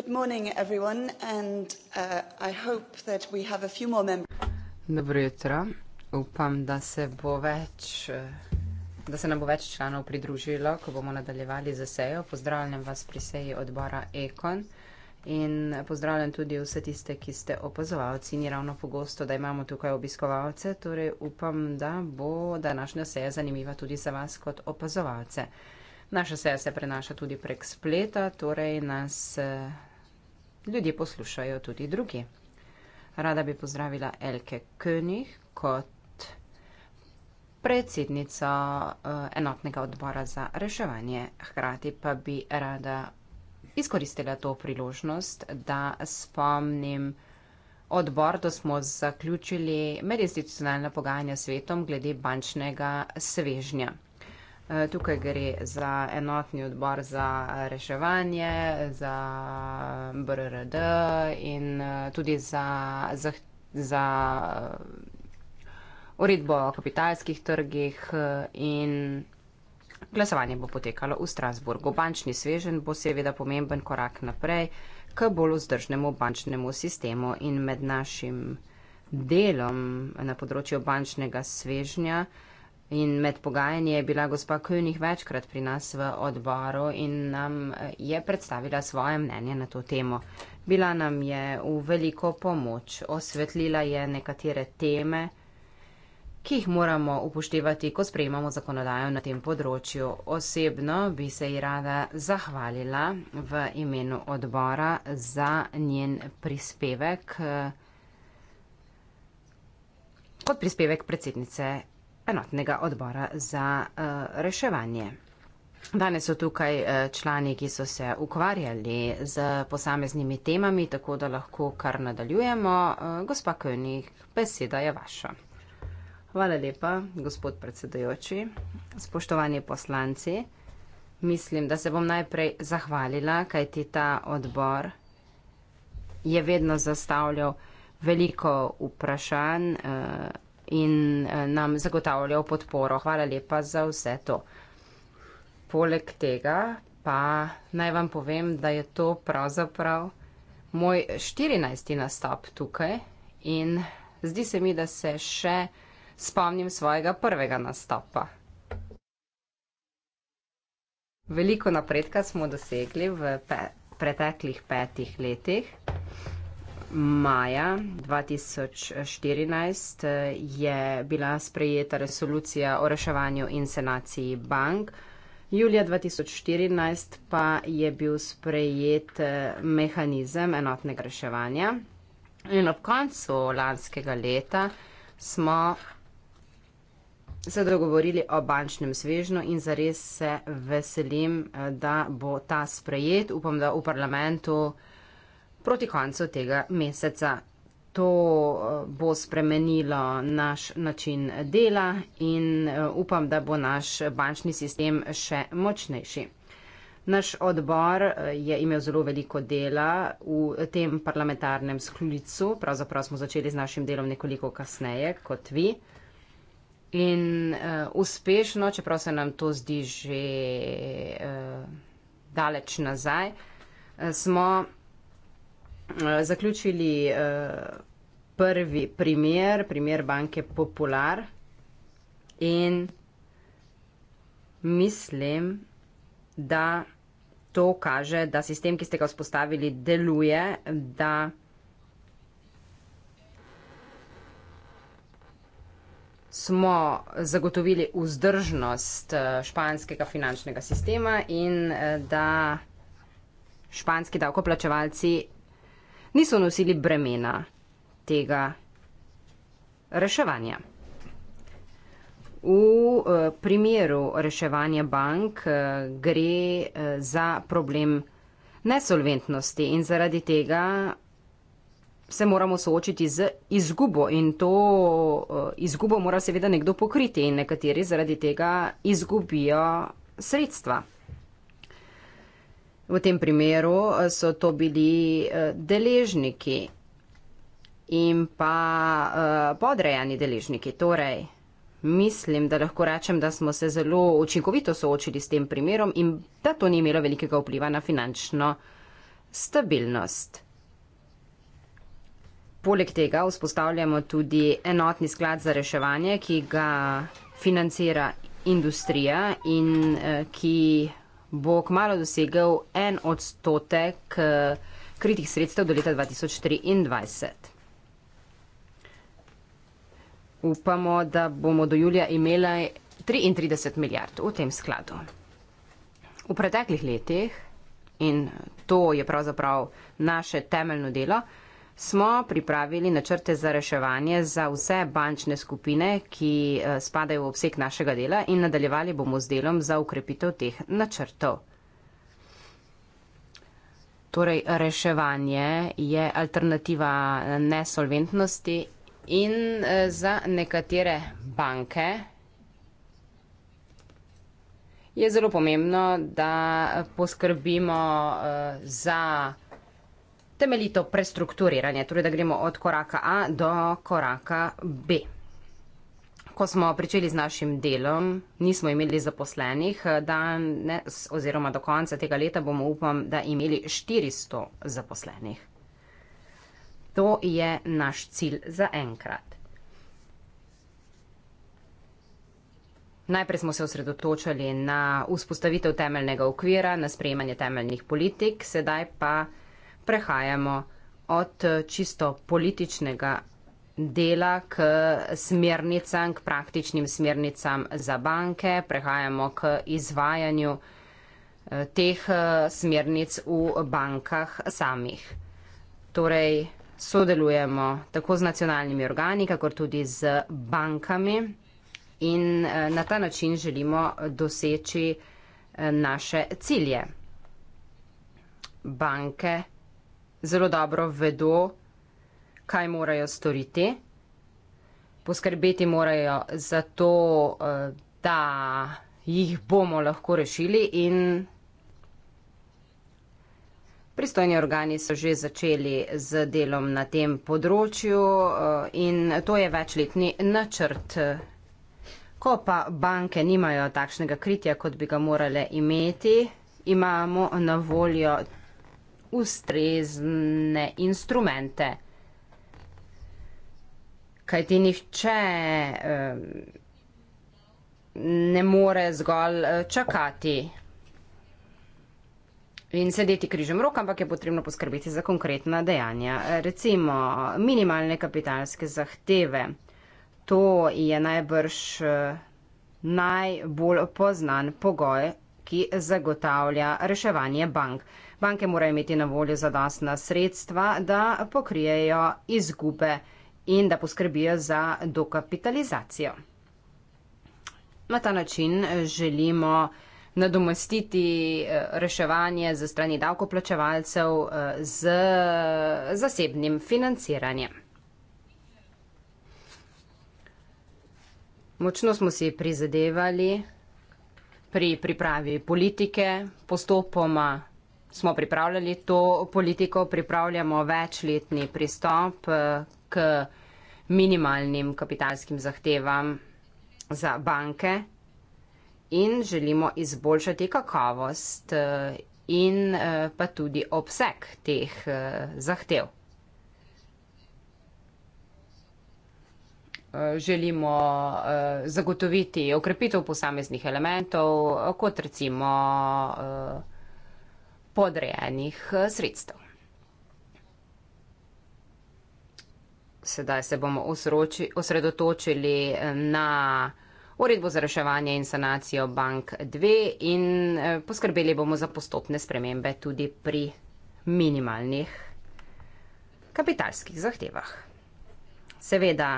Good morning, everyone, and uh, I hope that we have a few more members. Dobro jutro. Upam, da se bo več, uh, da se nam bo več članov pridružilo, ko bomo nadaljevali za sejo. Pozdravljam vas pri seji odbora Ekon. In pozdravljam tudi vse tiste, ki ste opazovalci. Ni ravno pogosto, da imamo tukaj obiskovalce, torej upam, da bo današnja seja zanimiva tudi za vas kot opazovalce. Naša seja se prenaša tudi prek spleta, torej nas uh, ljudje poslušajo tudi drugi. Rada bi pozdravila Elke König kot predsednico eh, enotnega odbora za reševanje. Hkrati pa bi rada izkoristila to priložnost, da spomnim odbor, da smo zaključili medinstitucionalna pogajanja svetom glede bančnega svežnja. Eh, tukaj gre za enotni odbor za reševanje, za BRRD in eh, tudi za, za, za eh, uredbo o kapitalskih trgih in glasovanje bo potekalo v Strasburgu. Bančni svežen bo seveda pomemben korak naprej k bolj vzdržnemu bančnemu sistemu in med našim delom na področju bančnega svežnja. In med pogajanji je bila gospa Kojnih večkrat pri nas v odboru in nam eh, je predstavila svoje mnenje na to temo. Bila nam je v veliko pomoč, osvetlila je nekatere teme, ki jih moramo upoštevati, ko sprejemamo zakonodajo na tem področju. Osebno bi se ji rada zahvalila v imenu odbora za njen prispevek eh, kot prispevek predsednice enotnega odbora za eh, reševanje. Danes so tukaj eh, člani, ki so se ukvarjali z posameznimi temami, tako da lahko kar nadaljujemo. Eh, gospa König, beseda je vaša. Hvala lepa, gospod predsedujoči. Spoštovani poslanci, mislim, da se bom najprej zahvalila, kaj ti ta odbor je vedno zastavljal veliko vprašanj. Eh, in eh, nam zagotavljal podporo. Hvala lepa za vse to. Poleg tega pa naj vam povem, da je to pravzaprav moj 14. nastop tukaj in zdi se mi, da se še spomnim svojega prvega nastopa. Veliko napredka smo dosegli v pe preteklih petih letih maja 2014 eh, je bila sprejeta resolucija o reševanju in sanaciji bank. Julija 2014 pa je bil sprejet eh, mehanizem enotnega reševanja. In ob koncu lanskega leta smo se dogovorili o bančnem svežnju in zares se veselim, eh, da bo ta sprejet. Upam, da v parlamentu proti koncu tega meseca. To eh, bo spremenilo naš način dela in eh, upam, da bo naš bančni sistem še močnejši. Naš odbor eh, je imel zelo veliko dela v tem parlamentarnem sklicu, pravzaprav smo začeli z našim delom nekoliko kasneje kot vi. In uh, uspešno, čeprav se nam to zdi že uh, daleč nazaj, smo zaključili eh, prvi primer, primer banke Popular in mislim, da to kaže, da sistem, ki ste ga vzpostavili, deluje, da smo zagotovili vzdržnost eh, španskega finančnega sistema in eh, da španski davkoplačevalci niso nosili bremena tega reševanja. V eh, primeru reševanja bank eh, gre eh, za problem nesolventnosti in zaradi tega se moramo soočiti z izgubo in to izgubo mora seveda nekdo pokriti in nekateri zaradi tega izgubijo sredstva. V tem primeru eh, so to bili eh, deležniki in pa eh, podrejani deležniki. Torej, mislim, da lahko rečem, da smo se zelo učinkovito soočili s tem primerom in da to ni imelo velikega vpliva na finančno stabilnost. Poleg tega vzpostavljamo tudi enotni sklad za reševanje, ki ga financira industrija in ki bo kmalo dosegel en odstotek eh, kritih sredstev do leta 2023. Upamo, da bomo do julija imeli 33 milijard v tem skladu. V preteklih letih, in to je pravzaprav naše temeljno delo, smo pripravili načrte za reševanje za vse bančne skupine, ki eh, spadajo v obseg našega dela in nadaljevali bomo z delom za ukrepitev teh načrtov. Torej, reševanje je alternativa eh, nesolventnosti in eh, za nekatere banke je zelo pomembno, da poskrbimo za temeljito prestrukturiranje, torej da gremo od koraka A do koraka B. Ko smo pričeli z našim delom, nismo imeli zaposlenih, danes oziroma do konca tega leta bomo upam, da imeli 400 zaposlenih. To je naš cilj za enkrat. Najprej smo se osredotočali na vzpostavitev temeljnega okvira, na sprejemanje temeljnih politik, sedaj pa prehajamo od eh, čisto političnega dela k smernicam, k praktičnim smernicam za banke, prehajamo k izvajanju eh, teh eh, smernic v bankah samih. Torej, sodelujemo tako z nacionalnimi organi, kakor tudi z bankami in na ta način želimo doseči naše cilje. Banke zelo dobro vedo, kaj morajo storiti. Poskrbeti morajo za to, eh, da jih bomo lahko rešili in pristojni organi so že začeli z delom na tem področju eh, in to je večletni načrt. Ko pa banke nimajo takšnega kritja, kot bi ga morale imeti, imamo na voljo ustrezne instrumente. Kaj ti nihče eh, ne more zgolj eh, čakati in sedeti križem rok, ampak je potrebno poskrbeti za konkretna dejanja. Recimo minimalne kapitalske zahteve. To je najbrž eh, najbolj poznan pogoj, ki zagotavlja reševanje bank. Banke morajo imeti na voljo zadostna sredstva, da pokrijejo izgube in da poskrbijo za dokapitalizacijo. Na ta način želimo nadomestiti eh, reševanje za strani davkoplačevalcev eh, z eh, zasebnim financiranjem. Močno smo si prizadevali pri pripravi politike, postopoma smo pripravljali to politiko, pripravljamo večletni pristop eh, k minimalnim kapitalskim zahtevam za banke in želimo izboljšati kakovost eh, in eh, pa tudi obseg teh zahtev. Želimo zagotoviti okrepitev posameznih elementov, kot recimo podrejenih eh, sredstev. Sedaj se bomo osredotočili eh, na uredbo za reševanje in sanacijo Bank 2 in eh, poskrbeli bomo za postopne spremembe tudi pri minimalnih kapitalskih zahtevah. Seveda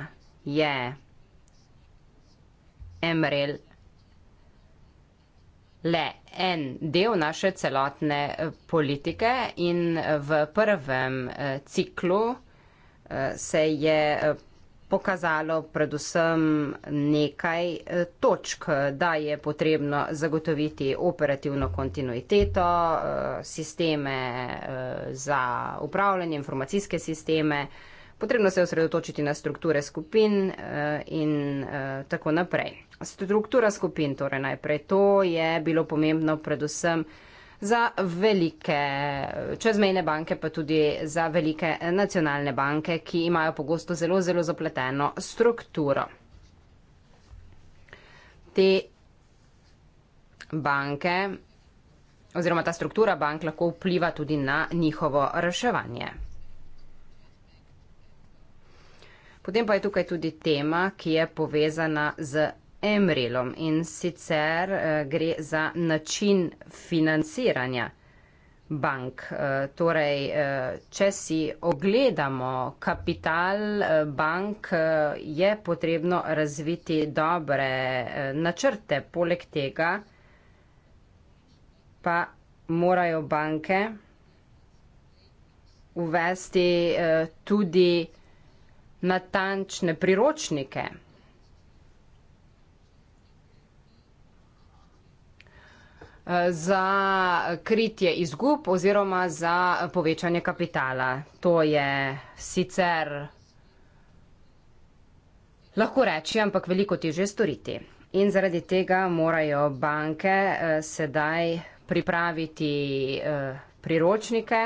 je MREL le en del naše celotne eh, politike in eh, v prvem eh, ciklu se je pokazalo predvsem nekaj točk, da je potrebno zagotoviti operativno kontinuiteto, sisteme za upravljanje, informacijske sisteme, potrebno se osredotočiti na strukture skupin eh, in eh, tako naprej. Struktura skupin, torej najprej to je bilo pomembno predvsem za velike čezmejne banke, pa tudi za velike nacionalne banke, ki imajo pogosto zelo, zelo zapleteno strukturo. Te banke oziroma ta struktura bank lahko vpliva tudi na njihovo reševanje. Potem pa je tukaj tudi tema, ki je povezana z Emrilom in sicer eh, gre za način financiranja bank. Eh, torej, eh, če si ogledamo kapital bank, je potrebno razviti dobre načrte. Poleg tega pa morajo banke uvesti tudi natančne priročnike. za kritje izgub oziroma za povečanje kapitala. To je sicer lahko reči, ampak veliko težje storiti. In zaradi tega morajo banke eh, sedaj pripraviti eh, priročnike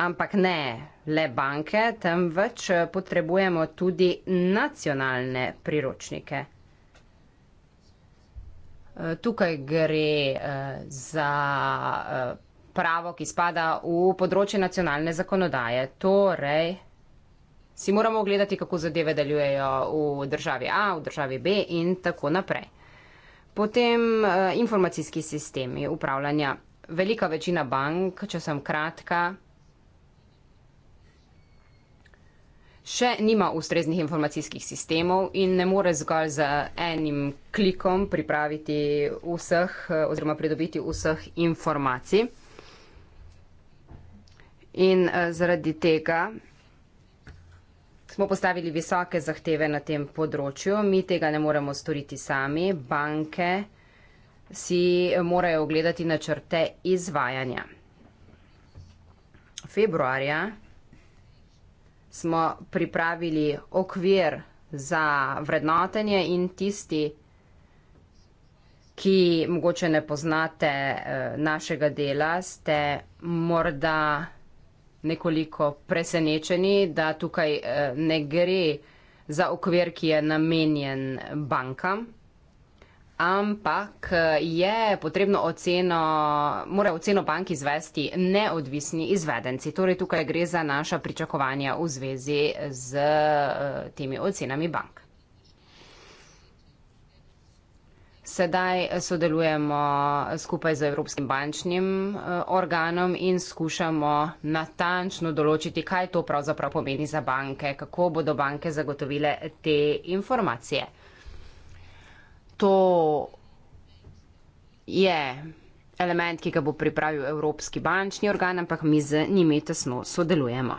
Ampak ne le banke, temveč eh, potrebujemo tudi nacionalne priročnike. Eh, tukaj gre eh, za pravo, ki spada v področje nacionalne zakonodaje. Torej, si moramo ogledati, kako zadeve delujejo v državi A, v državi B in tako naprej. Potem informacijski sistemi upravljanja. Velika večina bank, če sem kratka, še nima ustreznih informacijskih sistemov in ne more zgolj z enim klikom pripraviti vseh eh, oziroma pridobiti vseh informacij. In eh, zaradi tega smo postavili visoke zahteve na tem področju. Mi tega ne moremo storiti sami. Banke si morajo ogledati načrte izvajanja. Februarja smo pripravili okvir za vrednotenje in tisti, ki mogoče ne poznate eh, našega dela, ste morda nekoliko presenečeni, da tukaj eh, ne gre za okvir, ki je namenjen bankam ampak je potrebno oceno, mora oceno bank izvesti neodvisni izvedenci. Torej tukaj gre za naša pričakovanja v zvezi z eh, temi ocenami bank. Sedaj sodelujemo skupaj z Evropskim bančnim eh, organom in skušamo natančno določiti, kaj to pravzaprav pomeni za banke, kako bodo banke zagotovile te informacije to je element, ki ga bo pripravil Evropski bančni organ, ampak mi z njimi tesno sodelujemo.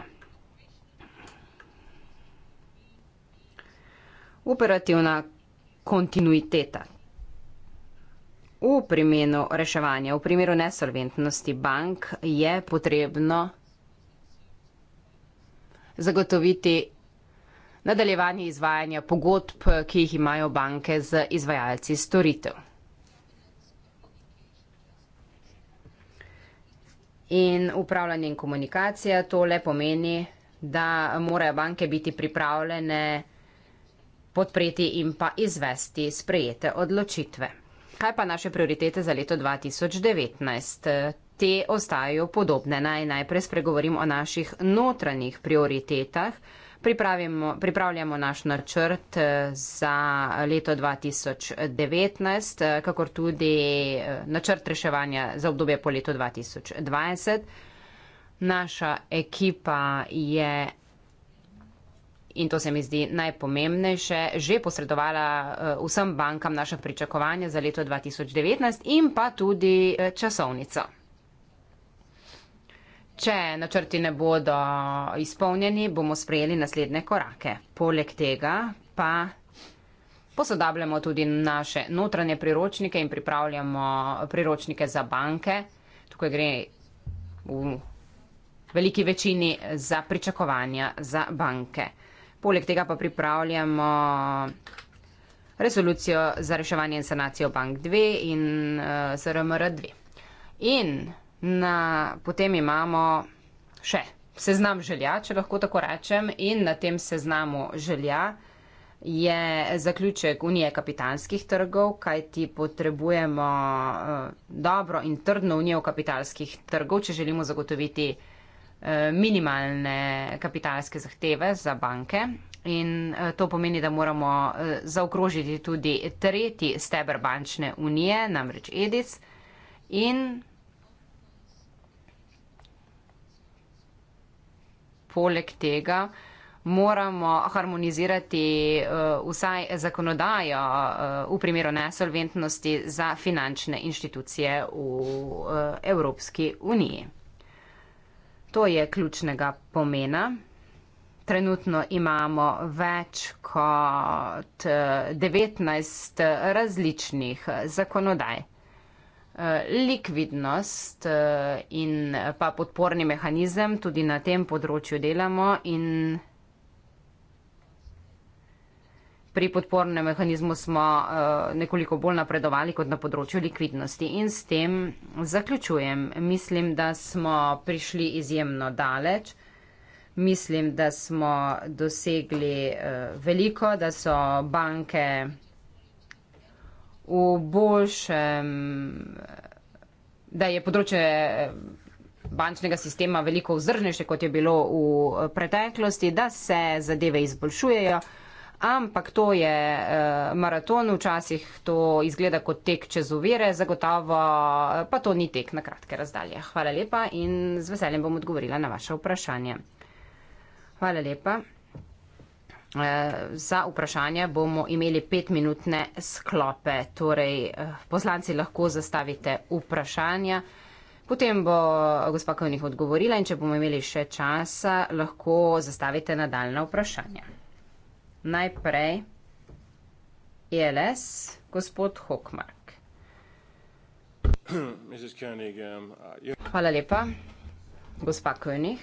Operativna kontinuiteta. V primeru reševanja, v primeru nesolventnosti bank je potrebno zagotoviti nadaljevanje izvajanja pogodb, ki jih imajo banke z izvajalci storitev. In upravljanje in komunikacija tole pomeni, da morajo banke biti pripravljene podpreti in pa izvesti sprejete odločitve. Kaj pa naše prioritete za leto 2019? Te ostajajo podobne. Naj najprej spregovorim o naših notranjih prioritetah pripravljamo naš načrt eh, za leto 2019, eh, kakor tudi eh, načrt reševanja za obdobje po letu 2020. Naša ekipa je, in to se mi zdi najpomembnejše, že posredovala vsem bankam naša pričakovanja za leto 2019 in pa tudi časovnico. Če načrti ne bodo izpolnjeni, bomo sprejeli naslednje korake. Poleg tega pa posodabljamo tudi naše notranje priročnike in pripravljamo priročnike za banke. Tukaj gre v veliki večini za pričakovanja za banke. Poleg tega pa pripravljamo resolucijo za reševanje in sanacijo bank 2 in uh, SRMR 2. In Na, potem imamo še seznam želja, če lahko tako rečem, in na tem seznamu želja je zaključek Unije kapitalskih trgov, kajti potrebujemo eh, dobro in trdno Unijo kapitalskih trgov, če želimo zagotoviti eh, minimalne kapitalske zahteve za banke. In eh, to pomeni, da moramo zaokrožiti tudi tretji steber bančne unije, namreč EDIC. In poleg tega moramo harmonizirati uh, vsaj zakonodajo uh, v primeru nesolventnosti za finančne inštitucije v uh, Evropski uniji. To je ključnega pomena. Trenutno imamo več kot 19 različnih zakonodaj. Eh, likvidnost eh, in pa podporni mehanizem, tudi na tem področju delamo in pri podpornem mehanizmu smo eh, nekoliko bolj napredovali kot na področju likvidnosti in s tem zaključujem. Mislim, da smo prišli izjemno daleč, mislim, da smo dosegli veliko, da so banke vsega, v boljšem, da je področje eh, bančnega sistema veliko vzdržnejše, kot je bilo v eh, preteklosti, da se zadeve izboljšujejo, ampak to je eh, maraton, včasih to izgleda kot tek čez uvire, zagotovo pa to ni tek na kratke razdalje. Hvala lepa in z veseljem bom odgovorila na vaše vprašanje. Hvala lepa. Eh, za vprašanje bomo imeli petminutne sklope, torej eh, poslanci lahko zastavite vprašanja. Potem bo gospa Kovnih odgovorila in če bomo imeli še časa, lahko zastavite nadaljna vprašanja. Najprej ILS, e gospod Hokmark. Um, uh, Hvala lepa, gospa Kovnih.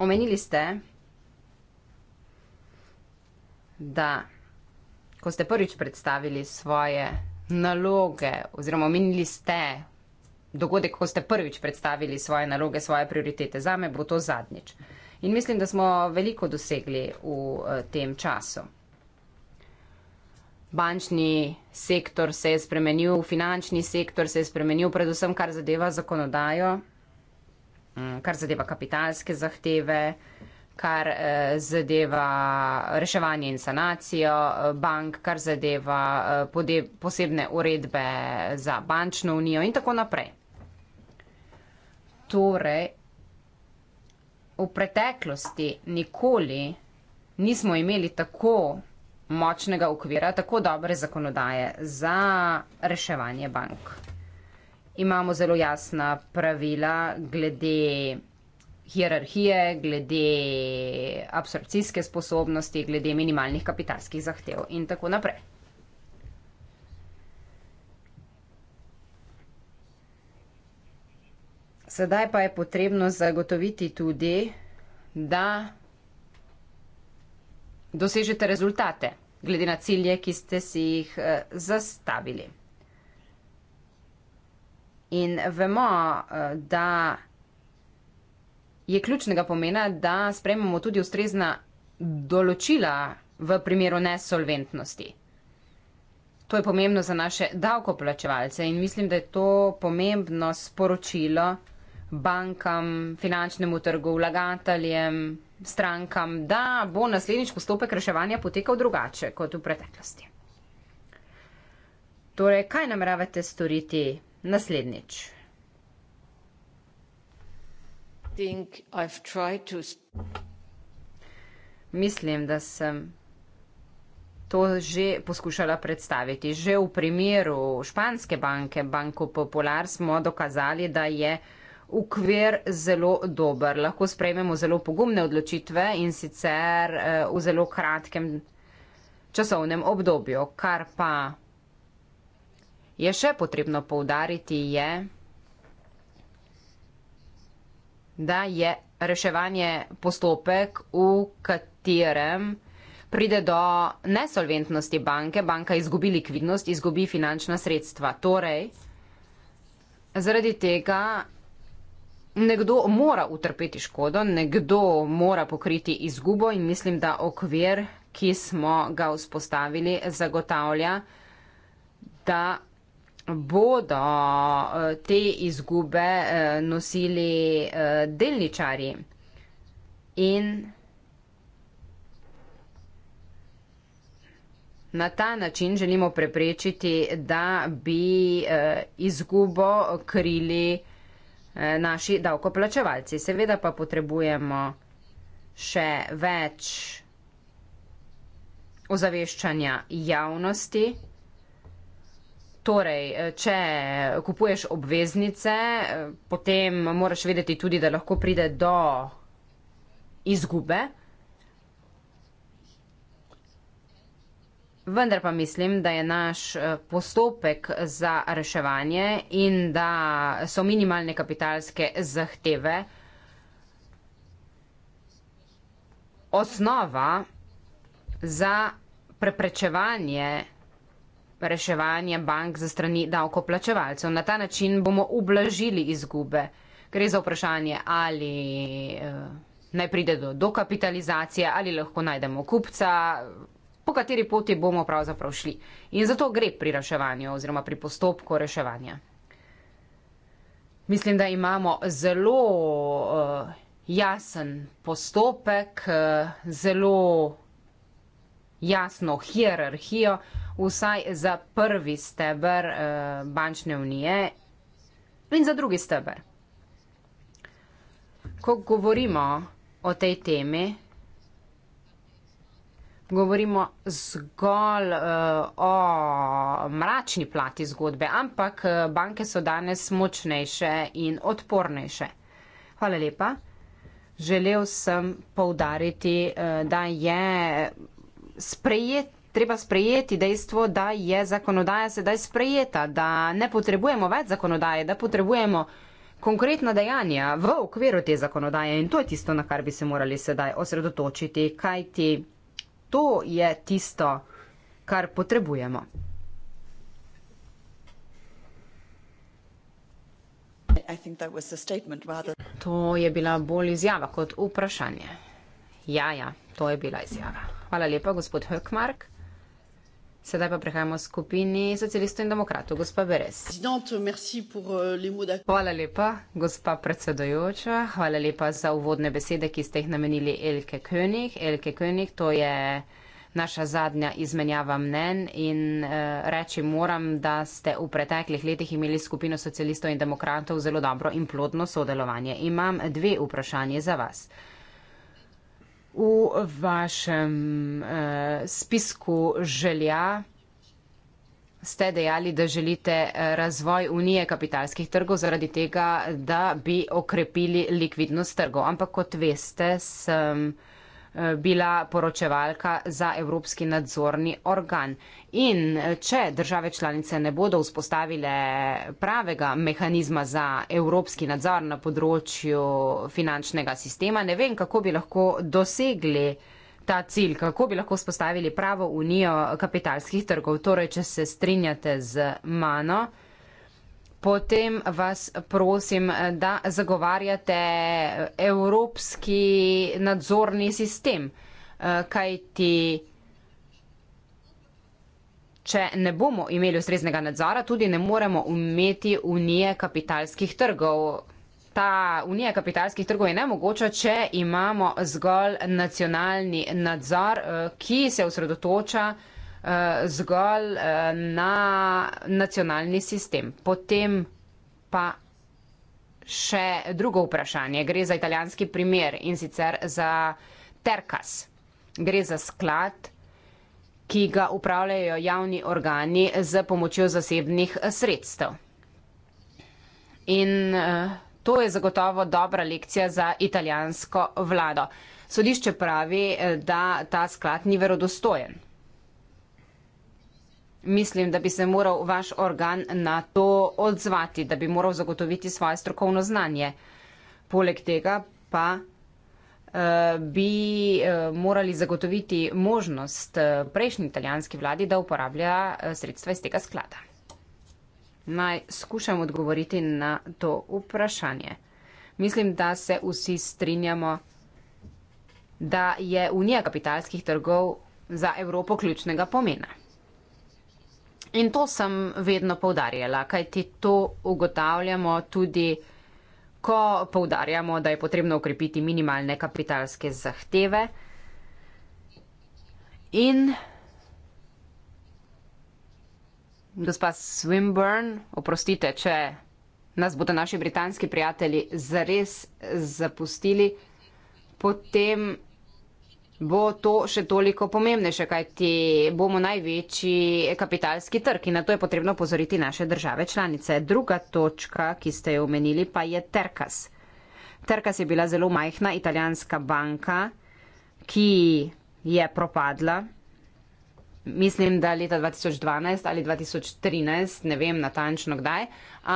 Omenili ste, da ko ste prvič predstavili svoje naloge, oziroma omenili ste dogodek, ko ste prvič predstavili svoje naloge, svoje prioritete, za me bo to zadnjič. In mislim, da smo veliko dosegli v eh, tem času. Bančni sektor se je spremenil, finančni sektor se je spremenil, predvsem kar zadeva zakonodajo, mm, kar zadeva kapitalske zahteve kar eh, zadeva reševanje in sanacijo eh, bank, kar zadeva eh, posebne uredbe za bančno unijo in tako naprej. Torej, v preteklosti nikoli nismo imeli tako močnega okvira, tako dobre zakonodaje za reševanje bank. Imamo zelo jasna pravila glede hierarhije, glede absorpcijske sposobnosti, glede minimalnih kapitalskih zahtev in tako naprej. Sedaj pa je potrebno zagotoviti tudi, da dosežete rezultate glede na cilje, ki ste si jih eh, zastavili. In vemo, eh, da je ključnega pomena, da sprejmemo tudi ustrezna določila v primeru nesolventnosti. To je pomembno za naše davkoplačevalce in mislim, da je to pomembno sporočilo bankam, finančnemu trgu, vlagateljem, strankam, da bo naslednjič postopek reševanja potekal drugače kot v preteklosti. Torej, kaj nameravate storiti naslednjič? Mislim, da sem to že poskušala predstaviti. Že v primeru španske banke Banko Popular smo dokazali, da je ukvir zelo dober. Lahko sprejmemo zelo pogumne odločitve in sicer eh, v zelo kratkem časovnem obdobju. Kar pa je še potrebno poudariti je, da je reševanje postopek, v katerem pride do nesolventnosti banke, banka izgubi likvidnost, izgubi finančna sredstva. Torej, zaradi tega nekdo mora utrpeti škodo, nekdo mora pokriti izgubo in mislim, da okvir, ki smo ga vzpostavili, zagotavlja, da bodo eh, te izgube eh, nosili eh, delničari. In na ta način želimo preprečiti, da bi izgubo krili naši davkoplačevalci. Seveda pa potrebujemo še več ozaveščanja javnosti. Torej, eh, če kupuješ obveznice, eh, potem moraš vedeti tudi, da lahko pride do izgube. Vendar pa mislim, da je naš eh, postopek za reševanje in da so minimalne kapitalske zahteve osnova za preprečevanje reševanja bank za strani davkoplačevalcev. Na ta način bomo ublažili izgube. Gre za vprašanje, ali eh, naj pride do dokapitalizacije, ali lahko najdemo kupca, po kateri poti bomo pravzaprav šli. In zato gre pri reševanju oziroma pri postopku reševanja. Mislim, da imamo zelo eh, jasen postopek, eh, zelo jasno hierarhijo, vsaj za prvi steber eh, bančne unije in za drugi steber. Ko govorimo o tej temi, govorimo zgolj eh, o mračni plati zgodbe, ampak eh, banke so danes močnejše in odpornejše. Hvala lepa. Želel sem povdariti, da je sprejet, treba sprejeti dejstvo, da je zakonodaja sedaj sprejeta, da ne potrebujemo več zakonodaje, da potrebujemo konkretna dejanja v okviru te zakonodaje in to je tisto, na kar bi se morali sedaj osredotočiti, kajti to je tisto, kar potrebujemo. To je bila bolj izjava kot vprašanje. Ja, ja, to je bila izjava. Hvala lepa, gospod Hökmark. Sedaj pa prehajamo v skupini socialistov in demokratov, gospa Beres. Eh, Hvala lepa, gospa predsedojoča. Hvala lepa za uvodne besede, ki ste jih namenili Elke König. Elke König, to je naša zadnja izmenjava mnen in uh, reči moram, da ste v preteklih letih imeli skupino socialistov in demokratov zelo dobro in plodno sodelovanje. Imam dve vprašanje za vas v vašem uh, spisku želja ste dejali, da želite eh, razvoj unije kapitalskih trgov zaradi tega, da bi okrepili likvidnost trgov. Ampak kot veste, sem. Um, bila poročevalka za Evropski nadzorni organ. In eh, če države članice ne bodo vzpostavile pravega mehanizma za evropski nadzor na področju finančnega sistema, ne vem, kako bi lahko dosegli ta cilj, kako bi lahko vzpostavili pravo unijo kapitalskih trgov. Torej, če se strinjate z mano potem vas prosim, eh, da zagovarjate eh, evropski nadzorni sistem, eh, kaj ti, če ne bomo imeli ustreznega nadzora, tudi ne moremo imeti unije kapitalskih trgov. Ta unija kapitalskih trgov je nemogoča, če imamo zgolj nacionalni nadzor, ki se osredotoča na Eh, zgolj eh, na nacionalni sistem. Potem pa še drugo vprašanje. Gre za italijanski primer in sicer za Terkas. Gre za sklad, ki ga upravljajo javni organi z pomočjo zasebnih sredstev. In eh, to je zagotovo dobra lekcija za italijansko vlado. Sodišče pravi, da ta sklad ni verodostojen mislim, da bi se moral vaš organ na to odzvati, da bi moral zagotoviti svoje strokovno znanje. Poleg tega pa eh, bi eh, morali zagotoviti možnost eh, prejšnji italijanski vladi, da uporablja sredstva iz tega sklada. Naj skušam odgovoriti na to vprašanje. Mislim, da se vsi strinjamo, da je Unija kapitalskih trgov za Evropo ključnega pomena. In to sem vedno povdarjala, kaj ti to ugotavljamo tudi, ko povdarjamo, da je potrebno ukrepiti minimalne kapitalske zahteve. In gospa Swinburne, oprostite, če nas bodo naši britanski prijatelji zares zapustili, potem bo to še toliko pomembnejše, kajti bomo največji kapitalski trg in na to je potrebno pozoriti naše države članice. Druga točka, ki ste jo omenili, pa je Terkas. Terkas je bila zelo majhna italijanska banka, ki je propadla. Mislim, da leta 2012 ali 2013, ne vem natančno kdaj,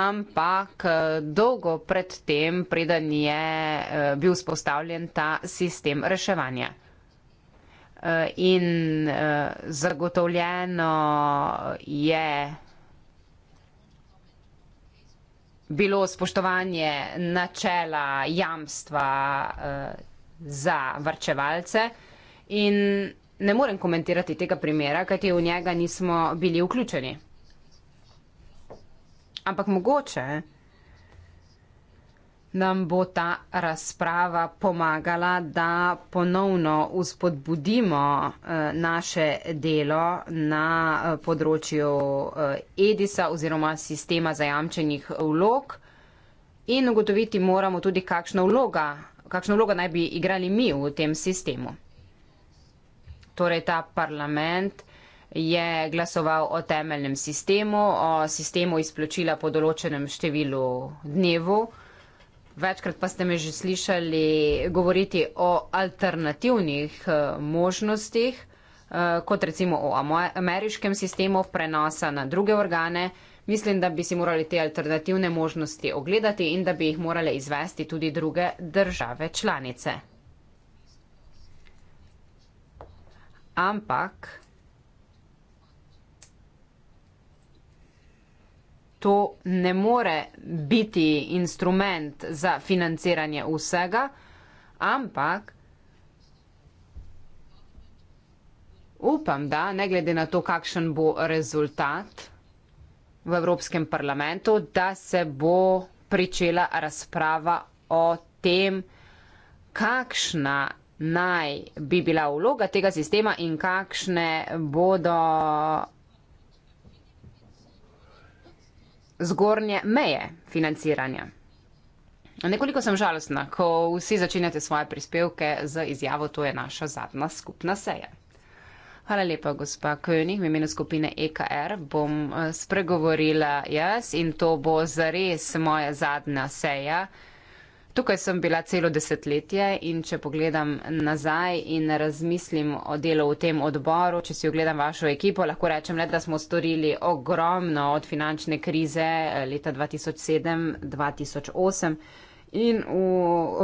ampak dolgo pred tem, preden je eh, bil spostavljen ta sistem reševanja. Eh, in eh, zagotovljeno je bilo spoštovanje načela jamstva eh, za vrčevalce in ne morem komentirati tega primera, kajti v njega nismo bili vključeni. Ampak mogoče, nam bo ta razprava pomagala, da ponovno uspodbudimo eh, naše delo na eh, področju eh, Edisa oziroma sistema zajamčenih vlog in ugotoviti moramo tudi, kakšna vloga, kakšno vlogo naj bi igrali mi v tem sistemu. Torej, ta parlament je glasoval o temeljnem sistemu, o sistemu izplačila po določenem številu dnevu, Večkrat pa ste me že slišali govoriti o alternativnih eh, možnostih, eh, kot recimo o ameriškem sistemu prenosa na druge organe. Mislim, da bi si morali te alternativne možnosti ogledati in da bi jih morale izvesti tudi druge države članice. Ampak to ne more biti instrument za financiranje vsega, ampak upam, da ne glede na to, kakšen bo rezultat v Evropskem parlamentu, da se bo pričela razprava o tem, kakšna naj bi bila vloga tega sistema in kakšne bodo zgornje meje financiranja. Nekoliko sem žalostna, ko vsi začenjate svoje prispevke z izjavo, to je naša zadnja skupna seja. Hvala lepa, gospa König, v imenu skupine EKR bom eh, spregovorila jaz in to bo zares moja zadnja seja. Tukaj sem bila celo desetletje in če pogledam nazaj in razmislim o delu v tem odboru, če si ogledam vašo ekipo, lahko rečem le, da smo storili ogromno od finančne krize eh, leta 2007-2008. In v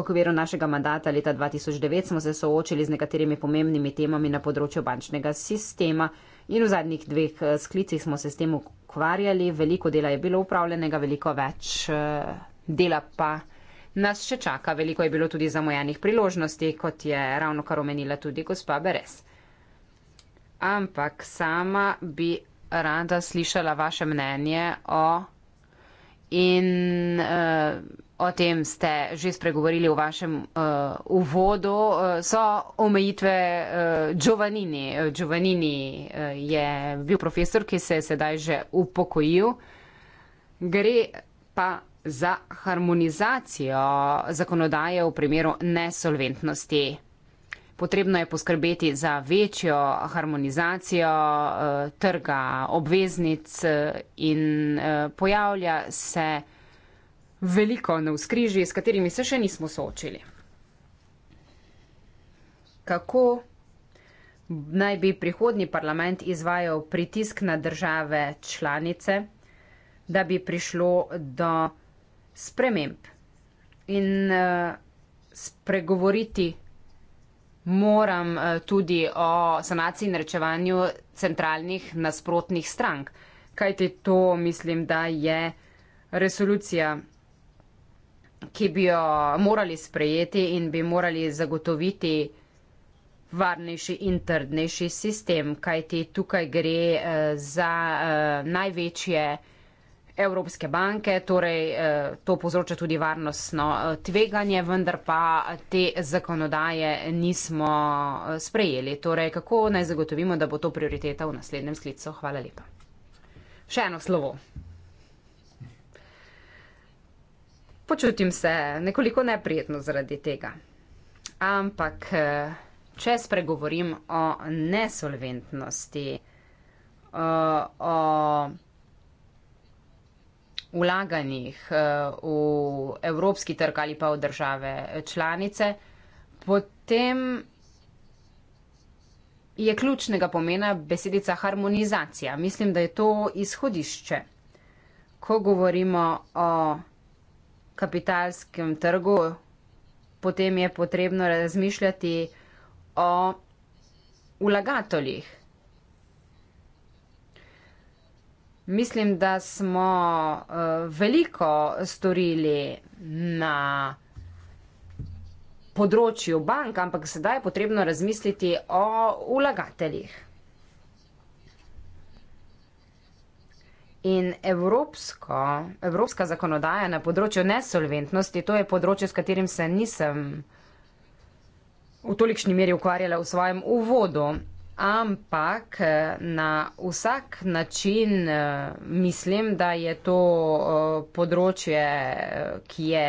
okviru našega mandata leta 2009 smo se soočili z nekaterimi pomembnimi temami na področju bančnega sistema in v zadnjih dveh eh, sklicih smo se s tem ukvarjali. Veliko dela je bilo upravljenega, veliko več eh, dela pa nas še čaka. Veliko je bilo tudi zamujenih priložnosti, kot je ravno kar omenila tudi gospa Beres. Ampak sama bi rada slišala vaše mnenje o in uh, o tem ste že spregovorili v vašem uh, uvodu, uh, so omejitve uh, Giovannini. Giovannini uh, je bil profesor, ki se je sedaj že upokojil. Gre pa za harmonizacijo zakonodaje v primeru nesolventnosti. Potrebno je poskrbeti za večjo harmonizacijo eh, trga obveznic eh, in eh, pojavlja se veliko navskriži, s katerimi se še nismo soočili. Kako naj bi prihodni parlament izvajal pritisk na države članice, da bi prišlo do sprememb in uh, spregovoriti moram uh, tudi o sanaciji in rečevanju centralnih nasprotnih strank. Kaj ti to mislim, da je resolucija, ki bi jo morali sprejeti in bi morali zagotoviti varnejši in trdnejši sistem, kaj ti tukaj gre uh, za uh, največje uh, Evropske banke, torej eh, to povzroča tudi varnostno eh, tveganje, vendar pa te zakonodaje nismo eh, sprejeli. Torej, kako naj zagotovimo, da bo to prioriteta v naslednjem sklicu? Hvala lepa. Še eno slovo. Počutim se nekoliko neprijetno zaradi tega. Ampak, če spregovorim o nesolventnosti, o. o vlaganjih eh, v evropski trg ali pa v države članice, potem je ključnega pomena besedica harmonizacija. Mislim, da je to izhodišče. Ko govorimo o kapitalskem trgu, potem je potrebno razmišljati o vlagateljih. Mislim, da smo uh, veliko storili na področju bank, ampak sedaj je potrebno razmisliti o vlagateljih. In evropsko, evropska zakonodaja na področju nesolventnosti, to je področje, s katerim se nisem v tolikšni meri ukvarjala v svojem uvodu ampak eh, na vsak način eh, mislim, da je to eh, področje, ki je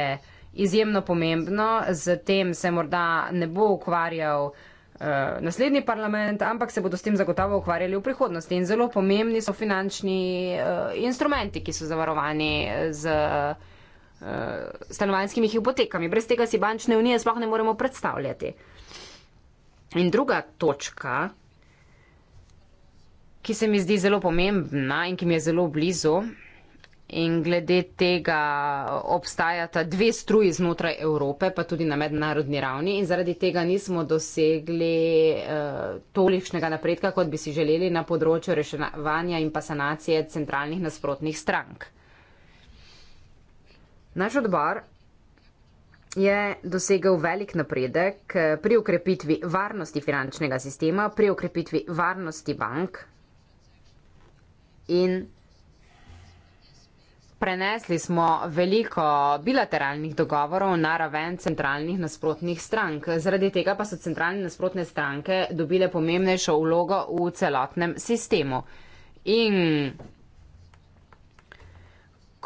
izjemno pomembno. Z tem se morda ne bo ukvarjal naslednji parlament, ampak se bodo s tem zagotovo ukvarjali v prihodnosti. In zelo pomembni so finančni instrumenti, ki so zavarovani z stanovanjskimi hipotekami. Brez tega si bančne unije sploh ne moremo predstavljati. In druga točka, ki se mi zdi zelo pomembna in ki mi je zelo blizu. In glede tega obstajata dve struji znotraj Evrope, pa tudi na mednarodni ravni, in zaradi tega nismo dosegli uh, tolikšnega napredka, kot bi si želeli na področju reševanja in pa sanacije centralnih nasprotnih strank. Naš odbor je dosegel velik napredek eh, pri ukrepitvi varnosti finančnega sistema, pri ukrepitvi varnosti bank, in prenesli smo veliko bilateralnih dogovorov na raven centralnih nasprotnih strank. Zaradi tega pa so centralne nasprotne stranke dobile pomembnejšo vlogo v celotnem sistemu. In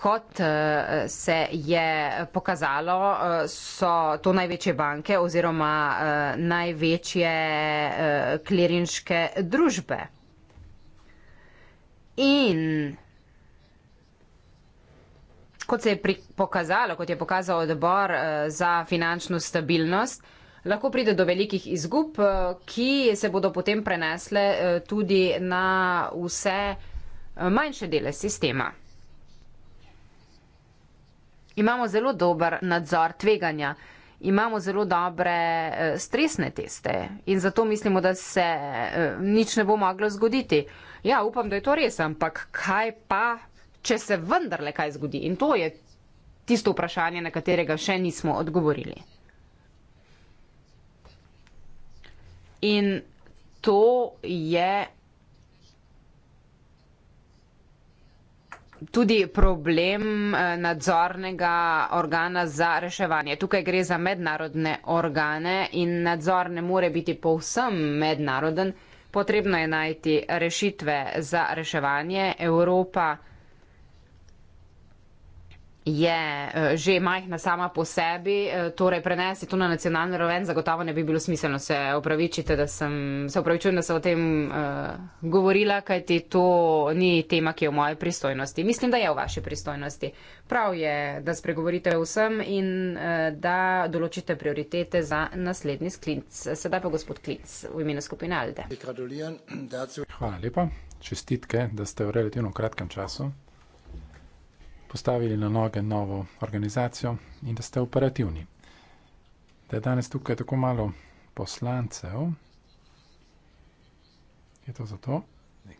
kot eh, se je pokazalo, eh, so to največje banke oziroma eh, največje klirinške družbe in kot se je pri, pokazalo, kot je pokazal odbor uh, za finančno stabilnost, lahko pride do velikih izgub, uh, ki se bodo potem prenesle uh, tudi na vse uh, manjše dele sistema. Imamo zelo dober nadzor tveganja, imamo zelo dobre stresne teste in zato mislimo, da se nič ne bo moglo zgoditi. Ja, upam, da je to res, ampak kaj pa, če se vendarle kaj zgodi? In to je tisto vprašanje, na katerega še nismo odgovorili. In to je tudi problem eh, nadzornega organa za reševanje. Tukaj gre za mednarodne organe in nadzor ne more biti povsem mednaroden. Potrebno je najti rešitve za reševanje Evropa je eh, že majhna sama po sebi, eh, torej prenesti to na nacionalno raven, zagotovo ne bi bilo smiselno. Se opravičujem, da sem se opravičujem, da sem o tem uh, govorila, kajti to ni tema, ki je v moje pristojnosti. Mislim, da je v vaši pristojnosti. Prav je, da spregovorite vsem in uh, da določite prioritete za naslednji sklinc. Sedaj pa gospod Klinc v imenu skupine Alde. Hvala lepa, čestitke, da ste v relativno kratkem času postavili na noge novo organizacijo in da ste operativni. Da je danes tukaj tako malo poslancev, je to zato,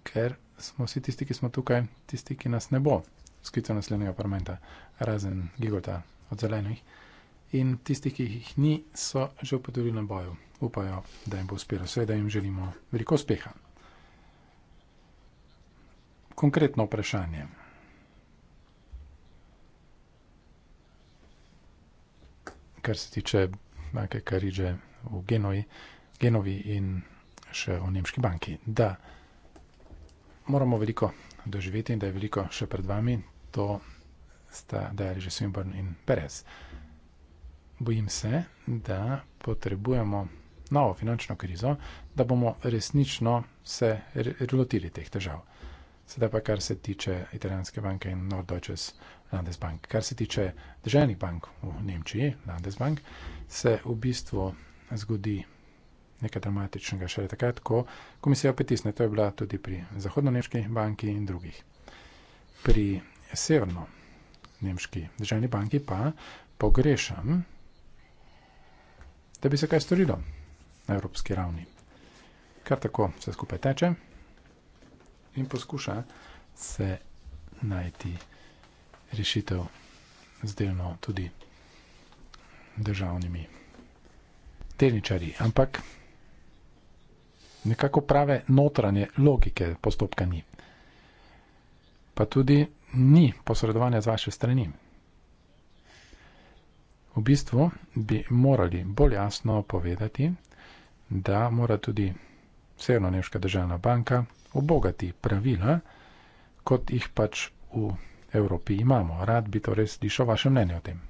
ker smo vsi tisti, ki smo tukaj, tisti, ki nas ne bo sklical naslednjega parlamenta, razen Gigota od zelenih. In tisti, ki jih ni, so že upodobili na boju. Upajo, da jim bo uspelo. Seveda jim želimo veliko uspeha. Konkretno vprašanje. kar se tiče banke Karidže v Genovi, Genovi in še v Nemški banki, da moramo veliko doživeti in da je veliko še pred vami, to sta dejali že Swinburne in Perez. Bojim se, da potrebujemo novo finančno krizo, da bomo resnično se relotili teh težav. Sedaj pa kar se tiče italijanske banke in Norddeutsches Landesbank. Kar se tiče državnih bank v Nemčiji, Landesbank, se v bistvu zgodi nekaj dramatičnega šele takrat, ko komisija pritisne. To je bila tudi pri Zahodno-Nemški banki in drugih. Pri Severno-Nemški državni banki pa pogrešam, da bi se kaj storilo na evropski ravni. Kar tako se skupaj teče in poskuša se najti rešitev z delno tudi državnimi delničari. Ampak nekako prave notranje logike postopka ni. Pa tudi ni posredovanja z vaše strani. V bistvu bi morali bolj jasno povedati, da mora tudi Severno-Nemška državna banka obogati pravila, kot jih pač v Evropi imamo. Rad bi torej slišal vaše mnenje o tem.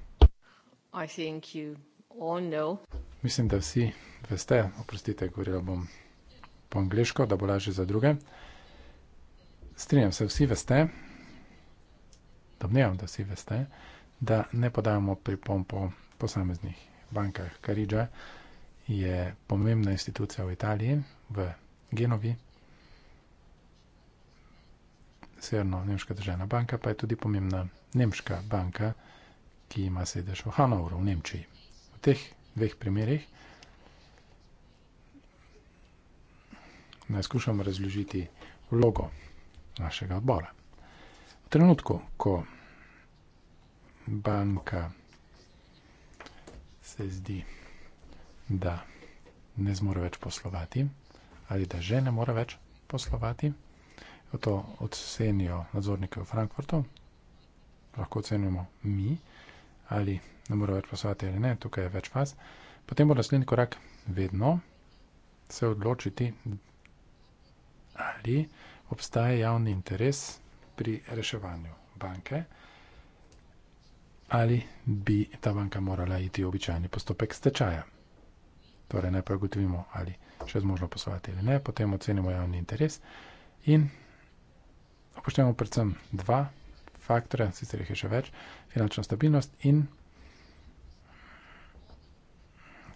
Mislim, da vsi veste, oprostite, govorila bom po angliško, da bo lažje za druge. Strinjam se, vsi veste, domnevam, da vsi veste, da ne podajamo pripom po posameznih bankah. Karidža je pomembna institucija v Italiji, v Genovi, severno-nemška državna banka, pa je tudi pomembna nemška banka, ki ima sedež v Hanovru, v Nemčiji. V teh dveh primerih naj skušamo razložiti vlogo našega odbora. V trenutku, ko banka se zdi, da ne zmore več poslovati ali da že ne mora več poslovati, to ocenijo nadzorniki v Frankfurtu, lahko ocenimo mi, ali ne morajo več poslati ali ne, tukaj je več faz, potem bo naslednji korak vedno se odločiti, ali obstaja javni interes pri reševanju banke, ali bi ta banka morala iti v običajni postopek stečaja. Torej, najprej ugotovimo, ali še zmožno poslovati ali ne, potem ocenimo javni interes in upoštevamo predvsem dva faktorja, sicer jih je še več, finančno stabilnost in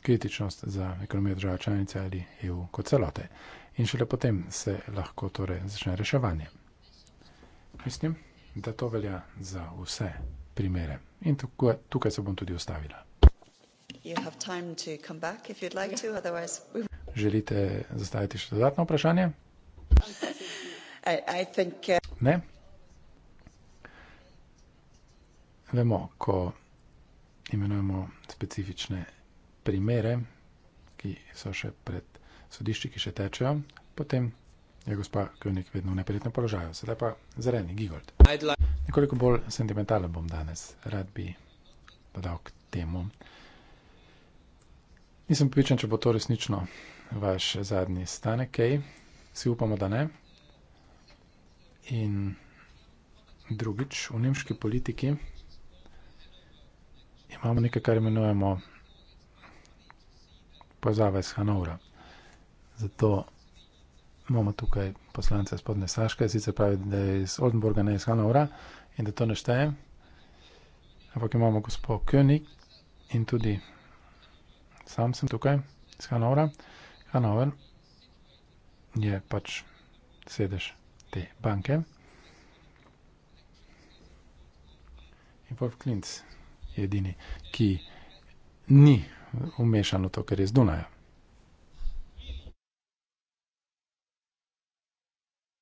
kritičnost za ekonomijo države članice ali EU kot celote. In šele potem se lahko torej začne reševanje. Mislim, da to velja za vse primere. In tukaj, tukaj se bom tudi ustavila. Like Želite zastaviti še dodatno vprašanje? Uh, ne? Vemo, ko imenujemo specifične primere, ki so še pred sodišči, ki še tečejo, potem je gospa Kljunik vedno v neprijetnem položaju. Sedaj pa zeleni, Gigold. Nekoliko bolj sentimentalen bom danes. Rad bi dodal k temu. Nisem pripričan, če bo to resnično vaš zadnji stanek, kaj si upamo, da ne, In drugič, v nemški politiki imamo nekaj, kar imenujemo pozave z Hanovra. Zato imamo tukaj poslance spodne Saške, sicer pravi, da je iz Oldenburga, ne iz Hanovra in da to ne šteje. Ampak imamo gospo König in tudi sam sem tukaj iz Hanovra. Hanover je pač sedež te banke. In Wolf Klintz je edini, ki ni umešan v to, kar je z Dunaja.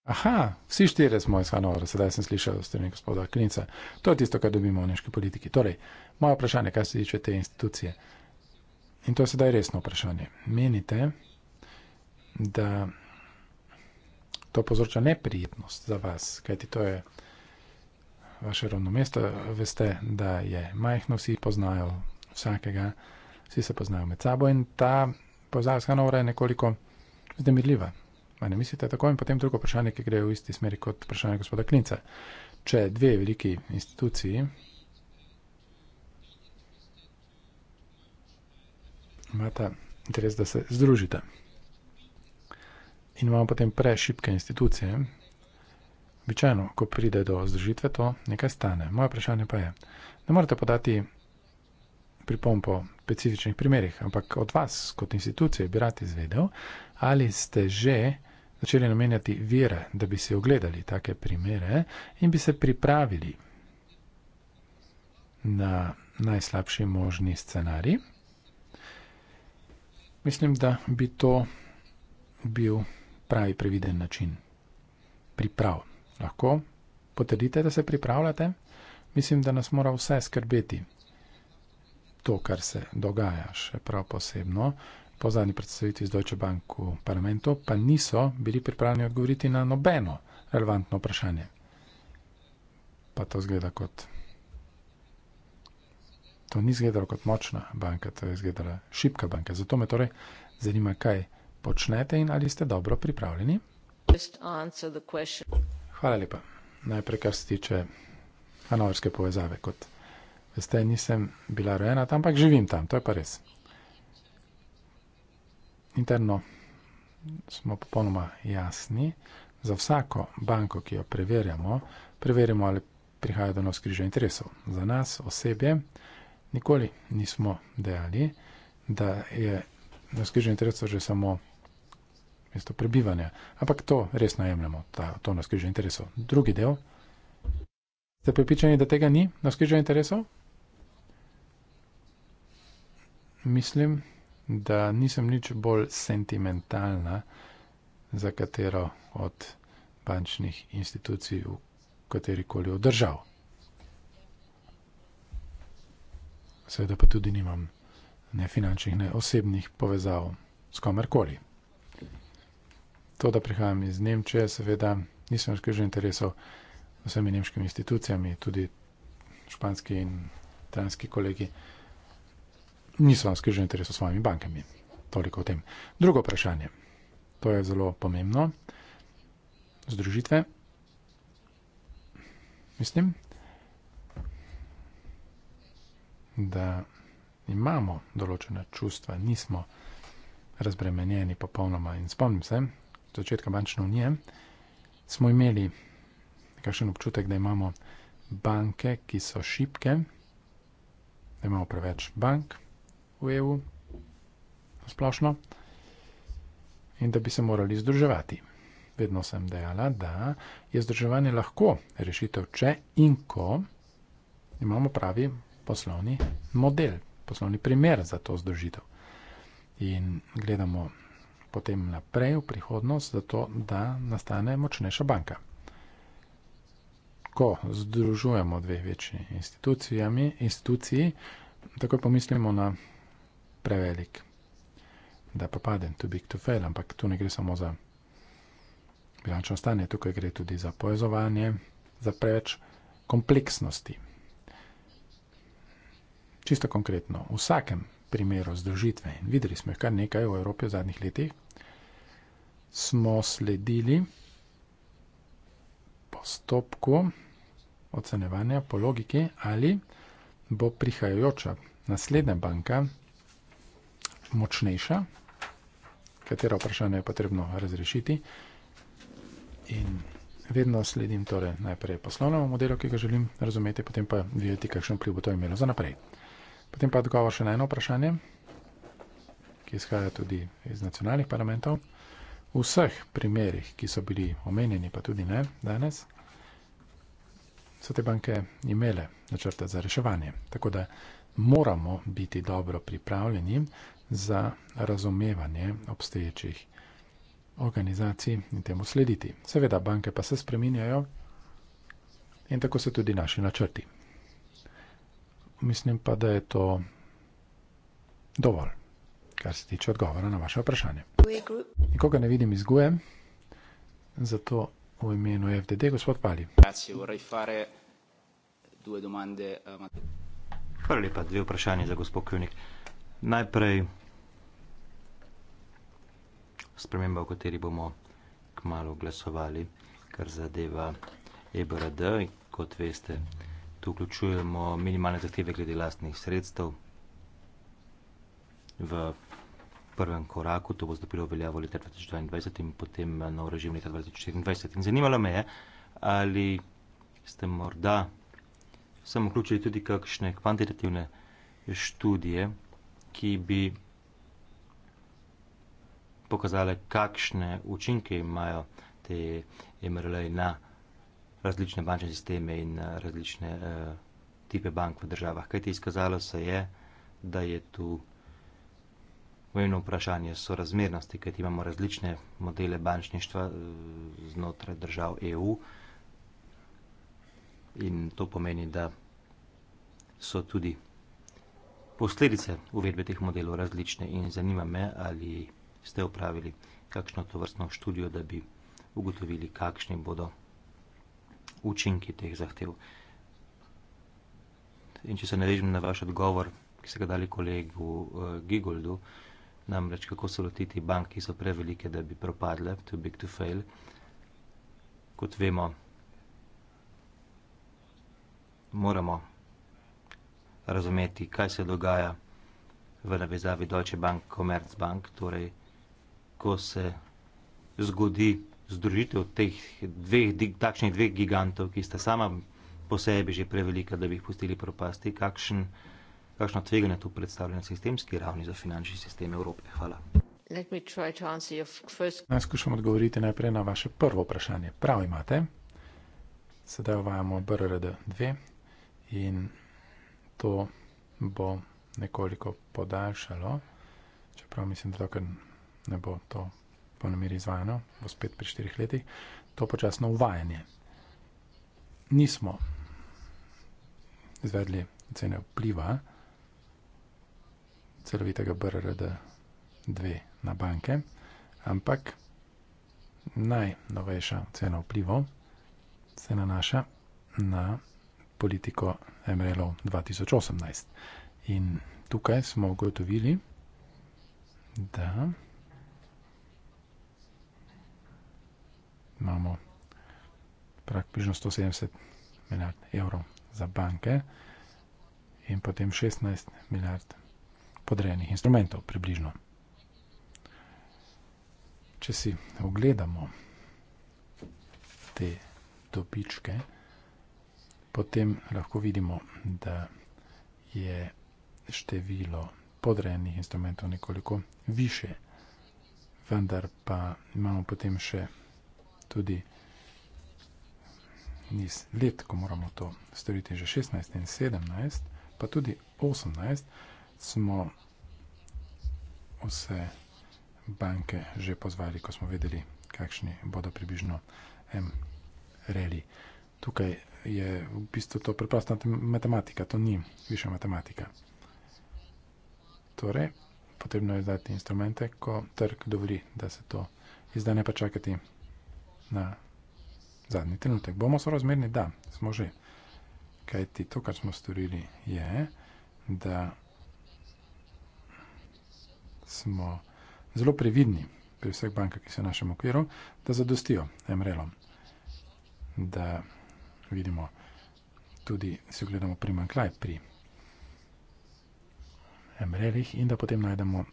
Aha, vsi štirje smo iz Hanovra, sedaj sem slišal od strani gospoda Klinca. To je tisto, kar dobimo v neški politiki. Torej, moje vprašanje, kaj se tiče te institucije. In to je sedaj resno vprašanje. Menite, da to povzroča neprijetnost za vas, kajti to je vaše ravno mesto, veste, da je majhno, vsi poznajo vsakega, vsi se poznajo med sabo in ta povzavska nora je nekoliko zdemirljiva. A ne mislite tako? In potem drugo vprašanje, ki gre v isti smeri kot vprašanje gospoda Klinca. Če dve veliki instituciji imata interes, da se združite in imamo potem prešipke institucije. Običajno, ko pride do združitve, to nekaj stane. Moje vprašanje pa je, ne morete podati pripompo specifičnih primerih, ampak od vas kot institucije bi rad izvedel, ali ste že začeli namenjati vire, da bi si ogledali take primere in bi se pripravili na najslabši možni scenarij. Mislim, da bi to bil pravi previden način. Priprav. Lahko potrdite, da se pripravljate? Mislim, da nas mora vse skrbeti. To, kar se dogaja, še prav posebno, po zadnji predstavitvi z Deutsche Bank v parlamentu, pa niso bili pripravljeni odgovoriti na nobeno relevantno vprašanje. Pa to zgleda kot. To ni zgledalo kot močna banka, to je zgledala šibka banka. Zato me torej zanima, kaj počnete in ali ste dobro pripravljeni? Hvala lepa. Najprej, kar se tiče hanoverske povezave. Kot veste, nisem bila rojena tam, ampak živim tam, to je pa res. Interno smo popolnoma jasni. Za vsako banko, ki jo preverjamo, preverjamo, ali prihaja do nas križa interesov. Za nas osebje nikoli nismo dejali, da je nas križa interesov že samo mesto prebivanja. Ampak to res najemljamo, ta, to na skrižju interesov. Drugi del. Ste pripričani, da tega ni na skrižju interesov? Mislim, da nisem nič bolj sentimentalna za katero od bančnih institucij v katerikoli od držav. Seveda pa tudi nimam ne finančnih, ne osebnih povezav s komerkoli to, da prihajam iz Nemčije, seveda nisem razkrižen interesov vsemi nemškimi institucijami, tudi španski in italijanski kolegi niso razkrižen interesov s svojimi bankami. Toliko o tem. Drugo vprašanje. To je zelo pomembno. Združitve. Mislim, da imamo določena čustva, nismo razbremenjeni popolnoma in spomnim se, začetka bančne unije, smo imeli nekakšen občutek, da imamo banke, ki so šipke, da imamo preveč bank v EU, splošno, in da bi se morali združevati. Vedno sem dejala, da je združevanje lahko rešitev, če in ko imamo pravi poslovni model, poslovni primer za to združitev. In gledamo potem naprej v prihodnost, zato da nastane močnejša banka. Ko združujemo dve večji institucijami, instituciji, takoj pomislimo na prevelik, da popaden, too big to fail, ampak tu ne gre samo za bilančno stanje, tukaj gre tudi za povezovanje, za preveč kompleksnosti. Čisto konkretno, v vsakem primeru združitve. In videli smo jih kar nekaj v Evropi v zadnjih letih. Smo sledili postopku ocenevanja po logiki, ali bo prihajajoča naslednja banka močnejša, katero vprašanje je potrebno razrešiti. In vedno sledim torej najprej poslovnemu modelu, ki ga želim razumeti, potem pa videti, kakšen vpliv bo to imelo za naprej. Potem pa odgovor še na eno vprašanje, ki izhaja tudi iz nacionalnih parlamentov. V vseh primerih, ki so bili omenjeni, pa tudi ne danes, so te banke imele načrte za reševanje. Tako da moramo biti dobro pripravljeni za razumevanje obstoječih organizacij in temu slediti. Seveda, banke pa se spreminjajo in tako so tudi naši načrti mislim pa, da je to dovolj, kar se tiče odgovora na vaše vprašanje. Nikoga ne vidim izguje, zato v imenu FDD, gospod Pali. Eh, Hvala lepa, dve vprašanje za gospod Kjunik. Najprej sprememba, o kateri bomo kmalo glasovali, kar zadeva EBRD, kot veste, tu vključujemo minimalne zahteve glede lastnih sredstev v prvem koraku, to bo stopilo v veljavo leta 2022 in potem nov režim leta 2024. In zanimalo me je, ali ste morda sem vključili tudi kakšne kvantitativne študije, ki bi pokazale, kakšne učinke imajo te MRL na vsega, različne bančne sisteme in eh, različne uh, tipe bank v državah. Kaj ti izkazalo se je, da je tu pomembno vprašanje sorazmernosti, kajti imamo različne modele bančništva uh, znotraj držav EU in to pomeni, da so tudi posledice uvedbe teh modelov različne in zanima me, ali ste upravili kakšno to vrstno študijo, da bi ugotovili, kakšni bodo učinki teh zahtev. In če se narežim na vaš odgovor, ki se ga dali kolegu uh, Gigoldu, namreč kako se lotiti bank, ki so prevelike, da bi propadle, too big to fail, kot vemo, moramo razumeti, kaj se dogaja v navezavi Deutsche Bank, Commerzbank, torej, ko se zgodi združitev teh dveh, takšnih dveh gigantov, ki sta sama po sebi že prevelika, da bi jih pustili propasti, kakšen, kakšno tveganje tu predstavlja na sistemski ravni za finančni sistem Evrope? Hvala. Naj skušam odgovoriti najprej na vaše prvo vprašanje. Prav imate. Sedaj uvajamo BRRD 2 in to bo nekoliko podaljšalo, čeprav mislim, da dokaj ne bo to polni meri izvajano, bo spet pri štirih letih, to počasno uvajanje. Nismo izvedli cene vpliva celovitega BRRD 2 na banke, ampak najnovejša cena vplivo se nanaša na politiko MRL-ov 2018. In tukaj smo ugotovili, da imamo približno 170 milijard evrov za banke in potem 16 milijard podrejenih instrumentov, približno. Če si ogledamo te dobičke, potem lahko vidimo, da je število podrejenih instrumentov nekoliko više, vendar pa imamo potem še nekaj, tudi niz let, ko moramo to storiti že 16 in 17, pa tudi 18, smo vse banke že pozvali, ko smo vedeli, kakšni bodo približno M reli. Tukaj je v bistvu to preprosta matematika, to ni više matematika. Torej, potrebno je izdati instrumente, ko trg dovoli, da se to izda ne pa čakati na zadnji trenutek. Bomo sorazmerni? Da, smo že. Kaj ti to, kar smo storili, je, da smo zelo previdni pri vseh bankah, ki so v našem okviru, da zadostijo MRL-om. Da vidimo tudi, si ogledamo primankljaj pri MRL-ih in da potem najdemo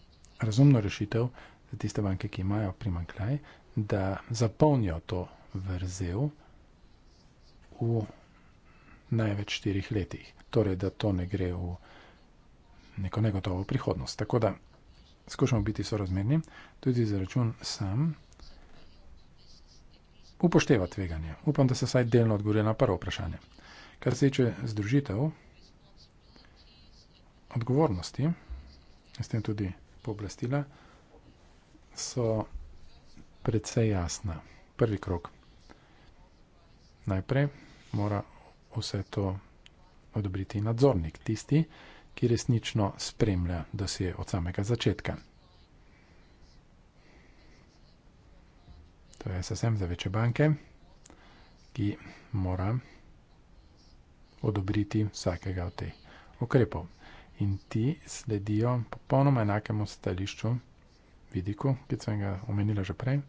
razumno rešitev za tiste banke, ki imajo primankljaj, da zapolnijo to vrzel v največ štirih letih. Torej, da to ne gre v neko negotovo prihodnost. Tako da skušamo biti sorazmerni, tudi za račun sam upošteva tveganje. Upam, da se vsaj delno odgovorila na prvo vprašanje. Kar se tiče združitev, odgovornosti, s tem tudi pooblastila, so precej jasna. Prvi krok. Najprej mora vse to odobriti nadzornik, tisti, ki resnično spremlja, da se je od samega začetka. To je sasvim za večje banke, ki mora odobriti vsakega od teh ukrepov. In ti sledijo popolnoma enakemu stališču vidiku, ki sem ga omenila že prej,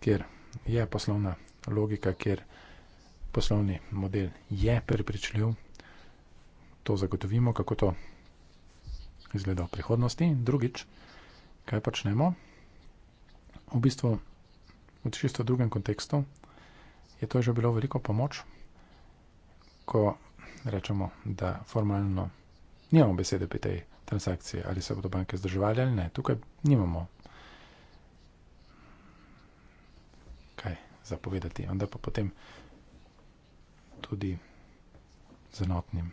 kjer je poslovna logika, kjer poslovni model je prepričljiv, to zagotovimo, kako to izgleda v prihodnosti. Drugič, kaj počnemo? V bistvu, v čisto drugem kontekstu, je to že bilo veliko pomoč, ko rečemo, da formalno nimamo besede pri tej transakcije, ali se bodo banke zdržavale ali ne. Tukaj nimamo kaj zapovedati, vendar pa potem tudi z enotnim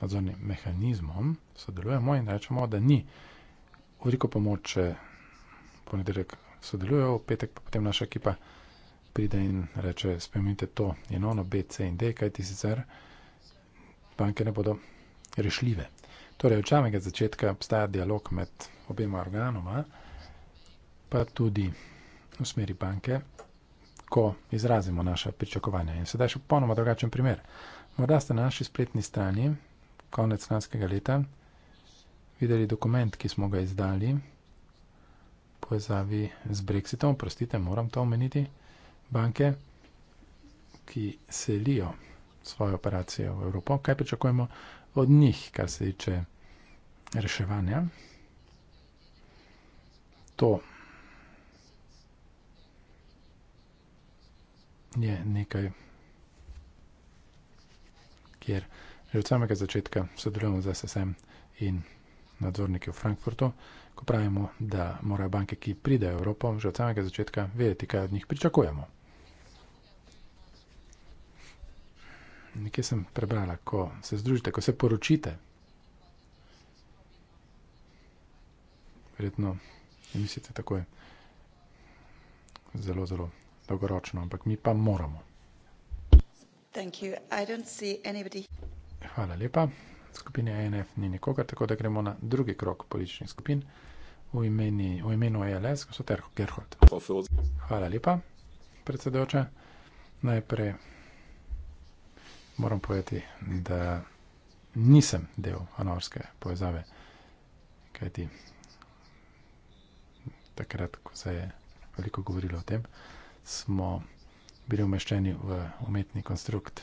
nadzornim mehanizmom sodelujemo in rečemo, da ni veliko pomoč, če ponedeljek sodelujejo, v petek pa potem naša ekipa pride in reče, spremenite to in ono, B, C in D, kaj ti sicer banke ne bodo rešljive. Torej, od samega začetka obstaja dialog med obema organoma, pa tudi v smeri banke, ko izrazimo naše pričakovanja. In sedaj še ponoma drugačen primer. Morda ste na naši spletni strani konec lanskega leta videli dokument, ki smo ga izdali povezavi z Brexitom, prostite, moram to omeniti, banke, ki selijo svojo operacijo v Evropo. Kaj pričakujemo? od njih, kar se tiče reševanja. To je nekaj, kjer že od samega začetka sodelujemo z SSM in nadzorniki v Frankfurtu, ko pravimo, da morajo banke, ki pridejo v Evropo, že od samega začetka vedeti, kaj od njih pričakujemo. nekje sem prebrala, ko se združite, ko se poročite. Verjetno ne mislite tako zelo, zelo dolgoročno, ampak mi pa moramo. Hvala lepa. V skupini ANF ni nikogar, tako da gremo na drugi krok političnih skupin v, imeni, v imenu ALS, gospod Gerhold. Hvala lepa, predsedujoča. Najprej moram povedati, da nisem del anorske povezave. Kajti takrat, ko se je veliko govorilo o tem, smo bili umeščeni v umetni konstrukt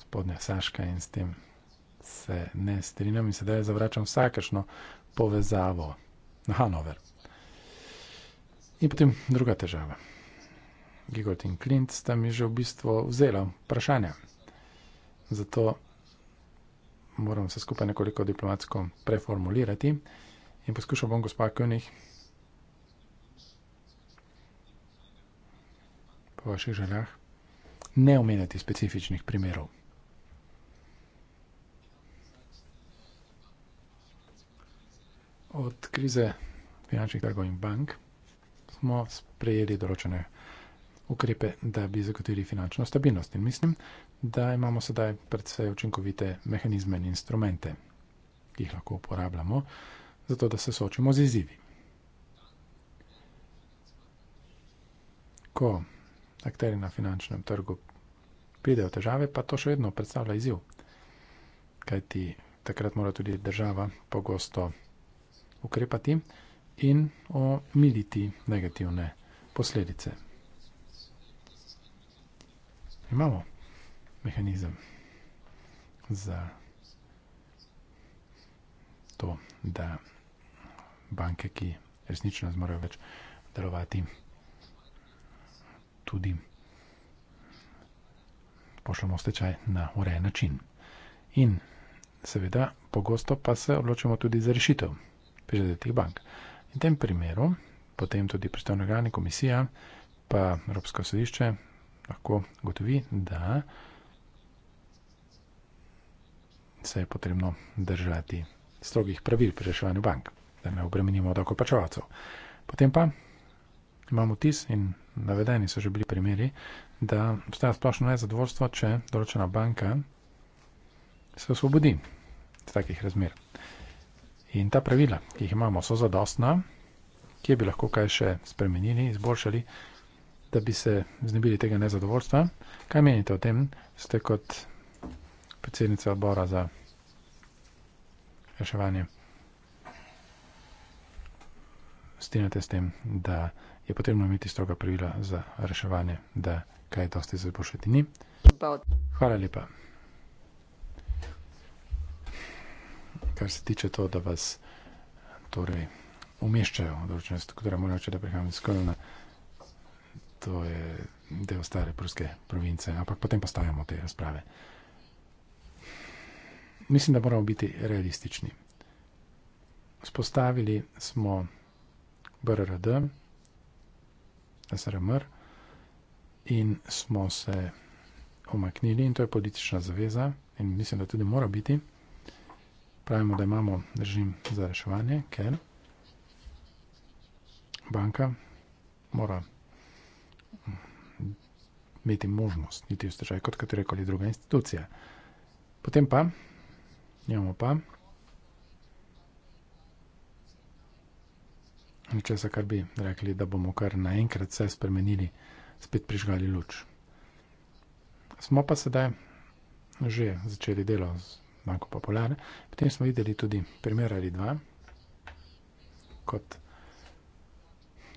spodnja Saška in s tem se ne strinjam in sedaj zavračam vsakešno povezavo na Hanover. In potem druga težava. Gigot in Klint sta mi že v bistvu vzela vprašanja zato moram se skupaj nekoliko diplomatsko preformulirati in poskušal bom gospa König po vaših željah ne omenjati specifičnih primerov. Od krize finančnih trgov in bank smo sprejeli določene ukrepe, da bi zagotovili finančno stabilnost. In mislim, da imamo sedaj predvsej učinkovite mehanizme in instrumente, ki jih lahko uporabljamo, zato da se soočimo z izzivi. Ko akteri na finančnem trgu pridejo težave, pa to še vedno predstavlja izziv, kajti takrat mora tudi država pogosto ukrepati in omiliti negativne posledice. Imamo mehanizem za to, da banke, ki resnično ne zmorejo več delovati, tudi pošljemo stečaj na urejen način. In seveda, pogosto pa se odločimo tudi za rešitev prizadetih bank. In v tem primeru, potem tudi predstavnega organa komisija, pa Evropsko sodišče lahko gotovi, da se je potrebno držati strogih pravil pri reševanju bank, da ne obremenimo dokopačovalcev. Potem pa imam vtis in navedeni so že bili primeri, da obstaja splošno nezadovoljstvo, če določena banka se osvobodi iz takih razmer. In ta pravila, ki jih imamo, so zadostna, kje bi lahko kaj še spremenili, izboljšali, da bi se znebili tega nezadovoljstva. Kaj menite o tem? Ste kot predsednica odbora za reševanje. Strinjate s tem, da je potrebno imeti stroga pravila za reševanje, da kaj dosti zaboljšati ni. Hvala lepa. Kar se tiče to, da vas torej umeščajo v določene strukture, moram reči, da prihajam iz Kolna, to je del stare pruske province, ampak potem postavljamo te razprave mislim, da moramo biti realistični. Spostavili smo BRRD, SRMR in smo se omaknili in to je politična zaveza in mislim, da tudi mora biti. Pravimo, da imamo režim za reševanje, ker banka mora imeti možnost niti v stečaj kot katerekoli druga institucija. Potem pa Njemu pa. Ničesar, kar bi rekli, da bomo kar naenkrat vse spremenili, spet prižgali luč. Smo pa sedaj že začeli delo z manjko popularne. Potem smo videli tudi primer ali dva kot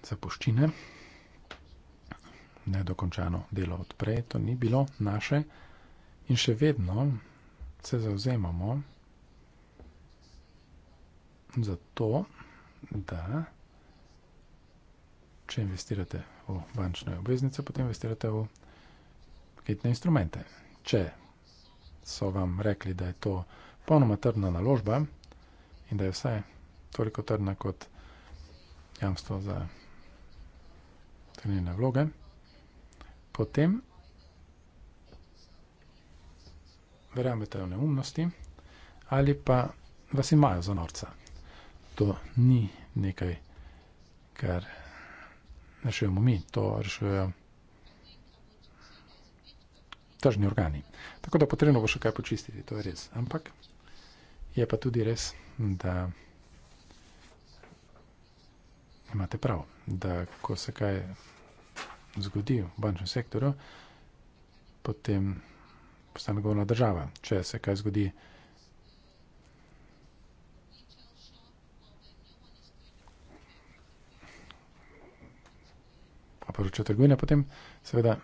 zapuščine. Nedokončano delo odprej, to ni bilo naše in še vedno se zauzemamo zato, da če investirate v bančne obveznice, potem investirate v kreditne instrumente. Če so vam rekli, da je to ponoma trdna naložba in da je vsaj toliko trdna kot jamstvo za trenirne vloge, potem verjamete v neumnosti ali pa vas imajo za norca to ni nekaj, kar rešujemo mi, to rešujejo tržni organi. Tako da potrebno bo še kaj počistiti, to je res. Ampak je pa tudi res, da imate prav, da ko se kaj zgodi v bančnem sektorju, potem postane govorna država. Če se kaj zgodi v področju trgovine, potem seveda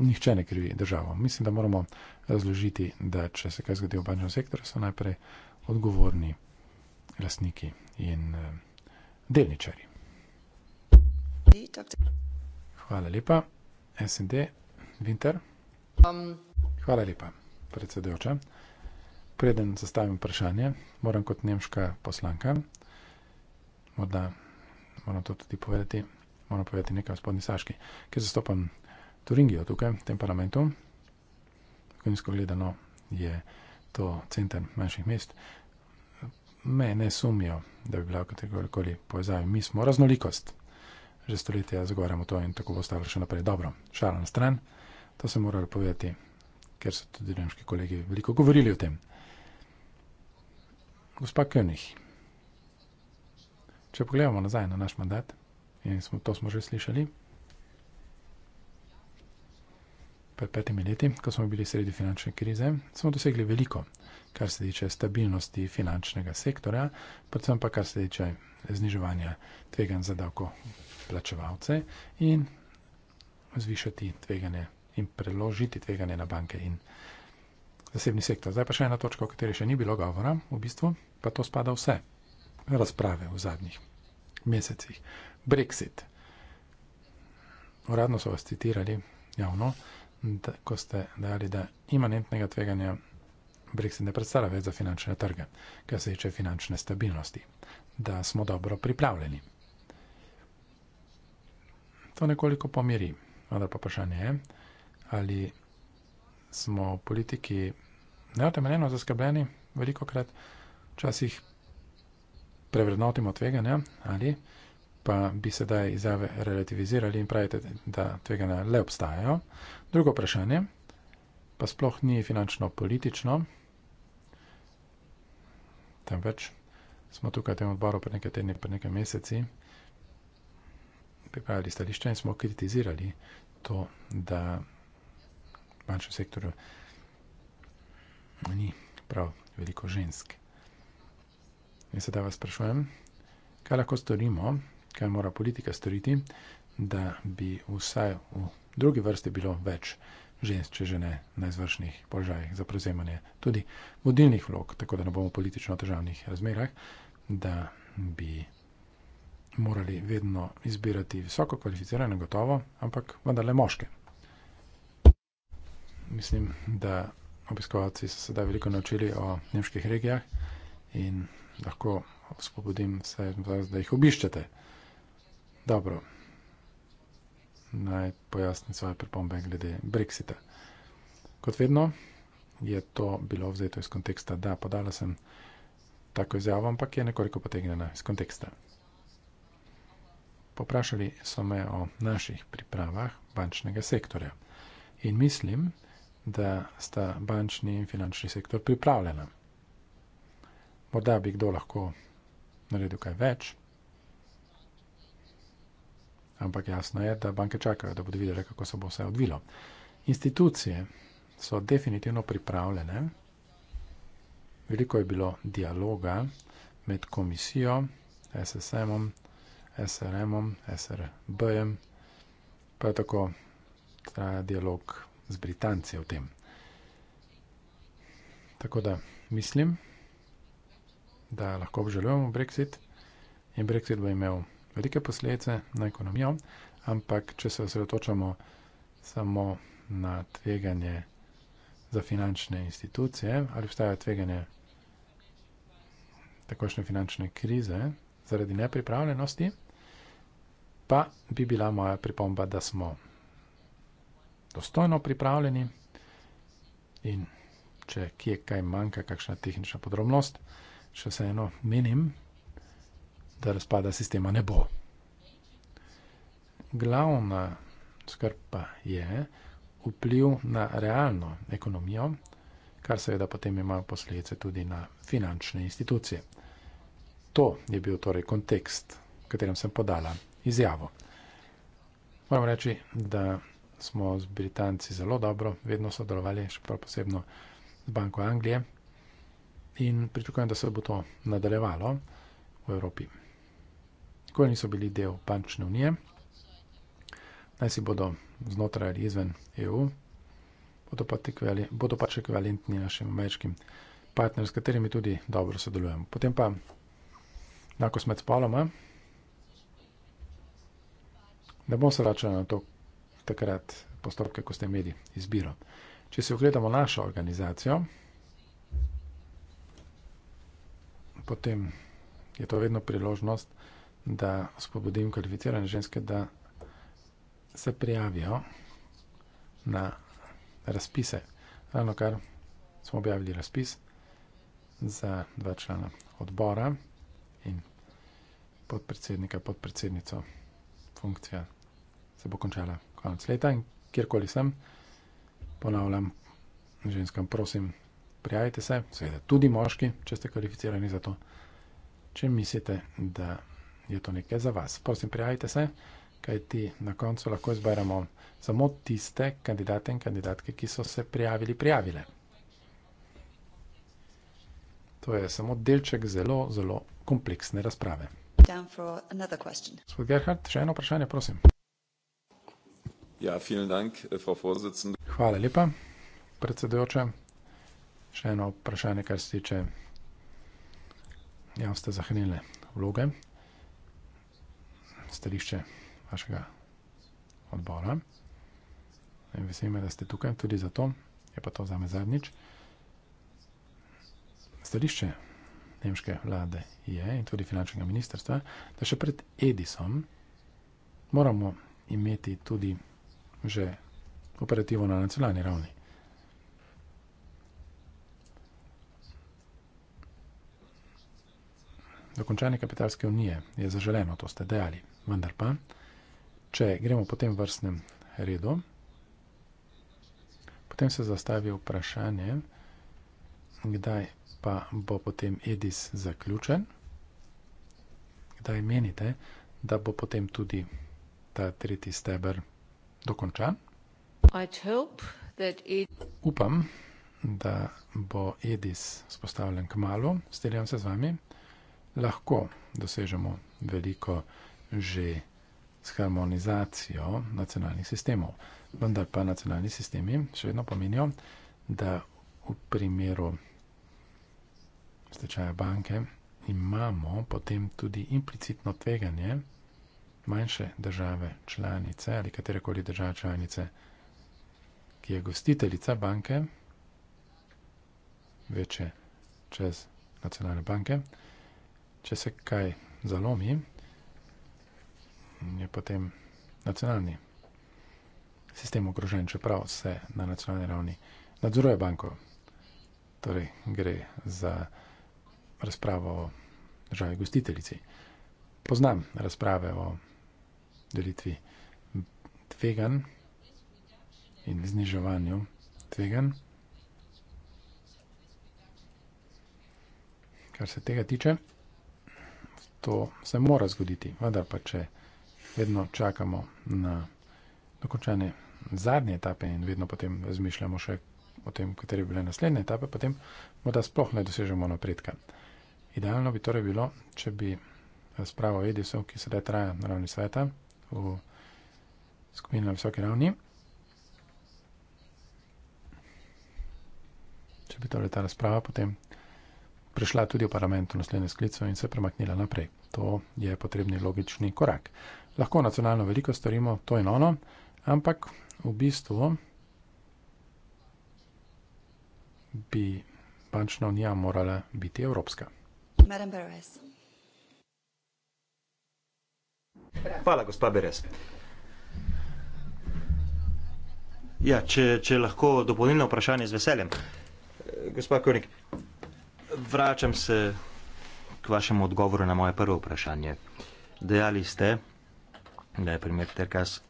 nihče ne krivi državo. Mislim, da moramo razložiti, da če se kaj zgodi v bančnem sektorju, so najprej odgovorni lastniki in eh, delničari. Hvala lepa, SND, Vinter. Hvala lepa, predsedujoča. Preden zastavim vprašanje, moram kot nemška poslanka, morda moram to tudi povedati, moram povedati nekaj o spodnji Saški, ki zastopam Turingijo tukaj, v tem parlamentu. Kojinsko gledano je to center manjših mest. Me ne sumijo, da bi bila v kategorikoli povezavi. Mi smo raznolikost. Že stoletja zagovarjamo to in tako bo stalo še naprej. Dobro, šala na stran. To sem moral povedati, ker so tudi nemški kolegi veliko govorili o tem. Gospa König, če pogledamo nazaj na naš mandat, In smo, to smo že slišali pred petimi leti, ko smo bili sredi finančne krize, smo dosegli veliko, kar se tiče stabilnosti finančnega sektorja, predvsem pa kar se tiče zniževanja tvegan za davko plačevalce in zvišati tveganje in preložiti tveganje na banke in zasebni sektor. Zdaj pa še ena točka, o kateri še ni bilo govora, v bistvu pa to spada vse razprave v zadnjih mesecih. Brexit. Uradno so vas citirali javno, da, ko ste dali, da imanentnega tveganja Brexit ne predstavlja več za finančne trge, kar se tiče finančne stabilnosti, da smo dobro pripravljeni. To nekoliko pomiri, vendar pa vprašanje je, ali smo politiki neotemeljeno zaskrbljeni, veliko krat včasih prevrednotimo tveganja ali pa bi sedaj izjave relativizirali in pravite, da tveganja le obstajajo. Drugo vprašanje pa sploh ni finančno-politično, temveč smo tukaj v tem odboru pred nekaj tedni, pred nekaj meseci pripravili stališče in smo kritizirali to, da v bančnem sektorju ni prav veliko žensk. In sedaj vas sprašujem, kaj lahko storimo, kaj mora politika storiti, da bi vsaj v drugi vrsti bilo več žensk, če že ne na izvršnih položajih za prevzemanje tudi vodilnih vlog, tako da ne bomo v politično težavnih razmerah, da bi morali vedno izbirati visoko kvalificirane, gotovo, ampak vendarle moške. Mislim, da obiskovalci so sedaj veliko naučili o nemških regijah in lahko spobodim vse vas, da jih obiščete. Dobro, naj pojasnim svoje pripombe glede Brexita. Kot vedno je to bilo vzeto iz konteksta, da podala sem tako izjavo, ampak je nekoliko potegnjena iz konteksta. Poprašali so me o naših pripravah bančnega sektorja in mislim, da sta bančni in finančni sektor pripravljena. Morda bi kdo lahko naredil kaj več. Ampak jasno je, da banke čakajo, da bodo videli, kako se bo vse odvilo. Institucije so definitivno pripravljene. Veliko je bilo dialoga med komisijo, SSM-om, SRM-om, SRB-jem, pa tako traja dialog z Britanci o tem. Tako da mislim, da lahko obžalujemo Brexit in Brexit bo imel velike posledice na ekonomijo, ampak če se osredotočamo samo na tveganje za finančne institucije, ali obstaja tveganje takošne finančne krize zaradi nepripravljenosti, pa bi bila moja pripomba, da smo dostojno pripravljeni in če kje kaj manjka, kakšna tehnična podrobnost, še vseeno menim, da razpada sistema ne bo. Glavna skrpa je vpliv na realno ekonomijo, kar seveda potem ima posledice tudi na finančne institucije. To je bil torej kontekst, v katerem sem podala izjavo. Moram reči, da smo z Britanci zelo dobro vedno sodelovali, še prav posebno z Banko Anglije, in pričakujem, da se bo to nadaljevalo v Evropi. Ko niso bili del bančne unije, naj si bodo znotraj ali izven EU, bodo, pa kvali, bodo pač ekvivalentni našim ameriškim partnerjem, s katerimi tudi dobro sodelujemo. Potem pa enako smet spoloma, ne bom se vračal na to takrat postopke, ko ste imeli izbiro. Če si ogledamo našo organizacijo, potem je to vedno priložnost, da spodbudim kvalificirane ženske, da se prijavijo na razpise. Ravno kar smo objavili razpis za dva člana odbora in podpredsednika, podpredsednico. Funkcija se bo končala konec leta in kjerkoli sem, ponavljam ženskam, prosim, prijavite se, seveda tudi moški, če ste kvalificirani za to. Če mislite, da je to nekaj za vas, prosim, prijavite se, kajti na koncu lahko izberemo samo tiste kandidate in kandidatke, ki so se prijavili, prijavile. To je samo delček zelo, zelo kompleksne razprave. Gospod Gerhard, še eno vprašanje, prosim. Ja, dank, Hvala lepa, predsedujoča. Še eno vprašanje, kar se tiče javnosti za hranilne vloge, stališče vašega odbora. Vesel me, da ste tukaj, tudi zato je pa to za me zadnjič. Stališče nemške vlade je in tudi finančnega ministrstva, da še pred Edisom moramo imeti tudi že operativo na nacionalni ravni. dokončanje kapitalske unije je zaželeno, to ste dejali. Vendar pa, če gremo po tem vrstnem redu, potem se zastavi vprašanje, kdaj pa bo potem EDIS zaključen, kdaj menite, da bo potem tudi ta tretji steber dokončan. Upam, da bo EDIS spostavljen k malu, steljam se z vami lahko dosežemo veliko že s harmonizacijo nacionalnih sistemov. Vendar pa nacionalni sistemi še vedno pomenijo, da v primeru stečaja banke imamo potem tudi implicitno tveganje manjše države članice ali katerekoli države članice, ki je gostiteljica banke, večje čez nacionalne banke, če se kaj zalomi, je potem nacionalni sistem ogrožen, čeprav se na nacionalni ravni nadzoruje banko. Torej gre za razpravo o državi gostiteljici. Poznam razprave o delitvi tvegan in zniževanju tvegan. Kar se tega tiče, to se mora zgoditi, vendar pa če vedno čakamo na dokončanje zadnje etape in vedno potem razmišljamo še o tem, katere bi bile naslednje etape, potem morda sploh ne dosežemo napredka. Idealno bi torej bilo, če bi razprava o Edisu, ki sedaj traja na ravni sveta, v skupini na visoki ravni, če bi torej ta razprava potem prišla tudi v parlament v naslednje sklico in se premaknila naprej. To je potrebni logični korak. Lahko nacionalno veliko storimo, to je ono, ampak v bistvu bi bančna unija morala biti evropska. Hvala, gospa Beres. Ja, če, če lahko dopolnilno vprašanje z veseljem. Gospa Konik, vračam se k vašemu odgovoru na moje prvo vprašanje. Dejali ste, da je primer Terkas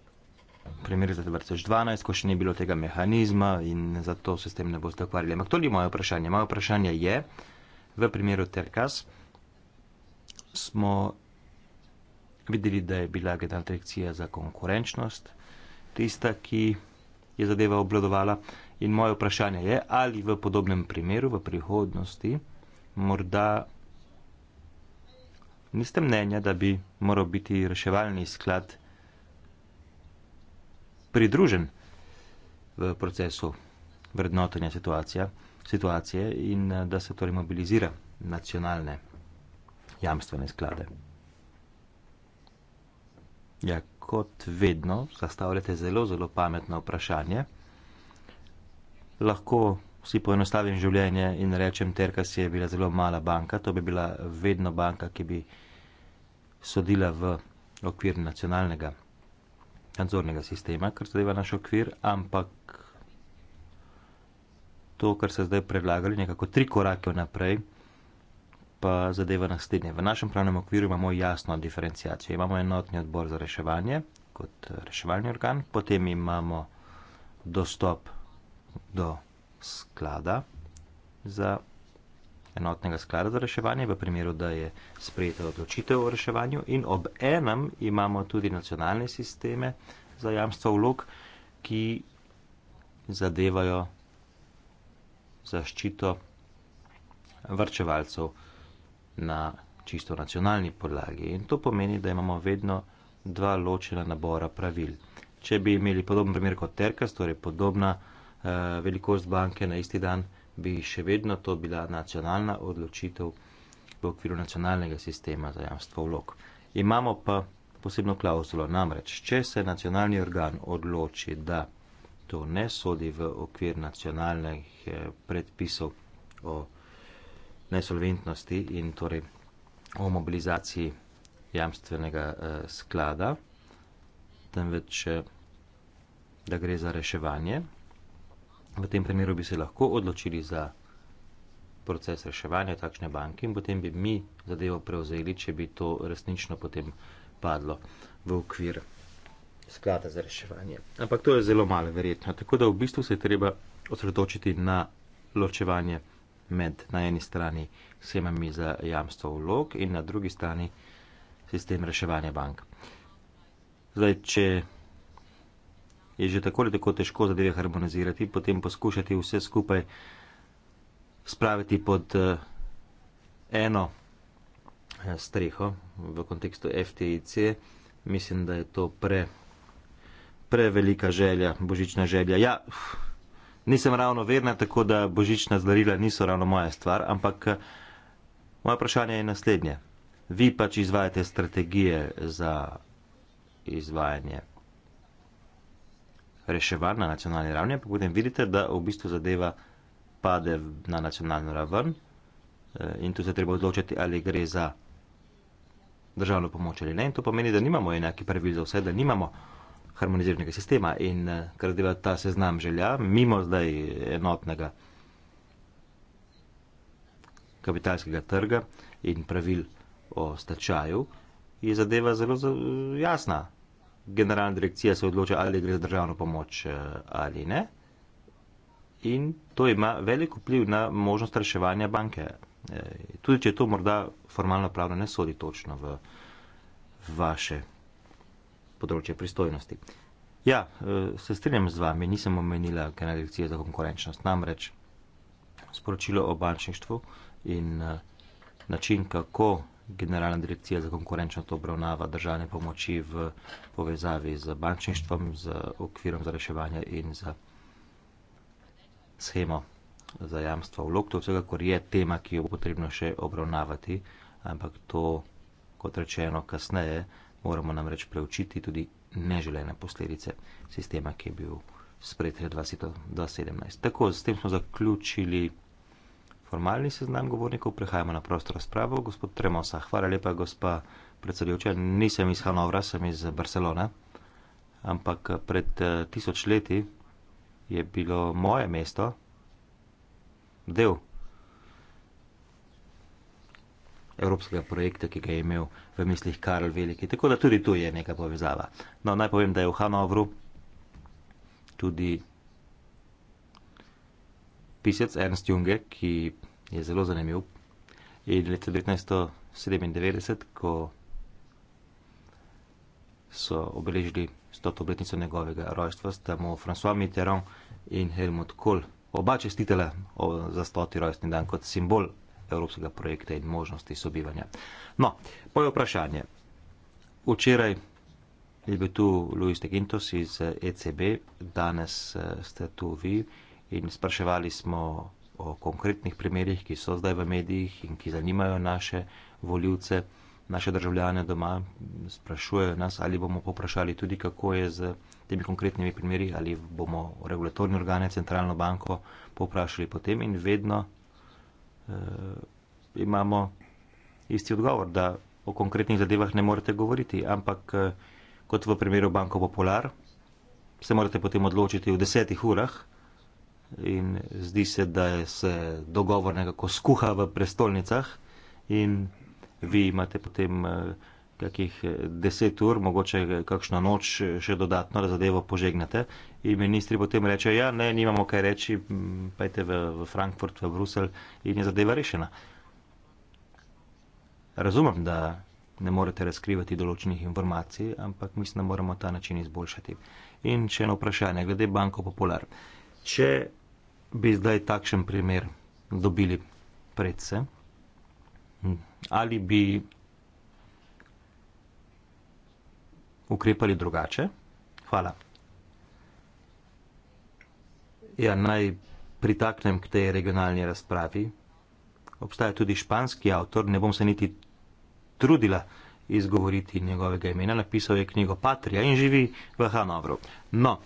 primer za 2012, ko še ni bilo tega mehanizma in zato se s tem ne boste ukvarjali. Ampak to ni moje vprašanje. Moje vprašanje je, v primeru Terkas smo videli, da je bila generalna direkcija za konkurenčnost tista, ki je zadeva obladovala. In moje vprašanje je, ali v podobnem primeru v prihodnosti morda niste mnenja, da bi moral biti reševalni sklad pridružen v procesu vrednotenja situacije in eh, da se torej mobilizira nacionalne jamstvene sklade. Ja, kot vedno, zastavljate zelo, zelo pametno vprašanje. Lahko vsi poenostavim življenje in rečem, Terkas je bila zelo mala banka, to bi bila vedno banka, ki bi sodila v okvir nacionalnega nadzornega sistema, kar zadeva naš okvir, ampak to, kar se zdaj predlagali, nekako tri korake naprej, pa zadeva naslednje. V našem pravnem okviru imamo jasno diferencijacijo. Imamo enotni odbor za reševanje kot reševalni organ, potem imamo dostop do sklada za enotnega sklada za reševanje, v primeru, da je sprejeta odločitev o reševanju in ob enem imamo tudi nacionalne sisteme za jamstvo vlog, ki zadevajo zaščito vrčevalcev na čisto nacionalni podlagi. In to pomeni, da imamo vedno dva ločena nabora pravil. Če bi imeli podoben primer kot Terkas, torej podobna Eh, velikost banke na isti dan, bi še vedno to bila nacionalna odločitev v okviru nacionalnega sistema za jamstvo vlog. Imamo pa posebno klauzulo, namreč, če se nacionalni organ odloči, da to ne sodi v okvir nacionalnih eh, predpisov o nesolventnosti in torej o mobilizaciji jamstvenega eh, sklada, temveč, da gre za reševanje V tem primeru bi se lahko odločili za proces reševanja takšne banke in potem bi mi zadevo prevzeli, če bi to resnično potem padlo v okvir sklada za reševanje. Ampak to je zelo malo verjetno. Tako da v bistvu se je treba osredotočiti na ločevanje med na eni strani semami za jamstvo vlog in na drugi strani sistem reševanja bank. Zdaj, če je že tako ali tako težko zadeve harmonizirati, potem poskušati vse skupaj spraviti pod uh, eno uh, streho v kontekstu FTIC, mislim, da je to pre, prevelika želja, božična želja. Ja, uf, nisem ravno verna, tako da božična zdarila niso ravno moja stvar, ampak eh, moje vprašanje je naslednje. Vi pač izvajate strategije za izvajanje reševan na nacionalni ravni, pa potem vidite, da v bistvu zadeva pade na nacionalno raven eh, in tu se treba odločiti, ali gre za državno pomoč ali ne. In to pomeni, da nimamo enaki pravil za vse, da nimamo harmoniziranega sistema in eh, kar zadeva ta seznam želja, mimo zdaj enotnega kapitalskega trga in pravil o stačaju, je zadeva zelo, zelo jasna generalna direkcija se odloča, ali gre za državno pomoč eh, ali ne. In to ima velik vpliv na možnost reševanja banke. Eh, tudi če to morda formalno pravno ne sodi točno v vaše področje pristojnosti. Ja, eh, se strinjam z vami, nisem omenila generalna direkcija za konkurenčnost, namreč sporočilo o bančništvu in način, kako Generalna direkcija za konkurenčnost obravnava državne pomoči v povezavi z bančništvom, z okvirom za reševanje in z schemo za jamstvo vlog. To vsekakor je tema, ki jo bo potrebno še obravnavati, ampak to, kot rečeno, kasneje moramo namreč preučiti tudi neželene posledice sistema, ki je bil sprejet 2017. Tako, s tem smo zaključili formalni seznam govornikov, prehajamo na prosto razpravo. Gospod Tremosa, hvala lepa, gospa predsedujoča. Nisem iz Hanovra, sem iz Barcelone, ampak pred eh, tisoč leti je bilo moje mesto del evropskega projekta, ki ga je imel v mislih Karl Veliki. Tako da tudi tu je neka povezava. No, naj povem, da je v Hanovru tudi. Pisec Ernst Junge, ki je zelo zanimiv. In leta 1997, ko so obeležili 100. obletnico njegovega rojstva, sta mu François Mitterrand in Helmut Kohl oba čestitela za 100. rojstni dan kot simbol evropskega projekta in možnosti sobivanja. No, poje vprašanje. Včeraj je bil tu Luis de Quintos iz ECB, eh, e danes eh, ste tu vi in spraševali smo o konkretnih primerjih, ki so zdaj v medijih in ki zanimajo naše voljivce, naše državljane doma, sprašujejo nas, ali bomo poprašali tudi, kako je z temi konkretnimi primeri, ali bomo regulatorni organe, centralno banko poprašali potem in vedno eh, imamo isti odgovor, da o konkretnih zadevah ne morete govoriti, ampak eh, kot v primeru Banko Popular, se morate potem odločiti v desetih urah, in zdi se, da se dogovor nekako skuha v prestolnicah in vi imate potem eh, kakih eh, deset ur, mogoče eh, kakšno noč še dodatno, da zadevo požegnate in ministri potem rečejo, ja, ne, nimamo kaj reči, pajte v, v Frankfurt, v Brusel in je zadeva rešena. Razumem, da ne morete razkrivati določenih informacij, ampak mislim, da moramo ta način izboljšati. In še eno vprašanje, glede banko popular. Če bi zdaj takšen primer dobili pred se, ali bi ukrepali drugače? Hvala. Ja, naj pritaknem k tej regionalni razpravi. Obstaja tudi španski avtor, ne bom se niti trudila izgovoriti njegovega imena, napisal je knjigo Patria in živi v Hanovru. No, uh,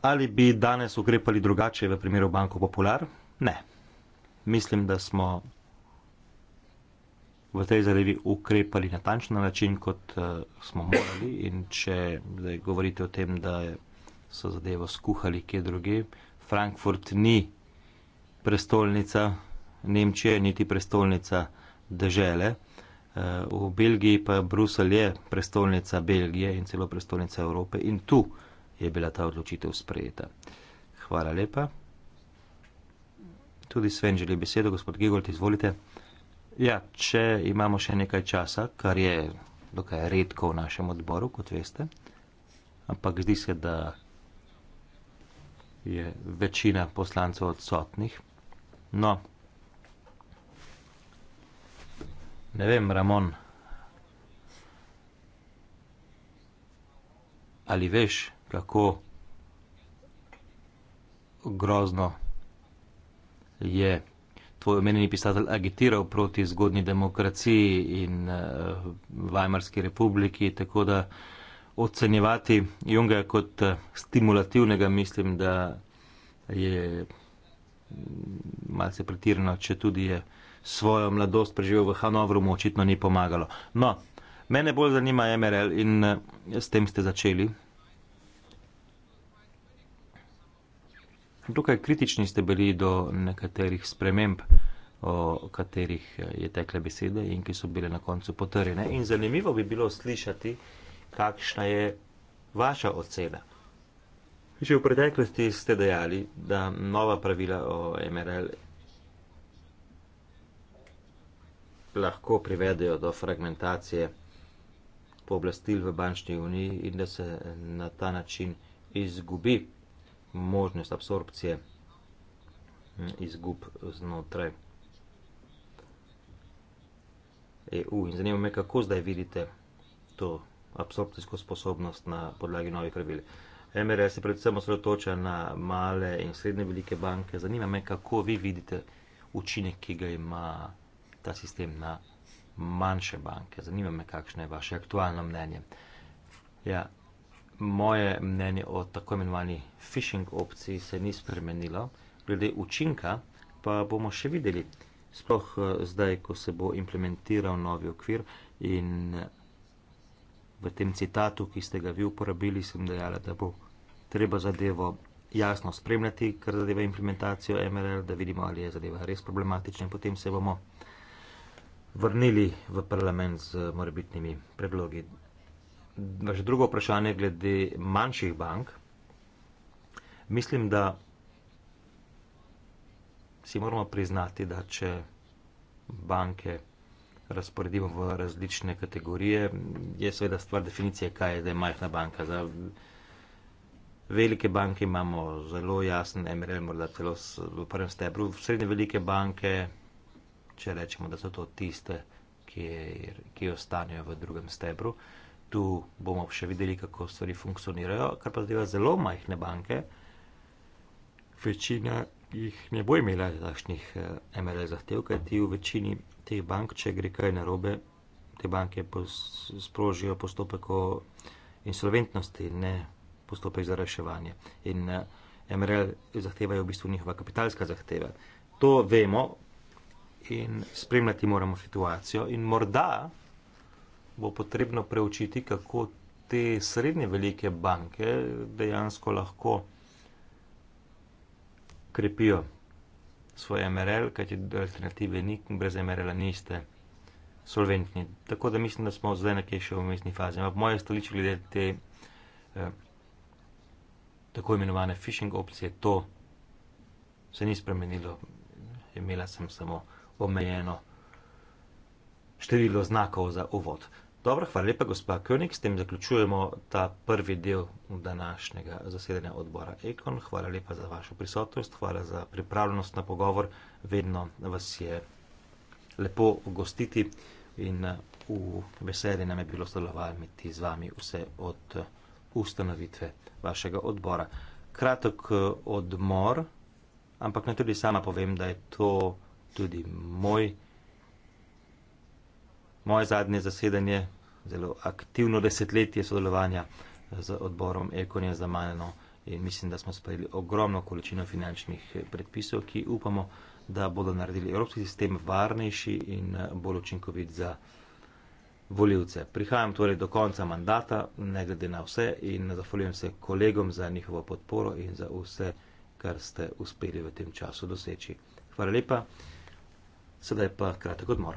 Ali bi danes ukrepali drugače v primeru Banko Popular? Ne. Mislim, da smo v tej zadevi ukrepali na tančen način, kot uh, smo morali. In če zdaj govorite o tem, da so zadevo skuhali kje druge, Frankfurt ni prestolnica Nemčije, niti prestolnica države. Uh, eh, v Belgiji pa Brusel je prestolnica Belgije in celo prestolnica Evrope. In tu je bila ta odločitev sprejeta. Hvala lepa. Tudi Sven želi besedo, gospod Gigolt, izvolite. Ja, če imamo še nekaj časa, kar je dokaj redko v našem odboru, kot veste, ampak zdi se, da je večina poslancev odsotnih. No, ne vem, Ramon, ali veš, kako grozno je tvoj omenjeni pisatelj agitiral proti zgodni demokraciji in uh, Vajmarski republiki, tako da ocenjevati Junga kot eh, stimulativnega mislim, da je mm, malce pretirano, če tudi je svojo mladost preživel v Hanovru, mu očitno ni pomagalo. No, mene bolj zanima MRL in eh, s tem ste začeli. dokaj kritični ste bili do nekaterih sprememb, o katerih eh, je tekle besede in ki so bile na koncu potrjene. In zanimivo bi bilo slišati, kakšna je vaša ocena. Že v preteklosti ste dejali, da nova pravila o MRL lahko privedejo do fragmentacije pooblastil v bančni uniji in da se na ta način izgubi možnost absorpcije hm, izgub znotraj EU. In zanima me, kako zdaj vidite to absorpcijsko sposobnost na podlagi novih pravil. MRS se predvsem osredotoča na male in srednje velike banke. Zanima me, kako vi vidite učinek, ki ga ima ta sistem na manjše banke. Zanima me, kakšno je vaše aktualno mnenje. Ja, moje mnenje o tako imenovani phishing opciji se ni spremenilo, glede učinka pa bomo še videli. Sploh eh, zdaj, ko se bo implementiral novi okvir in eh, v tem citatu, ki ste ga vi uporabili, sem dejala, da bo treba zadevo jasno spremljati, kar zadeva implementacijo MRL, da vidimo, ali je zadeva res problematična in potem se bomo vrnili v parlament z morebitnimi predlogi vaše drugo vprašanje glede manjših bank. Mislim, da si moramo priznati, da če banke razporedimo v različne kategorije, je seveda stvar definicije, kaj je zdaj majhna banka. Za velike banke imamo zelo jasen MRL, morda celo v prvem stebru. V srednje velike banke, če rečemo, da so to tiste, ki, ki ostanejo v drugem stebru. Uh, tu bomo še videli, kako stvari funkcionirajo, kar pa zdaj zelo majhne banke, večina jih ne bo imela takšnih eh, MLE zahtev, ker ti v večini teh bank, če gre kaj narobe, te banke sprožijo postopek o insolventnosti, ne postopek za reševanje. In eh, MRL zahteva je v bistvu njihova kapitalska zahteva. To vemo in spremljati moramo situacijo in morda bo potrebno preučiti, kako te srednje velike banke dejansko lahko krepijo svoje MRL, kajti alternative ni, brez MRL-a niste solventni. Tako da mislim, da smo zdaj nekje še v umestni fazi. Ampak moje stoličje glede te eh, tako imenovane phishing opcije, to se ni spremenilo. Imela sem samo omejeno število znakov za uvod. Dobro, hvala lepa, gospa König. S tem zaključujemo ta prvi del današnjega zasedanja odbora Ekon. Hvala lepa za vašo prisotnost, hvala za pripravljenost na pogovor. Vedno vas je lepo gostiti in eh, v veseli nam je bilo sodelovati z vami vse od eh, ustanovitve vašega odbora. Kratek eh, odmor, ampak naj tudi sama povem, da je to tudi moj moje zadnje zasedanje, zelo aktivno desetletje sodelovanja z odborom Ekonija za Maneno in mislim, da smo sprejeli ogromno količino finančnih predpisov, ki upamo, da bodo naredili evropski sistem varnejši in eh, bolj učinkovit za voljivce. Prihajam torej do konca mandata, ne glede na vse in zahvaljujem se kolegom za njihovo podporo in za vse, kar ste uspeli v tem času doseči. Hvala lepa, sedaj pa kratek odmor.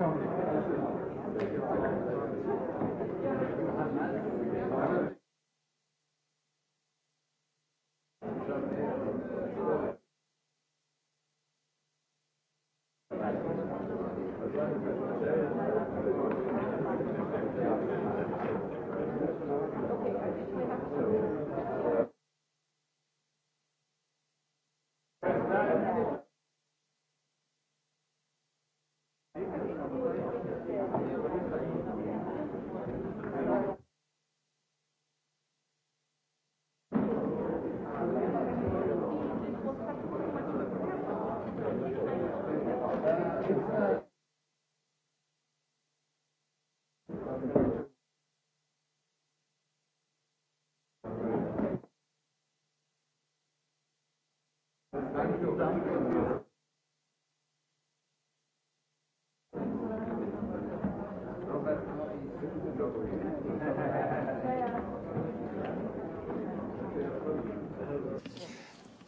kan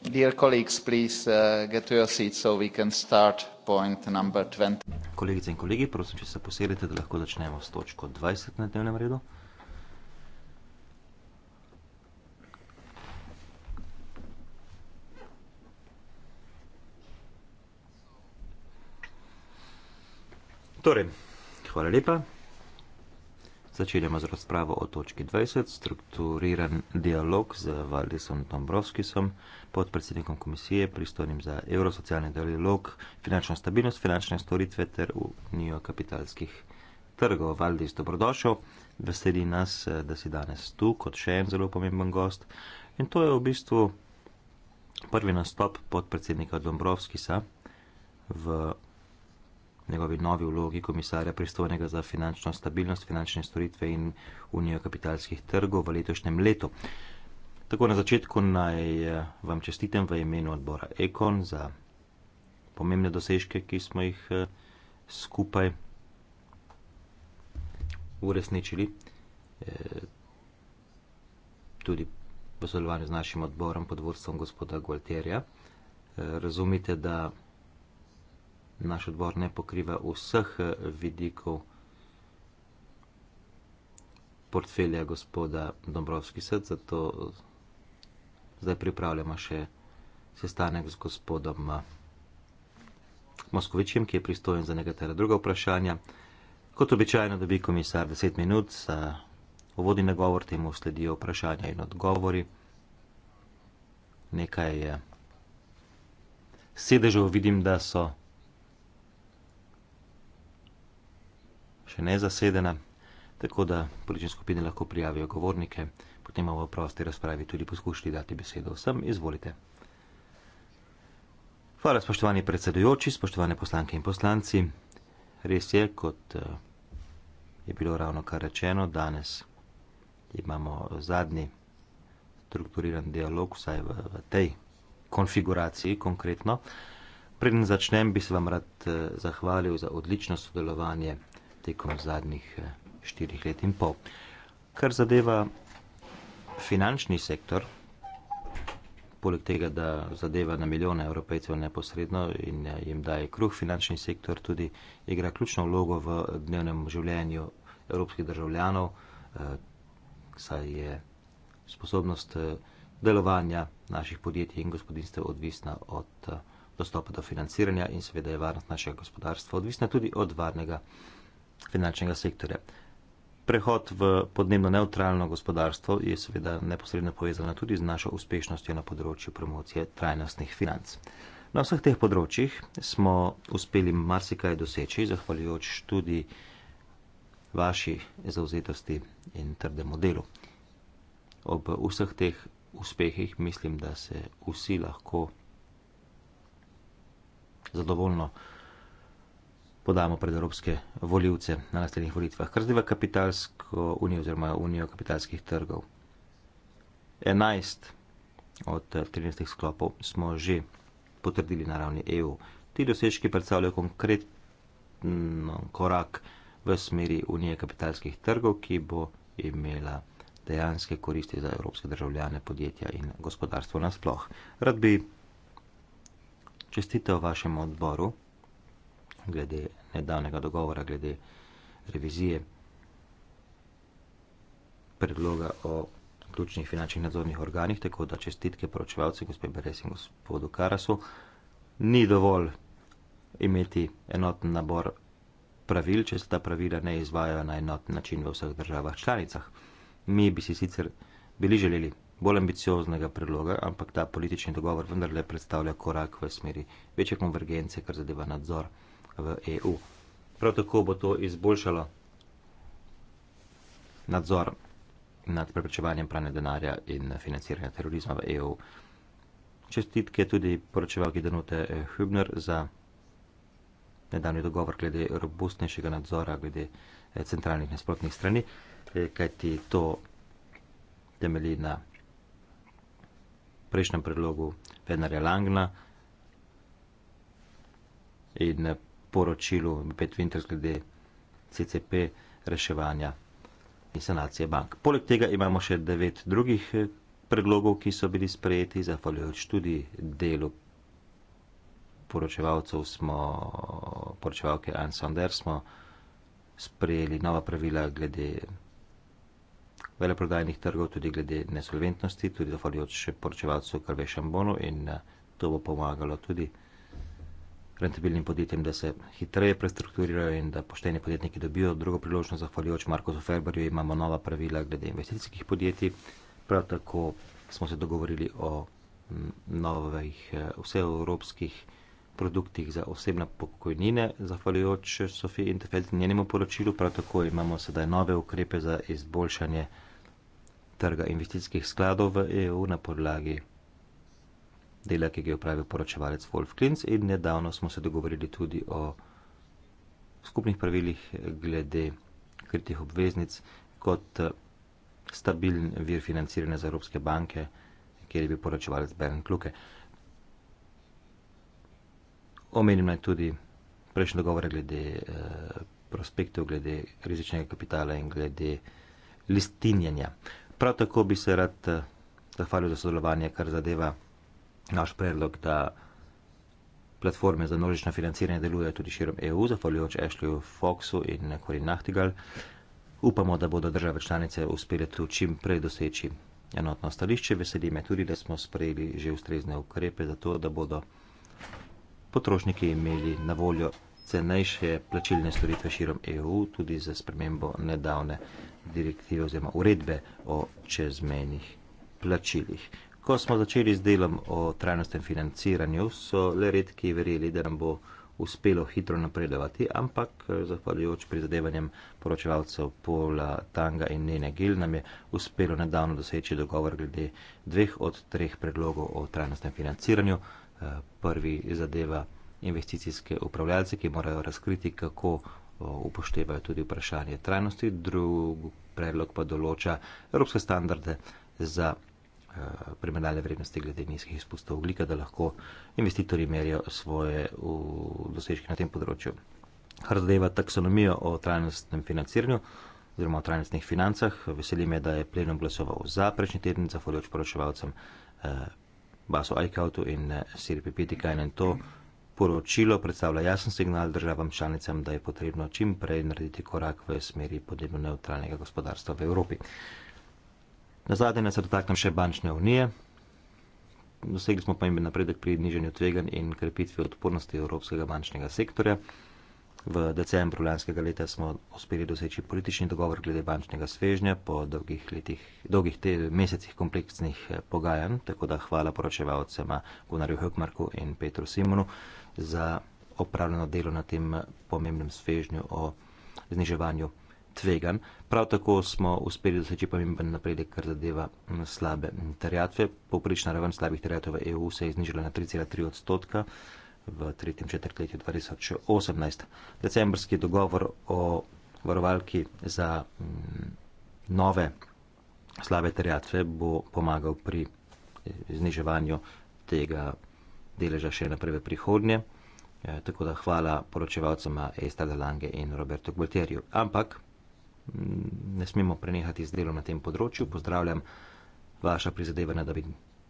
Dear colleagues, please uh, get to your seats so we can start point number 20. Kolegice in kolegi, prosim, če se posedite, da lahko začnemo s točko 20 na dnevnem redu. Torej, hvala lepa. Začenjamo z razpravo o točki 20, strukturiran dialog z Valdisom Dombrovskisom, podpredsednikom komisije, pristojnim za evrosocialni dialog, finančno stabilnost, finančne storitve ter unijo kapitalskih trgov. Valdis, dobrodošel. Veseli nas, da si danes tu kot še en zelo pomemben gost. In to je v bistvu prvi nastop podpredsednika Dombrovskisa v njegovi novi vlogi komisarja pristojnega za finančno stabilnost, finančne storitve in unijo kapitalskih trgov v letošnjem letu. Tako na začetku naj eh, vam čestitem v imenu odbora Ekon za pomembne dosežke, ki smo jih eh, skupaj uresničili, eh, tudi v sodelovanju z našim odborom pod vodstvom gospoda Gualterja. Razumite, da naš odbor ne pokriva vseh eh, vidikov portfelja gospoda Dombrovski sed, zato eh, zdaj pripravljamo še sestanek z gospodom eh, Moskovičem, ki je pristojen za nekatera druga vprašanja. Kot običajno dobi komisar 10 minut za uvodni nagovor, temu sledijo vprašanja in odgovori. Nekaj je. Sedežev vidim, da so še nezasedena, tako da politične skupine lahko prijavijo govornike, potem bomo v prosti razpravi tudi poskušali dati besedo vsem. Izvolite. Hvala, spoštovani predsedujoči, spoštovane poslanke in poslanci. Res je, kot eh, je bilo ravno kar rečeno, danes imamo zadnji strukturiran dialog, vsaj v, v tej konfiguraciji konkretno. Preden začnem, bi se vam rad eh, zahvalil za odlično sodelovanje tekom zadnjih eh, štirih let in pol. Kar zadeva finančni sektor, poleg tega, da zadeva na milijone evropejcev neposredno in eh, jim daje kruh, finančni sektor tudi igra ključno vlogo v dnevnem življenju evropskih državljanov, eh, saj je sposobnost delovanja naših podjetij in gospodinstev odvisna od dostopa do financiranja in seveda je varnost našega gospodarstva odvisna tudi od varnega financiranja finančnega sektorja. Prehod v podnebno neutralno gospodarstvo je seveda neposredno povezana tudi z našo uspešnostjo na področju promocije trajnostnih financ. Na vseh teh področjih smo uspeli marsikaj doseči, zahvaljujoč tudi vaši zauzetosti in trdemu delu. Ob vseh teh uspehih mislim, da se vsi lahko zadovoljno podamo pred evropske voljivce na naslednjih volitvah, kar zdaj v kapitalsko unijo oziroma unijo kapitalskih trgov. 11 od 13 eh, sklopov smo že potrdili na ravni EU. Ti dosežki predstavljajo konkreten korak v smeri unije kapitalskih trgov, ki bo imela dejanske koristi za evropske državljane, podjetja in gospodarstvo nasploh. Rad bi čestitev vašemu odboru glede nedavnega dogovora, glede revizije predloga o ključnih finančnih nadzornih organih, tako da čestitke poročevalce, gospe Beres in gospodu Karasu, ni dovolj imeti enoten nabor pravil, če se ta pravila ne izvajajo na enoten način v vseh državah članicah. Mi bi si sicer bili želeli bolj ambicioznega predloga, ampak ta politični dogovor vendarle predstavlja korak v smeri večje konvergence, kar zadeva nadzor v EU. Prav tako bo to izboljšalo nadzor nad preprečevanjem pranja denarja in financiranja terorizma v EU. Čestitke tudi poročevalki Danute eh, Hübner za nedavni dogovor glede robustnejšega nadzora glede eh, centralnih nasprotnih strani, eh, kajti to temelji na prejšnjem predlogu Venarja Langna in poročilu Petvinter glede CCP reševanja in sanacije bank. Poleg tega imamo še devet drugih eh, predlogov, ki so bili sprejeti, zahvaljujoč tudi delu poročevalcev smo, poročevalke Ann Sander smo sprejeli nova pravila glede veleprodajnih trgov, tudi glede nesolventnosti, tudi zahvaljujoč poročevalcu Krvešem Bonu in eh, to bo pomagalo tudi rentabilnim podjetjem, da se hitreje prestrukturirajo in da pošteni podjetniki dobijo drugo priložnost. Zahvaljujoč Marko Zoferberju imamo nova pravila glede investicijskih podjetij. Prav tako smo se dogovorili o novih eh, vseevropskih produktih za osebne pokojnine, zahvaljujoč Sofiji Interfeld in njenemu poročilu. Prav tako imamo sedaj nove ukrepe za izboljšanje trga investicijskih skladov v EU na podlagi dela, ki ga je upravil poročevalec Wolf Klinc, in nedavno smo se dogovorili tudi o skupnih pravilih glede kritih obveznic kot eh, stabilen vir financiranja za Evropske banke, kjer je bil poročevalec Beren Kluke. Omenim naj tudi prejšnji dogovor glede eh, prospektov, glede rizičnega kapitala in glede listinjanja. Prav tako bi se rad eh, zahvalil za sodelovanje, kar zadeva naš predlog, da platforme za množično financiranje delujejo tudi širom EU, zahvaljujoč Ashleyju Foxu in Corinne Nachtigal. Upamo, da bodo države članice uspele tu čim prej doseči enotno stališče. Veseli me tudi, da smo sprejeli že ustrezne ukrepe za to, da bodo potrošniki imeli na voljo cenejše plačilne storitve širom EU, tudi za spremembo nedavne direktive oziroma uredbe o čezmenih plačilih. Ko smo začeli z delom o trajnostnem financiranju, so le redki verjeli, da nam bo uspelo hitro napredovati, ampak eh, zahvaljujoč prizadevanjem poročevalcev Pola Tanga in Nene Gil nam je uspelo nedavno doseči dogovor glede dveh od treh predlogov o trajnostnem financiranju. Eh, prvi zadeva investicijske upravljalce, ki morajo razkriti, kako eh, upoštevajo tudi vprašanje trajnosti, drugi predlog pa določa evropske standarde za Eh, primerjale vrednosti glede nizkih izpustov oglika, da lahko investitorji merijo svoje dosežke na tem področju. Kar zadeva taksonomijo o trajnostnem financiranju oziroma o trajnostnih financah, veseli me, da je plenum glasoval za prejšnji teden, za foljoč poročevalcem eh, Baso Aikautu in eh, Siri Pipitikajn in to poročilo predstavlja jasen signal državam članicam, da je potrebno čim prej narediti korak v smeri podnebno neutralnega gospodarstva v Evropi. Eh, Na zadnje se dotaknem še bančne unije. Dosegli smo pomemben napredek pri nižanju tveganj in krepitvi odpornosti evropskega bančnega sektorja. V decembru lanskega leta smo uspeli doseči politični dogovor glede bančnega svežnja po dolgih, letih, dolgih te, mesecih kompleksnih eh, pogajanj, tako da hvala poročevalcema Gunarju Hökmarku in Petru Simonu za opravljeno delo na tem eh, pomembnem svežnju o zniževanju tvegan. Prav tako smo uspeli doseči pomemben napredek, kar zadeva mm, slabe terjatve. Poprična raven slabih terjatev v EU se je znižala na 3,3 odstotka v tretjem četrtletju 2018. Decembrski dogovor o varovalki za mm, nove slabe terjatve bo pomagal pri eh, zniževanju tega deleža še naprej v prihodnje. Eh, tako da hvala poročevalcema Estrada Lange in Roberto Gualtieriju. Ampak ne smemo prenehati z delom na tem področju. Pozdravljam vaša prizadevanja, da bi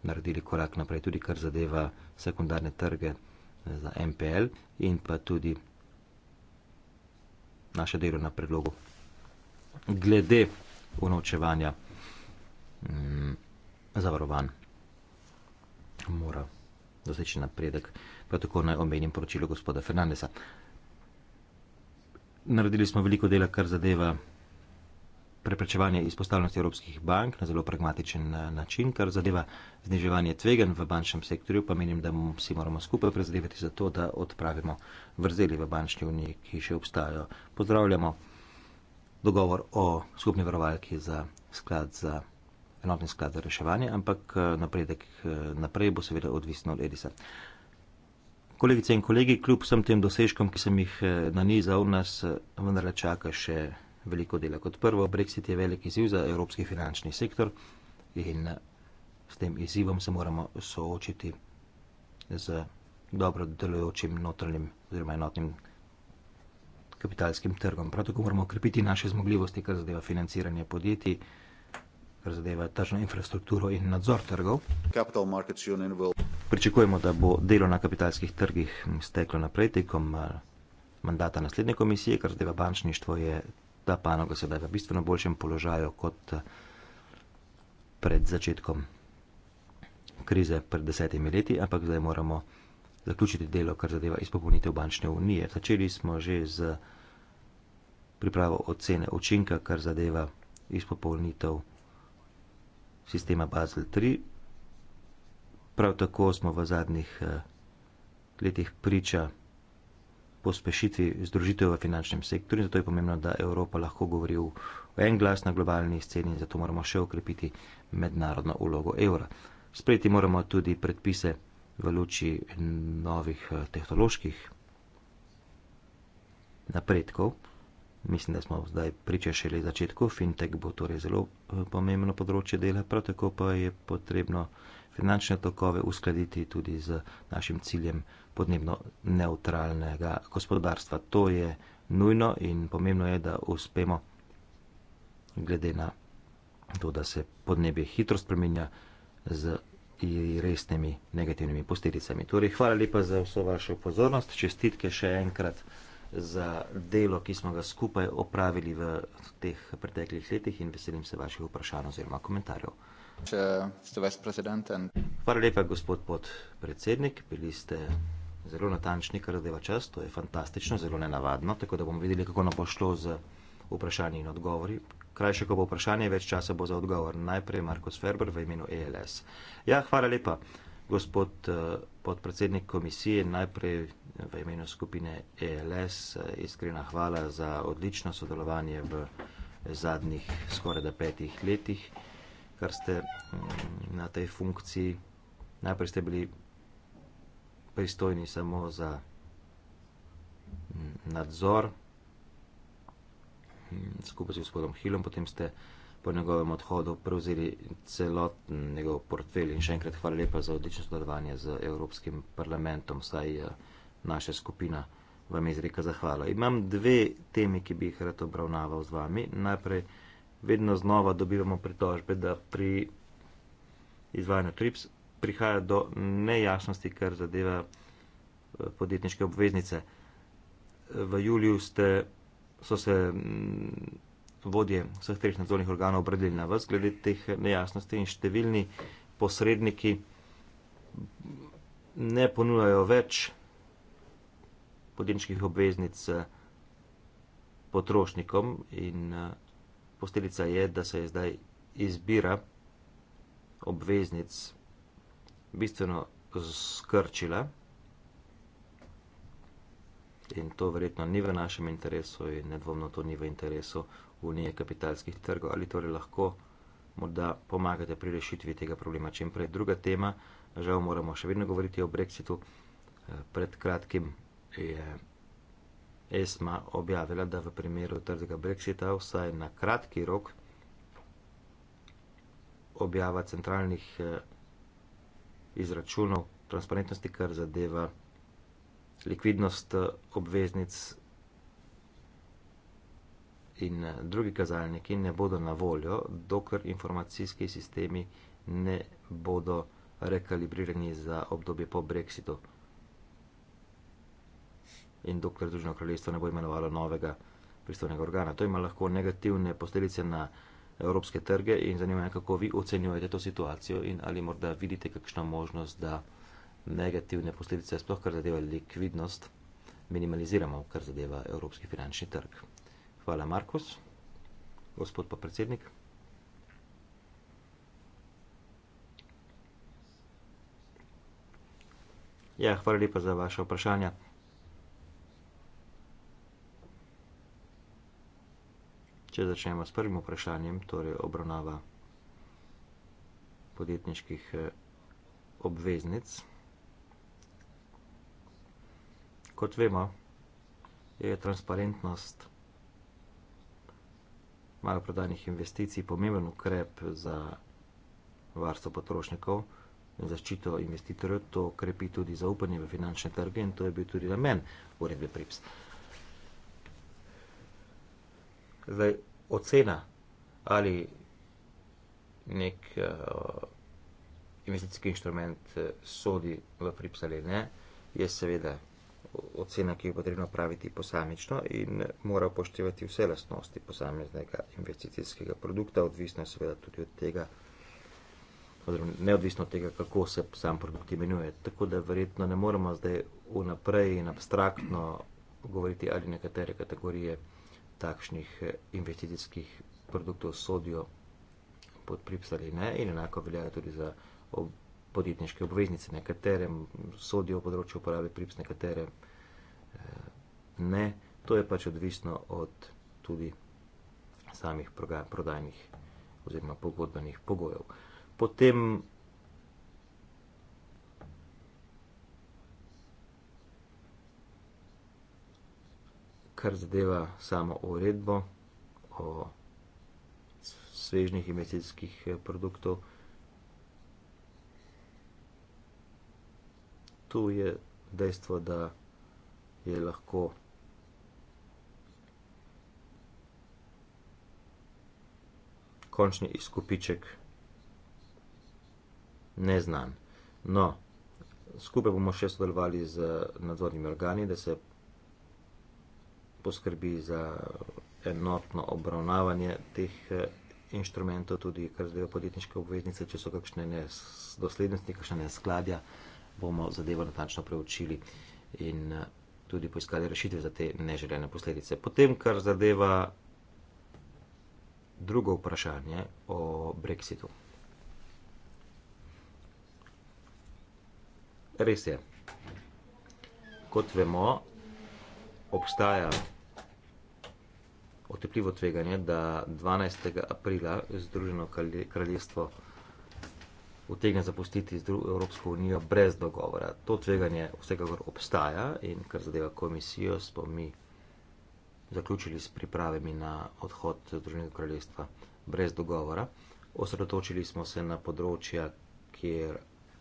naredili korak naprej, tudi kar zadeva sekundarne trge eh, za MPL in pa tudi naše delo na predlogu. Glede unovčevanja mm, zavarovanj mora doseči napredek, pa tako naj omenim poročilo gospoda Fernandesa. Naredili smo veliko dela, kar zadeva preprečevanje izpostavljenosti evropskih bank na zelo pragmatičen eh, način, kar zadeva zniževanje tvegan v bančnem sektorju, pa menim, da si moramo skupaj prizadevati za to, da odpravimo vrzeli v bančni uniji, ki še obstajajo. Pozdravljamo dogovor o skupni varovalki za sklad za enotni sklad za reševanje, ampak eh, napredek eh, naprej bo seveda odvisno od Edisa. Kolegice in kolegi, kljub vsem tem dosežkom, ki sem jih nanizal, nas vendarle čaka še veliko dela. Kot prvo, Brexit je velik izziv za evropski finančni sektor in s tem izzivom se moramo soočiti z dobro delujočim notranjim oziroma enotnim kapitalskim trgom. Prav tako moramo okrepiti naše zmogljivosti, kar zadeva financiranje podjetij, kar zadeva tržno infrastrukturo in nadzor trgov. Pričakujemo, da bo delo na kapitalskih trgih steklo naprej tekom eh, mandata naslednje komisije, kar zadeva bančništvo je ta panoga sedaj v bistveno boljšem položaju kot eh, pred začetkom krize, pred desetimi leti, ampak zdaj moramo zaključiti delo, kar zadeva izpopolnitev bančne unije. Začeli smo že z pripravo ocene učinka, kar zadeva izpopolnitev sistema Basel III. Prav tako smo v zadnjih eh, letih priča pospešiti združitev v finančnem sektorju, zato je pomembno, da Evropa lahko govori v en glas na globalni sceni in zato moramo še okrepiti mednarodno ulogo evra. Sprejeti moramo tudi predpise v luči novih eh, tehnoloških napredkov. Mislim, da smo zdaj priča šele začetku, fintech bo torej zelo eh, pomembno področje dela, prav tako pa je potrebno finančne tokove uskladiti tudi z našim ciljem podnebno neutralnega gospodarstva. To je nujno in pomembno je, da uspemo, glede na to, da se podnebje hitro spremenja z resnimi negativnimi posledicami. Torej, hvala lepa za vso vašo pozornost, čestitke še enkrat za delo, ki smo ga skupaj opravili v teh preteklih letih in veselim se vaših vprašanj oziroma komentarjev. Hvala lepa, gospod podpredsednik. Bili ste zelo natančni, kar zadeva čas, to je fantastično, zelo nenavadno, tako da bomo videli, kako nam bo šlo z vprašanji in odgovori. Krajše, ko bo vprašanje, več časa bo za odgovor. Najprej Marko Sferber v imenu ELS. Ja, hvala lepa, gospod eh, podpredsednik komisije, najprej eh, v imenu skupine ELS. Eh, iskrena hvala za odlično sodelovanje v zadnjih skoraj da petih letih, kar ste mm, na tej funkciji. Najprej ste bili pristojni samo za nadzor skupaj z gospodom Hillom, potem ste po njegovem odhodu prevzeli celoten njegov portfelj in še enkrat hvala lepa za odlično sodelovanje z Evropskim parlamentom, saj eh, naša skupina vam izreka zahvalo. Imam dve temi, ki bi jih rad obravnaval z vami. Najprej vedno znova dobivamo pritožbe, da pri izvajanju TRIPS prihaja do nejasnosti, kar zadeva eh, podjetniške obveznice. V juliju ste, so se mm, vodje vseh treh nadzornih organov obredili na vas glede teh nejasnosti in številni posredniki ne ponujajo več podjetniških obveznic eh, potrošnikom in eh, posledica je, da se je zdaj izbira obveznic bistveno skrčile. In to verjetno ni v našem interesu, in nedvomno to ni v interesu Unije kapitalskih trgov, ali torej lahko morda pomagate pri rešitvi tega problema čim prej. Druga tema, žal moramo še vedno govoriti o Brexitu. Eh, pred kratkim je ESMA objavila, da v primeru trdega Brexita vsaj na kratki rok objava centralnih eh, izračunov transparentnosti, kar zadeva likvidnost eh, obveznic in eh, drugi kazalniki, ne bodo na voljo, dokler informacijski sistemi ne bodo rekalibrirani za obdobje po Brexitu in dokler Združeno kraljestvo ne bo imenovalo novega pristojnega organa. To ima lahko negativne posledice na evropske trge in zanima me, kako vi ocenjujete to situacijo in ali morda vidite kakšno možnost, da negativne posledice, sploh kar zadeva likvidnost, minimaliziramo, kar zadeva evropski finančni trg. Hvala, Markus. Gospod pa predsednik. Ja, hvala lepa za vaše vprašanje. Če začnemo s prvim vprašanjem, torej obravnava podjetniških eh, obveznic. Kot vemo, je transparentnost maloprodajnih investicij pomemben ukrep za varstvo potrošnikov in zaščito investitorjev. To krepi tudi zaupanje v finančne trge in to je bil tudi namen uredbe PRIPS. Uh, Zdaj, ocena ali nek uh, investicijski inštrument eh, sodi v FRIPS ali ne, je seveda ocena, ki jo je potrebno praviti posamično in mora upoštevati vse lastnosti posameznega investicijskega produkta, odvisno je seveda tudi od tega, oziroma neodvisno od tega, kako se sam produkt imenuje. Tako da verjetno ne moremo zdaj vnaprej in abstraktno govoriti ali nekatere kategorije takšnih eh, investicijskih produktov sodijo pod PRIPS ali ne, in enako veljajo tudi za ob podjetniške obveznice, nekatere sodijo v področju uporabe PRIPS, nekatere eh, ne. To je pač odvisno od tudi samih prodajnih oziroma pogodbenih pogojev. Potem kar zadeva samo uredbo o svežnih investicijskih eh, produktov. Tu je dejstvo, da je lahko končni izkupiček neznan. No, skupaj bomo še sodelovali z nadzornimi organi, da se poskrbi za enotno obravnavanje teh eh, inštrumentov, tudi kar zdaj podjetniške obveznice, če so kakšne doslednosti, kakšne neskladja, bomo zadevo natančno preučili in eh, tudi poiskali rešitve za te neželene posledice. Potem, kar zadeva drugo vprašanje o Brexitu. Res je. Kot vemo, obstaja otepljivo tveganje, da 12. aprila Združeno kraljestvo utegne zapustiti Evropsko unijo brez dogovora. To tveganje vsekakor obstaja in kar zadeva komisijo, smo mi zaključili s pripravami na odhod Združenega kraljestva brez dogovora. Osredotočili smo se na področja, kjer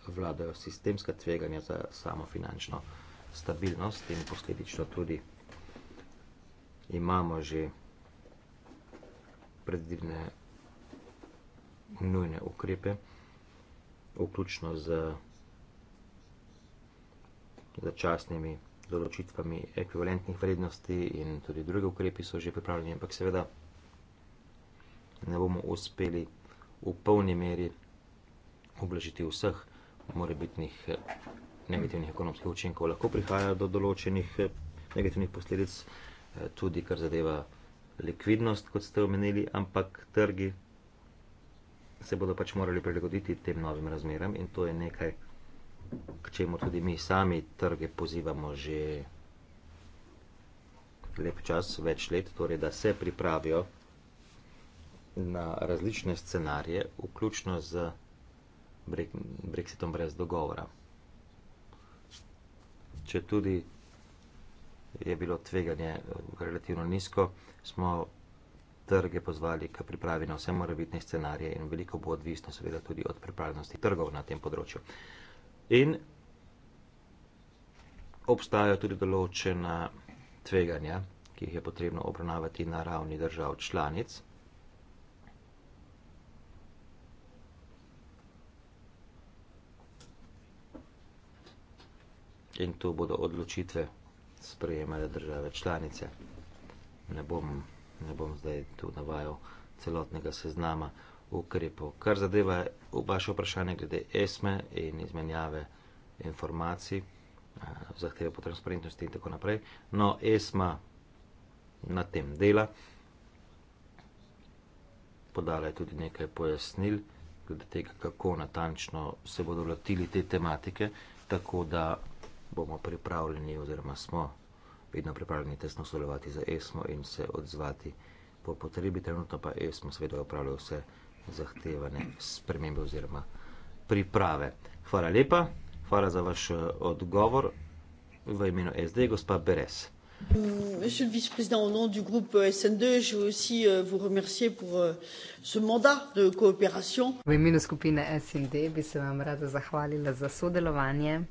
vladajo sistemska tveganja za samo finančno stabilnost in posledično tudi imamo že predvidne nujne ukrepe, vključno z začasnimi določitvami ekvivalentnih vrednosti in tudi druge ukrepi so že pripravljeni, ampak seveda ne bomo uspeli v polni meri oblažiti vseh morebitnih negativnih ekonomskih učinkov. Lahko prihaja do določenih negativnih posledic, eh, tudi kar zadeva vsega, likvidnost, kot ste omenili, ampak trgi se bodo pač morali prilagoditi tem novim razmeram in to je nekaj, k čemu tudi mi sami trge pozivamo že lep čas, več let, torej da se pripravijo na različne scenarije, vključno z Brexitom brez dogovora. Če tudi je bilo tveganje eh, relativno nizko, smo trge pozvali k pripravi na vse morebitne scenarije in veliko bo odvisno seveda tudi od pripravljenosti trgov na tem področju. In obstajajo tudi določena tveganja, ki jih je potrebno obravnavati na ravni držav članic. In tu bodo odločitve sprejemale države članice. Ne bom, ne bom zdaj tu navajal celotnega seznama ukrepov. Kar zadeva vaše vprašanje glede ESME in izmenjave informacij, eh, zahteve po transparentnosti in tako naprej. No, ESMA na tem dela. Podala je tudi nekaj pojasnil glede tega, kako natančno se bodo lotili te tematike, tako da bomo pripravljeni, oziroma smo vedno pripravljeni tesno sodelovati z ESMO in se odzvati po potrebi. Trenutno pa ESMO seveda upravlja vse zahtevane spremembe oziroma priprave. Hvala lepa, hvala za vaš eh, odgovor v imenu SD, gospa Beres. Monsieur le vice-président, au nom du groupe SN2, je veux aussi euh, vous remercier pour euh, ce mandat de coopération. V imenu skupine SND bi se vam rada zahvalila za sodelovanje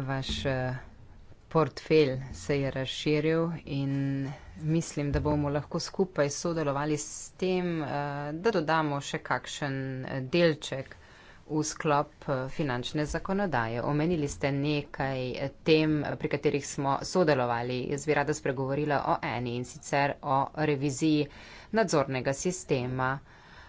vaš eh, portfelj se je razširil in mislim, da bomo lahko skupaj sodelovali s tem, eh, da dodamo še kakšen eh, delček v sklop finančne zakonodaje. Omenili ste nekaj tem, pri katerih smo sodelovali. Jaz bi rada spregovorila o eni in sicer o reviziji nadzornega sistema.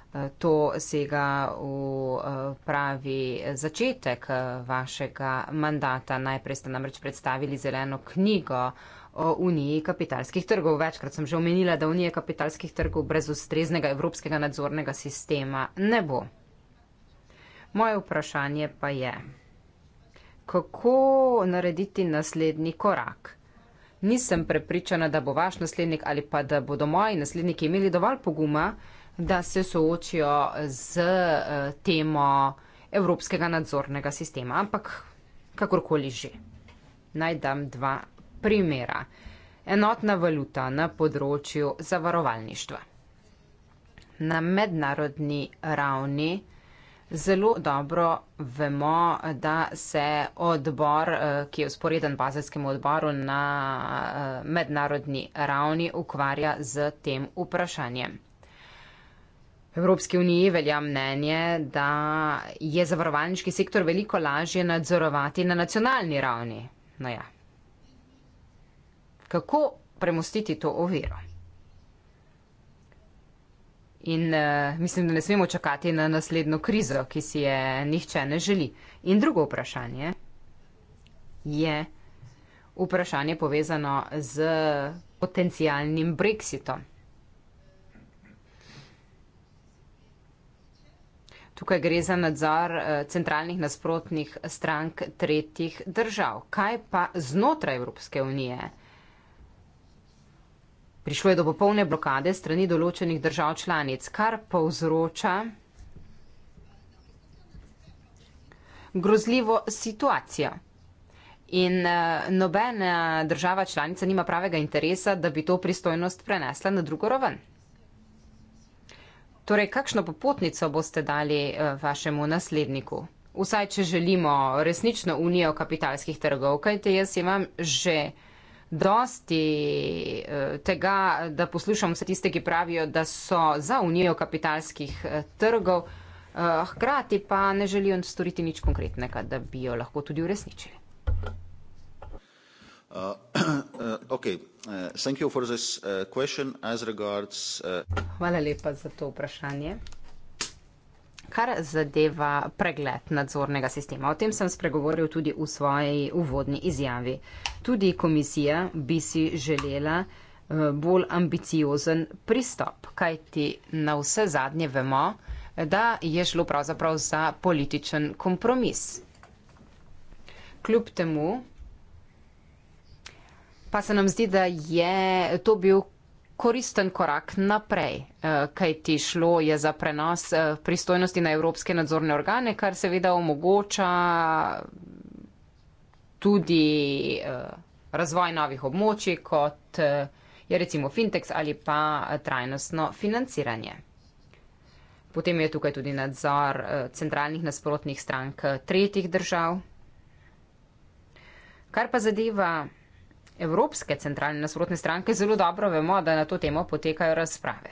Eh, to sega v eh, pravi začetek eh, vašega mandata. Najprej ste namreč predstavili zeleno knjigo o Uniji kapitalskih trgov. Večkrat sem že omenila, da Unije kapitalskih trgov brez ustreznega evropskega nadzornega sistema ne bo. Moje vprašanje pa je, kako narediti naslednji korak? Nisem prepričana, da bo vaš naslednik ali pa da bodo moji nasledniki imeli dovolj poguma, da se soočijo z eh, temo evropskega nadzornega sistema. Ampak kakorkoli že. Naj dam dva primera. Enotna valuta na področju zavarovalništva. Na mednarodni ravni zelo dobro vemo, da se odbor, eh, ki je usporeden bazelskemu odboru na eh, mednarodni ravni, ukvarja z tem vprašanjem. Evropski uniji velja mnenje, da je zavarovalniški sektor veliko lažje nadzorovati na nacionalni ravni. No ja. Kako premostiti to oviro? In uh, mislim, da ne smemo čakati na naslednjo krizo, ki si je nihče ne želi. In drugo vprašanje je vprašanje povezano z potencialnim brexitom. Tukaj gre za nadzor eh, centralnih nasprotnih strank tretjih držav. Kaj pa znotraj Evropske unije? Prišlo je do popolne blokade strani določenih držav članic, kar povzroča grozljivo situacijo. In eh, nobena država članica nima pravega interesa, da bi to pristojnost prenesla na drugo raven. Torej, kakšno popotnico boste dali eh, vašemu nasledniku? Vsaj, če želimo resnično unijo kapitalskih trgov, kajte jaz imam že dosti eh, tega, da poslušam vse tiste, ki pravijo, da so za unijo kapitalskih eh, trgov, hkrati pa ne želijo storiti nič konkretnega, da bi jo lahko tudi uresničili. Uh, uh, uh, Hvala lepa za to vprašanje. Kar zadeva pregled nadzornega sistema, o tem sem spregovoril tudi v svoji uvodni izjavi. Tudi komisija bi si želela bolj ambiciozen pristop, kajti na vse zadnje vemo, da je šlo pravzaprav za političen kompromis. Kljub temu Pa se nam zdi, da je to bil koristen korak naprej, eh, kaj ti šlo je za prenos eh, pristojnosti na evropske nadzorne organe, kar seveda omogoča tudi eh, razvoj novih območij, kot je recimo Fintex ali pa trajnostno financiranje. Potem je tukaj tudi nadzor centralnih nasprotnih strank tretjih držav. Kar pa zadeva Evropske centralne nasprotne stranke zelo dobro vemo, da na to temo potekajo razprave.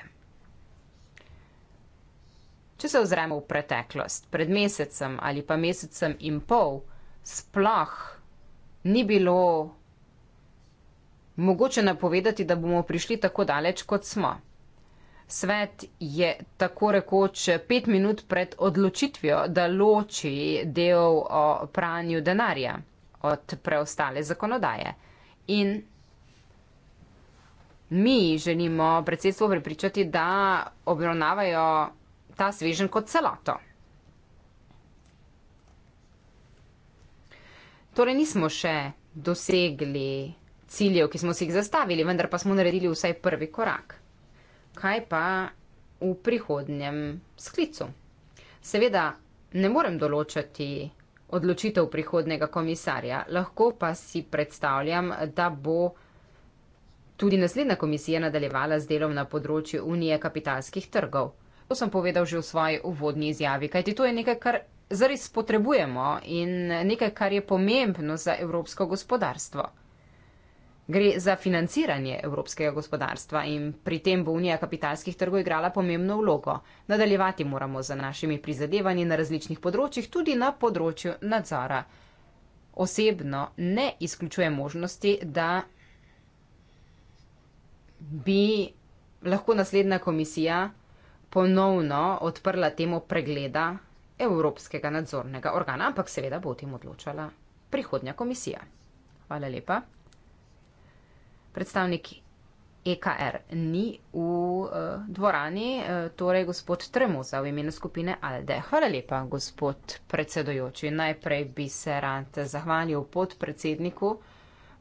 Če se ozremo v preteklost, pred mesecem ali pa mesecem in pol, sploh ni bilo mogoče napovedati, da bomo prišli tako daleč, kot smo. Svet je tako rekoč pet minut pred odločitvijo, da loči del o pranju denarja od preostale zakonodaje. In mi želimo predsedstvo prepričati, da obravnavajo ta svežen kot celato. Torej nismo še dosegli ciljev, ki smo si jih zastavili, vendar pa smo naredili vsaj prvi korak. Kaj pa v prihodnjem sklicu? Seveda ne morem določati odločitev prihodnega komisarja. Lahko pa si predstavljam, da bo tudi naslednja komisija nadaljevala z delom na področju Unije kapitalskih trgov. To sem povedal že v svoji uvodni izjavi, kajti to je nekaj, kar zares potrebujemo in nekaj, kar je pomembno za evropsko gospodarstvo. Gre za financiranje evropskega gospodarstva in pri tem bo Unija kapitalskih trgov igrala pomembno vlogo. Nadaljevati moramo z našimi prizadevanji na različnih področjih, tudi na področju nadzora. Osebno ne izključuje možnosti, da bi lahko naslednja komisija ponovno odprla temo pregleda evropskega nadzornega organa, ampak seveda bo o tem odločala prihodnja komisija. Hvala lepa predstavnik EKR ni v uh, dvorani, uh, torej gospod Tremuza v imenu skupine Alde. Hvala lepa, gospod predsedojoči. Najprej bi se rad zahvalil podpredsedniku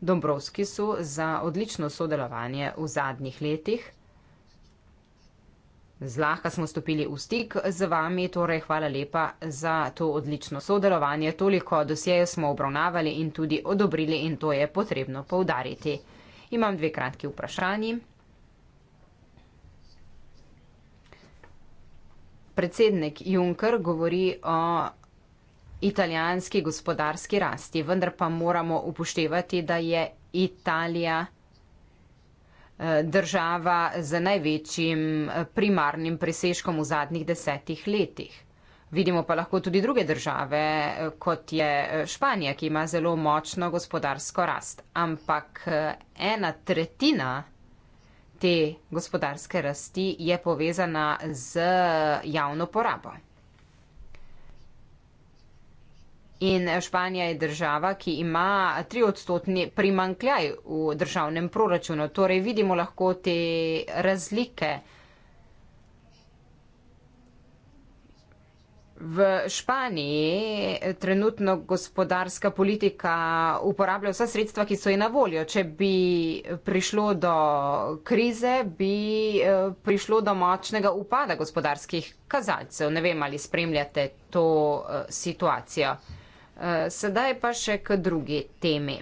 Dombrovskisu za odlično sodelovanje v zadnjih letih. Zlahka smo stopili v stik z vami, torej hvala lepa za to odlično sodelovanje. Toliko dosjeje smo obravnavali in tudi odobrili in to je potrebno poudariti. Imam dve kratki vprašanji. Predsednik Juncker govori o italijanski gospodarski rasti, vendar pa moramo upoštevati, da je Italija eh, država z največjim eh, primarnim presežkom v zadnjih desetih letih. Vidimo pa lahko tudi druge države, eh, kot je eh, Španija, ki ima zelo močno gospodarsko rast. Ampak eh, ena tretjina te gospodarske rasti je povezana z javno porabo. In Španija je država, ki ima tri odstotni primankljaj v državnem proračunu. Torej vidimo lahko te razlike. V Španiji eh, trenutno gospodarska politika uporablja vsa sredstva, ki so ji na voljo. Če bi eh, prišlo do krize, bi eh, prišlo do močnega upada gospodarskih kazalcev. Ne vem, ali spremljate to situacijo. Sedaj pa še k drugi temi.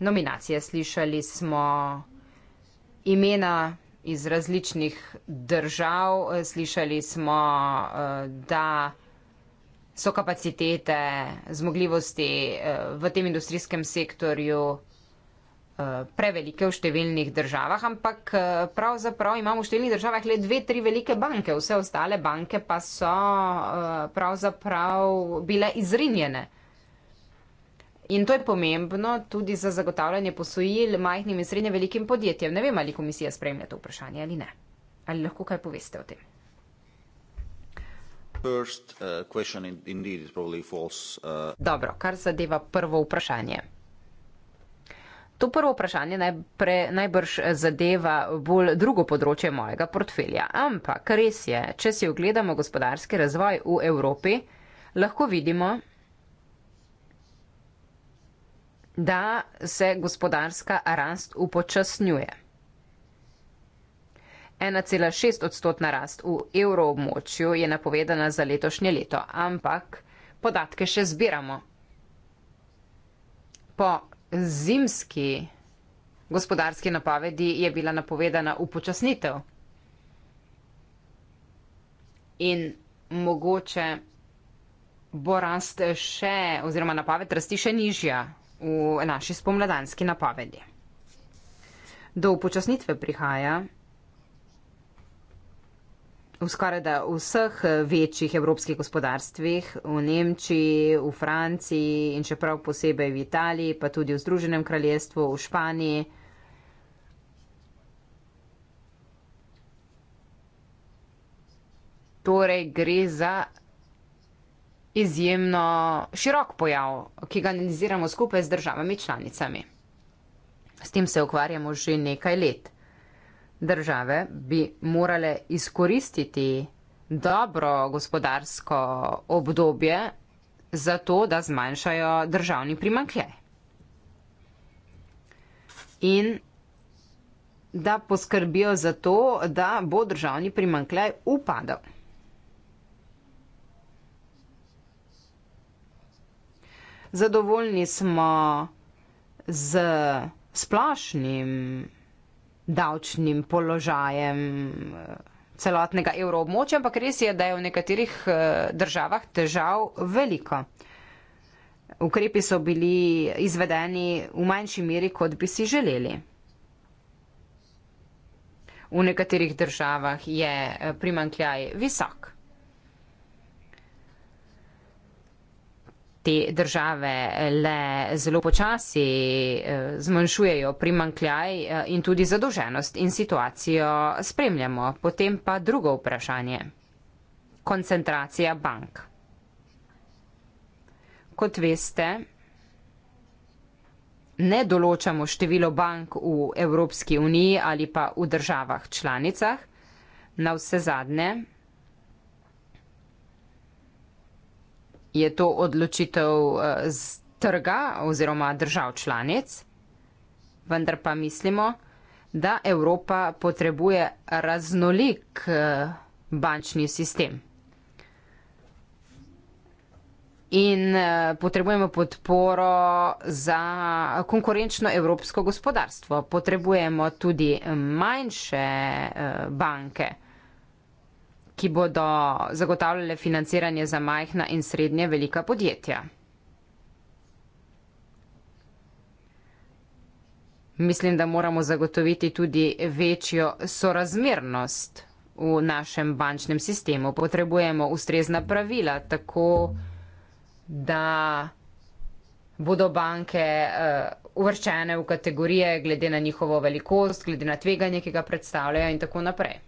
Nominacije slišali smo imena iz različnih držav, slišali smo, da so kapacitete, zmogljivosti eh, v tem industrijskem sektorju eh, prevelike v številnih državah, ampak eh, pravzaprav imamo v številnih državah le dve, tri velike banke, vse ostale banke pa so pravzaprav bile izrinjene. In to je pomembno tudi za zagotavljanje posojil majhnim in srednje velikim podjetjem. Ne vem, ali komisija spremlja to vprašanje ali ne. Ali lahko kaj poveste o tem? Uh, uh. Dobro, kar zadeva prvo vprašanje. To prvo vprašanje najbrž zadeva bolj drugo področje mojega portfelja. Ampak res je, če si ogledamo gospodarski razvoj v Evropi, lahko vidimo, da se gospodarska rast upočasnjuje. 1,6 odstotna rast v evroobmočju je napovedana za letošnje leto, ampak podatke še zbiramo. Po zimski gospodarski napovedi je bila napovedana upočasnitev in mogoče bo rast še oziroma napoved rasti še nižja v naši spomladanski napovedi. Do upočasnitve prihaja. V skoraj da vseh eh, večjih evropskih gospodarstvih, v Nemčiji, v Franciji in še prav posebej v Italiji, pa tudi v Združenem kraljestvu, v Španiji. Torej gre za izjemno širok pojav, ki ga analiziramo skupaj z državami članicami. S tem se ukvarjamo že nekaj let države bi morale izkoristiti dobro gospodarsko obdobje za to, da zmanjšajo državni primankljaj. In da poskrbijo za to, da bo državni primankljaj upadal. Zadovoljni smo z splošnim davčnim položajem eh, celotnega evroobmočja, ampak res je, da je v nekaterih eh, državah težav veliko. Ukrepi so bili izvedeni v manjši meri, kot bi si želeli. V nekaterih državah je eh, primankljaj visok. te države le zelo počasi eh, zmanjšujejo primankljaj eh, in tudi zadolženost in situacijo spremljamo. Potem pa drugo vprašanje. Koncentracija bank. Kot veste, ne določamo število bank v Evropski uniji ali pa v državah članicah. Na vse zadnje je to odločitev eh, z trga oziroma držav članic, vendar pa mislimo, da Evropa potrebuje raznolik eh, bančni sistem. In eh, potrebujemo podporo za konkurenčno evropsko gospodarstvo. Potrebujemo tudi manjše banke ki bodo zagotavljale financiranje za majhna in srednje velika podjetja. Mislim, da moramo zagotoviti tudi večjo sorazmernost v našem bančnem sistemu. Potrebujemo ustrezna pravila, tako da bodo banke eh, uvrščene v kategorije glede na njihovo velikost, glede na tveganje, ki ga predstavljajo in tako naprej.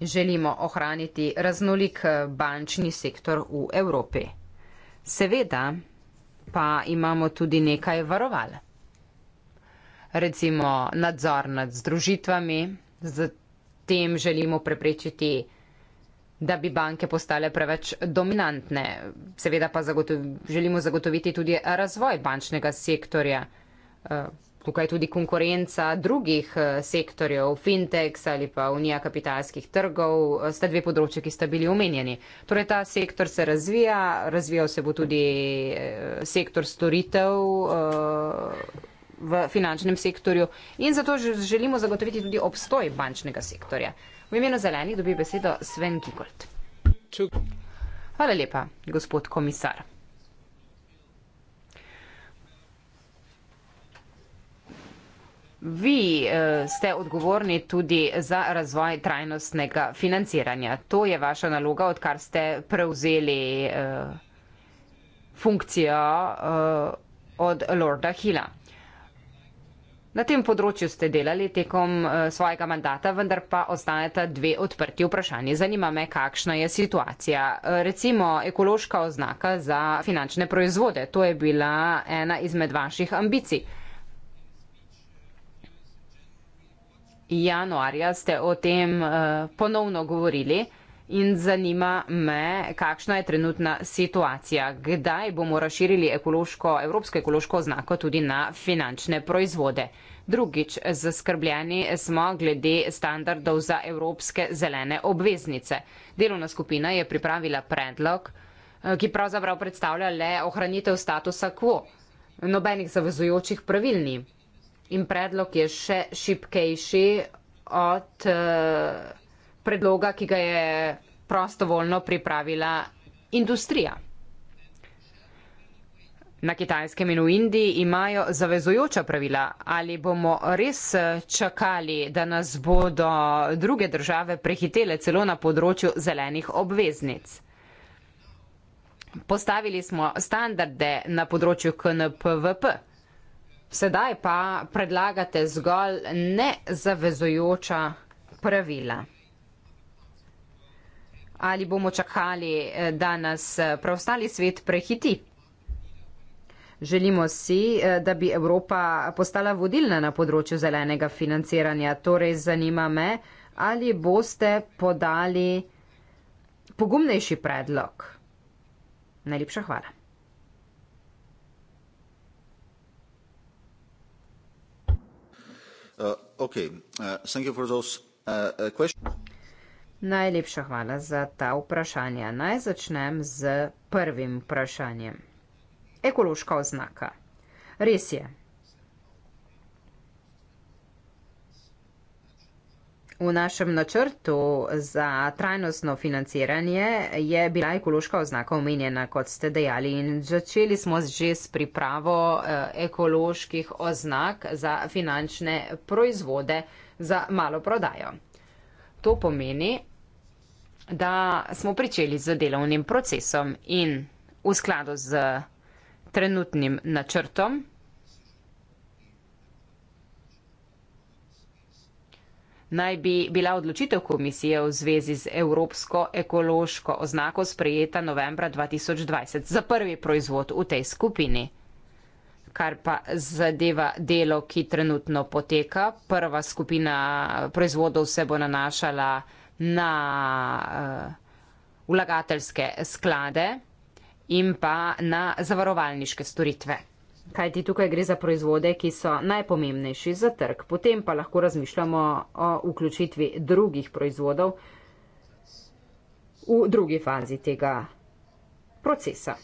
Želimo ohraniti raznolik eh, bančni sektor v Evropi. Seveda pa imamo tudi nekaj varoval. Recimo nadzor nad združitvami, z tem želimo preprečiti, da bi banke postale preveč dominantne. Seveda pa zagotovi, želimo zagotoviti tudi razvoj bančnega sektorja. Eh, tukaj tudi konkurenca drugih eh, sektorjev, fintechs ali pa unija kapitalskih trgov, eh, sta dve področje, ki sta bili omenjeni. Torej, ta sektor se razvija, razvijal se bo tudi eh, sektor storitev v finančnem sektorju in zato želimo zagotoviti tudi obstoj bančnega sektorja. V imenu zelenih dobi besedo Sven Gigolt. Hvala lepa, gospod komisar. Vi eh, ste odgovorni tudi za razvoj trajnostnega financiranja. To je vaša naloga, odkar ste prevzeli eh, funkcijo eh, od Lorda Hila. Na tem področju ste delali tekom svojega mandata, vendar pa ostaneta dve odprti vprašanje. Zanima me, kakšna je situacija. Recimo, ekološka oznaka za finančne proizvode, to je bila ena izmed vaših ambicij. januarja ste o tem eh, ponovno govorili in zanima me, kakšna je trenutna situacija. Kdaj bomo razširili ekološko, evropsko ekološko oznako tudi na finančne proizvode? Drugič, zaskrbljeni smo glede standardov za evropske zelene obveznice. Delovna skupina je pripravila predlog, eh, ki pravzaprav predstavlja le ohranitev statusa quo. Nobenih zavezujočih pravilni in predlog je še šipkejši od eh, predloga, ki ga je prostovoljno pripravila industrija. Na Kitajskem in v Indiji imajo zavezujoča pravila. Ali bomo res eh, čakali, da nas bodo druge države prehitele celo na področju zelenih obveznic? Postavili smo standarde na področju KNPVP. Sedaj pa predlagate zgolj nezavezojoča pravila. Ali bomo čakali, eh, da nas eh, preostali svet prehiti? Želimo si, eh, da bi Evropa postala vodilna na področju zelenega financiranja. Torej zanima me, ali boste podali pogumnejši predlog. Najlepša hvala. Uh, uh, uh, Najlepša hvala za ta vprašanja. Naj začnem z prvim vprašanjem. Ekološka oznaka. Res je, V našem načrtu za trajnostno financiranje je bila ekološka oznaka omenjena, kot ste dejali, in začeli smo že s pripravo eh, ekoloških oznak za finančne proizvode za malo prodajo. To pomeni, da smo pričeli z delovnim procesom in v skladu z trenutnim načrtom naj bi bila odločitev komisije v zvezi z evropsko ekološko oznako sprejeta novembra 2020 za prvi proizvod v tej skupini. Kar pa zadeva delo, ki trenutno poteka, prva skupina proizvodov se bo nanašala na uh, vlagateljske sklade in pa na zavarovalniške storitve kajti tukaj gre za proizvode, ki so najpomembnejši za trg. Potem pa lahko razmišljamo o vključitvi drugih proizvodov v drugi fazi tega procesa.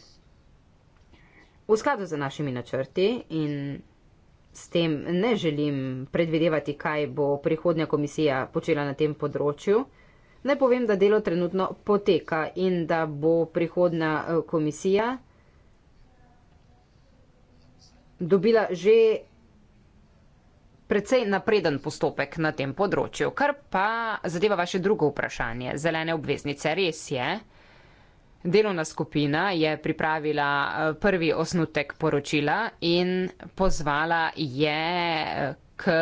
V skladu z našimi načrti in s tem ne želim predvidevati, kaj bo prihodnja komisija počela na tem področju, ne povem, da delo trenutno poteka in da bo prihodnja eh, komisija dobila že precej napreden postopek na tem področju. Kar pa zadeva vaše drugo vprašanje, zelene obveznice. Res je, delovna skupina je pripravila eh, prvi osnutek poročila in pozvala je eh, k.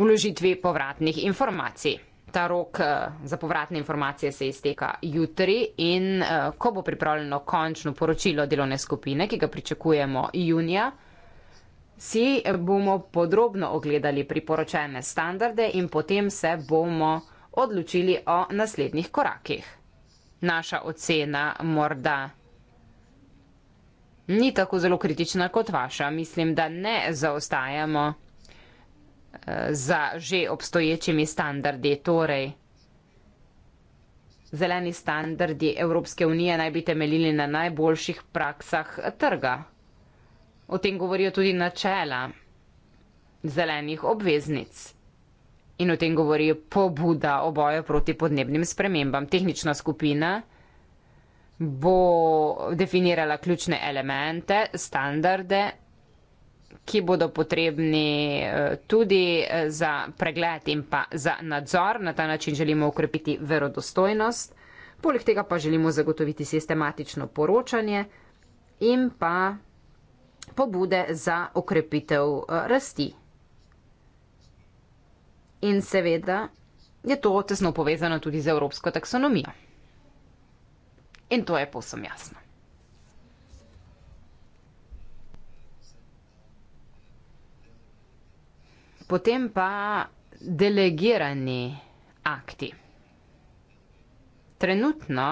Uložitvi povratnih informacij ta rok uh, za povratne informacije se izteka jutri in uh, ko bo pripravljeno končno poročilo delovne skupine, ki ga pričakujemo junija, si bomo podrobno ogledali priporočene standarde in potem se bomo odločili o naslednjih korakih. Naša ocena morda ni tako zelo kritična kot vaša. Mislim, da ne zaostajamo za že obstoječimi standardi. Torej, zeleni standardi Evropske unije naj bi temeljili na najboljših praksah trga. O tem govorijo tudi načela zelenih obveznic. In o tem govori pobuda o boju proti podnebnim spremembam. Tehnična skupina bo definirala ključne elemente, standarde ki bodo potrebni eh, tudi eh, za pregled in pa za nadzor. Na ta način želimo ukrepiti verodostojnost, poleg tega pa želimo zagotoviti sistematično poročanje in pa pobude za ukrepitev eh, rasti. In seveda je to tesno povezano tudi z evropsko taksonomijo. In to je povsem jasno. potem pa delegirani akti. Trenutno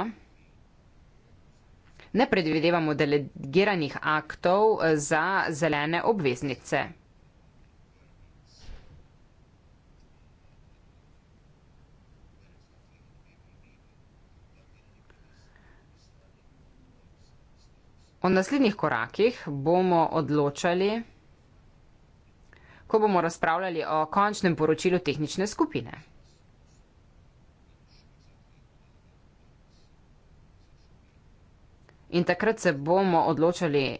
ne predvidevamo delegiranih aktov za zelene obveznice. O naslednjih korakih bomo odločali ko bomo razpravljali o končnem poročilu tehnične skupine. In takrat se bomo odločali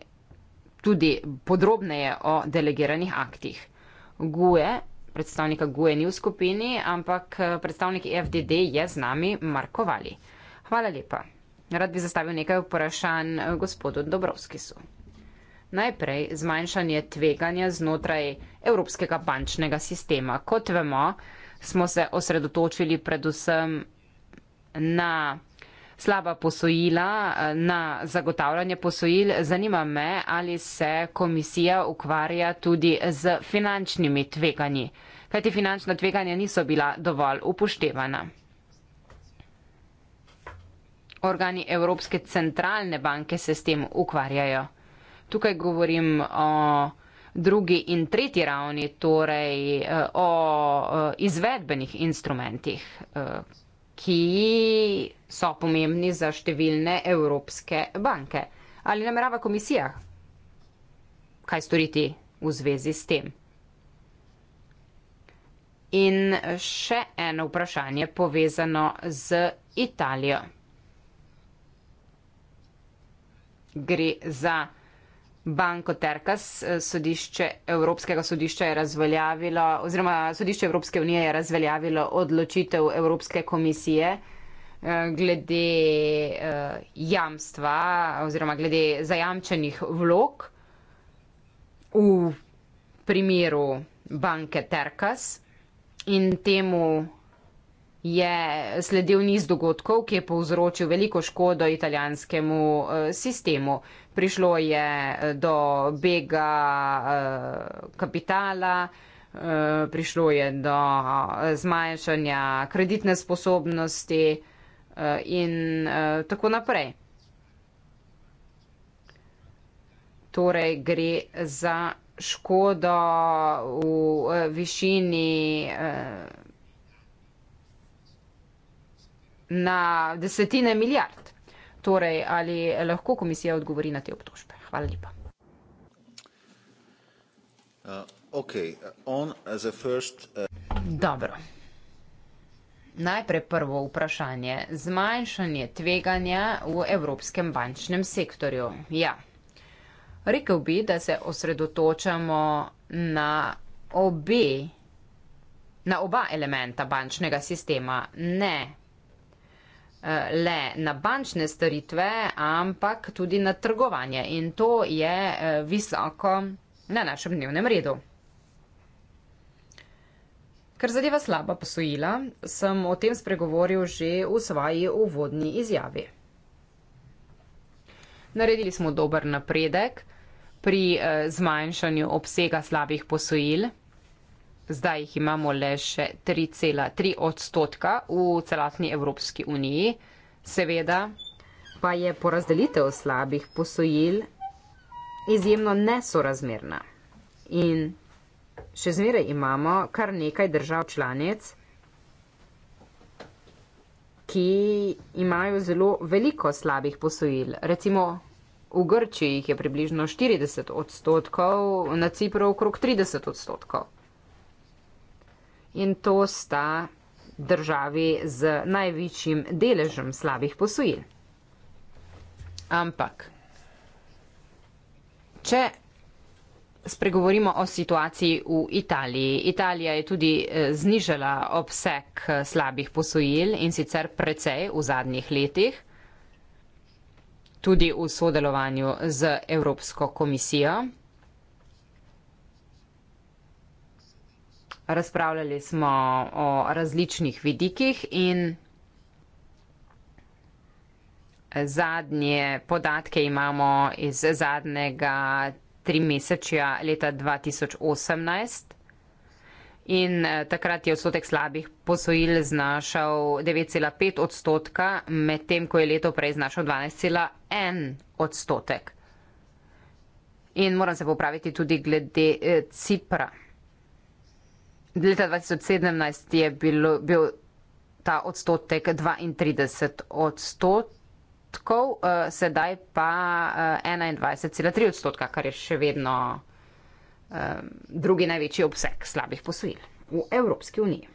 tudi podrobneje o delegiranih aktih. GUE, predstavnika GUE ni v skupini, ampak predstavnik FDD je z nami Marko Vali. Hvala lepa. Rad bi zastavil nekaj vprašanj gospodu Dobrovskisu. Najprej zmanjšanje tveganja znotraj evropskega bančnega sistema. Kot vemo, smo se osredotočili predvsem na slaba posojila, na zagotavljanje posojil. Zanima me, ali se komisija ukvarja tudi z finančnimi tveganji, kajti finančna tveganja niso bila dovolj upoštevana. Organi Evropske centralne banke se s tem ukvarjajo. Tukaj govorim o drugi in tretji ravni, torej eh, o eh, izvedbenih instrumentih, eh, ki so pomembni za številne evropske banke. Ali namerava komisija kaj storiti v zvezi s tem? In še eno vprašanje povezano z Italijo. Gre za. Banko Terkas, eh, sodišče Evropskega sodišča je razveljavilo, oziroma sodišče Evropske unije je razveljavilo odločitev Evropske komisije eh, glede eh, jamstva oziroma glede zajamčenih vlog v primeru banke Terkas in temu je sledil niz dogodkov, ki je povzročil veliko škodo italijanskemu eh, sistemu. Prišlo je eh, do bega eh, kapitala, prišlo je do zmanjšanja kreditne sposobnosti in tako naprej. Torej gre za škodo v višini na desetine milijard. Torej, ali lahko komisija odgovori na te obtožbe? Hvala lepa. Uh, okay. Uh, first, uh... Dobro. Najprej prvo vprašanje. Zmanjšanje tveganja v evropskem bančnem sektorju. Ja. Rekel bi, da se osredotočamo na, obe, na oba elementa bančnega sistema, ne Eh, le na bančne storitve, ampak tudi na trgovanje in to je eh, visoko na našem dnevnem redu. Ker zadeva slaba posojila, sem o tem spregovoril že v svoji uvodni izjavi. Naredili smo dober napredek pri eh, zmanjšanju obsega slabih posojil zdaj jih imamo le še 3,3 odstotka v celotni Evropski uniji. Seveda pa je porazdelitev slabih posojil izjemno nesorazmerna. In še zmeraj imamo kar nekaj držav članic, ki imajo zelo veliko slabih posojil. Recimo v Grčiji jih je približno 40 odstotkov, na Cipru okrog 30 odstotkov in to sta državi z največjim deležem slabih posojil. Ampak, če spregovorimo o situaciji v Italiji. Italija je tudi eh, znižala obseg eh, slabih posojil in sicer precej v zadnjih letih, tudi v sodelovanju z Evropsko komisijo, razpravljali smo o različnih vidikih in zadnje podatke imamo iz zadnjega tri mesečja leta 2018. In eh, takrat je odstotek slabih posojil znašal 9,5 odstotka, medtem ko je leto prej znašal 12,1 odstotek. In moram se popraviti tudi glede eh, Cipra. Leta 2017 je bilo, bil ta odstotek 32 odstotkov, uh, sedaj pa uh, eh, 21,3 odstotka, kar je še vedno uh, drugi največji obseg slabih posojil v Evropski uniji.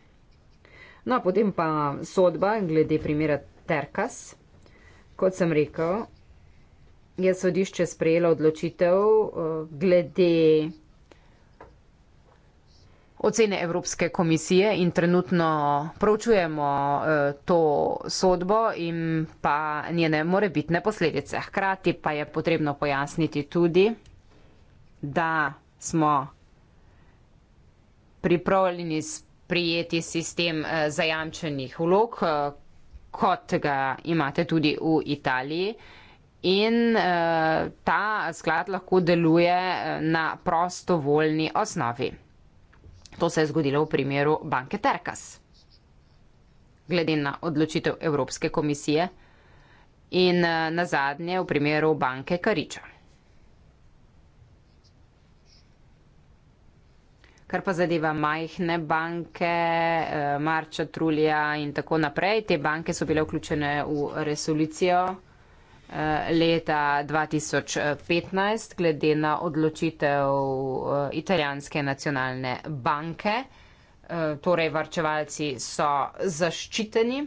No, potem pa sodba glede primera Terkas. Kot sem rekel, je sodišče sprejelo odločitev uh, glede ocene Evropske komisije in trenutno pravčujemo eh, to sodbo in pa njene morebitne posledice. Hkrati pa je potrebno pojasniti tudi, da smo pripravljeni sprijeti sistem eh, zajamčenih vlog, eh, kot ga imate tudi v Italiji. In eh, ta sklad lahko deluje na prostovoljni osnovi. To se je zgodilo v primeru banke Terkas. Glede na odločitev Evropske komisije in na zadnje v primeru banke Kariča. Kar pa zadeva majhne banke, eh, Marča, Trulija in tako naprej, te banke so bile vključene v resolucijo. Eh, leta 2015 glede na odločitev eh, italijanske nacionalne banke. Eh, torej, varčevalci so zaščiteni.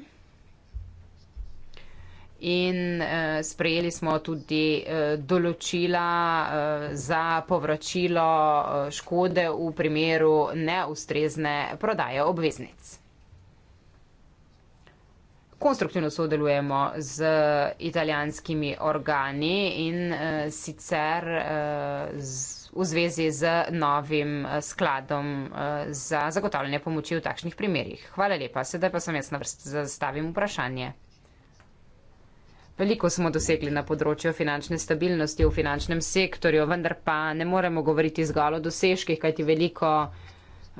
In eh, sprejeli smo tudi eh, določila eh, za povračilo eh, škode v primeru neustrezne prodaje obveznic konstruktivno sodelujemo z italijanskimi organi in uh, sicer uh, z, v zvezi z novim uh, skladom uh, za zagotavljanje pomoči v takšnih primerjih. Hvala lepa. Sedaj pa sem jaz na vrsti zastavim vprašanje. Veliko smo dosegli na področju finančne stabilnosti v finančnem sektorju, vendar pa ne moremo govoriti zgolj o dosežkih, kajti veliko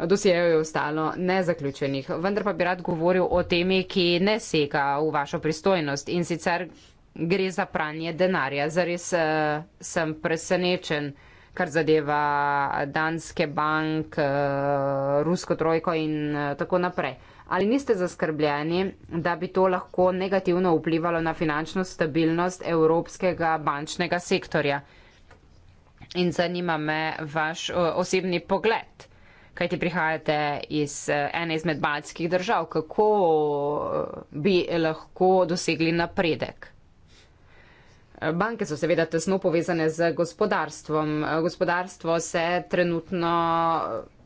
dosjejev je ostalo nezaključenih. Vendar pa bi rad govoril o temi, ki ne sega v vašo pristojnost in sicer gre za pranje denarja. Zares uh, sem presenečen, kar zadeva Danske bank, uh, Rusko trojko in uh, tako naprej. Ali niste zaskrbljeni, da bi to lahko negativno vplivalo na finančno stabilnost evropskega bančnega sektorja? In zanima me vaš osebni pogled kajti prihajate iz eh, ene izmed baljskih držav, kako eh, bi lahko dosegli napredek. Eh, banke so seveda tesno povezane z gospodarstvom. Gospodarstvo se trenutno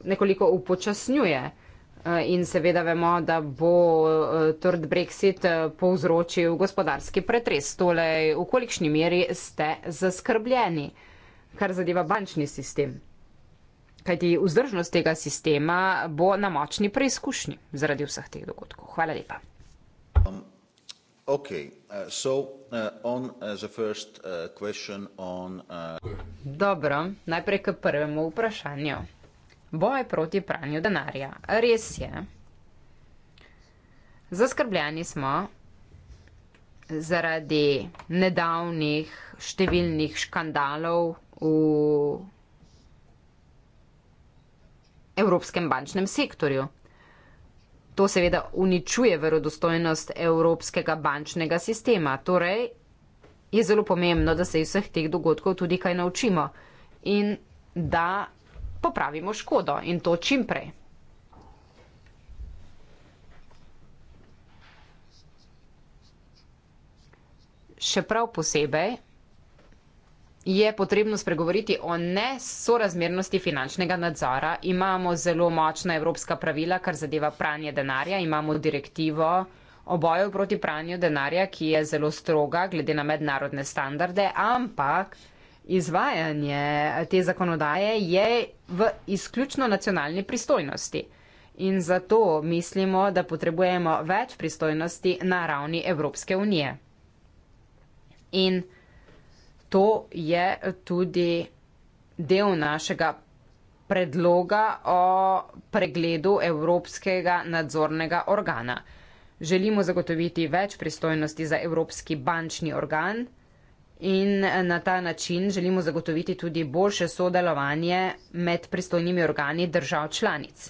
nekoliko upočasnjuje in seveda vemo, da bo trd Brexit povzročil gospodarski pretres. Tolej, v kolikšni meri ste zaskrbljeni, kar zadeva bančni sistem? kajti vzdržnost tega sistema bo na močni preizkušnji zaradi vseh teh dogodkov. Hvala lepa. Um, ok, uh, so uh, on uh, the first uh, question on. Uh... Dobro, najprej k prvemu vprašanju. Boj proti pranju denarja. Res je. Zaskrbljeni smo zaradi nedavnih številnih škandalov v evropskem bančnem sektorju. To seveda uničuje verodostojnost evropskega bančnega sistema, torej je zelo pomembno, da se iz vseh teh dogodkov tudi kaj naučimo in da popravimo škodo in to čim prej. Še prav posebej je potrebno spregovoriti o nesorazmernosti finančnega nadzora. Imamo zelo močna evropska pravila, kar zadeva pranje denarja, imamo direktivo o boju proti pranju denarja, ki je zelo stroga glede na mednarodne standarde, ampak izvajanje te zakonodaje je v izključno nacionalni pristojnosti. In zato mislimo, da potrebujemo več pristojnosti na ravni Evropske unije. In to je tudi del našega predloga o pregledu Evropskega nadzornega organa. Želimo zagotoviti več pristojnosti za Evropski bančni organ in na ta način želimo zagotoviti tudi boljše sodelovanje med pristojnimi organi držav članic.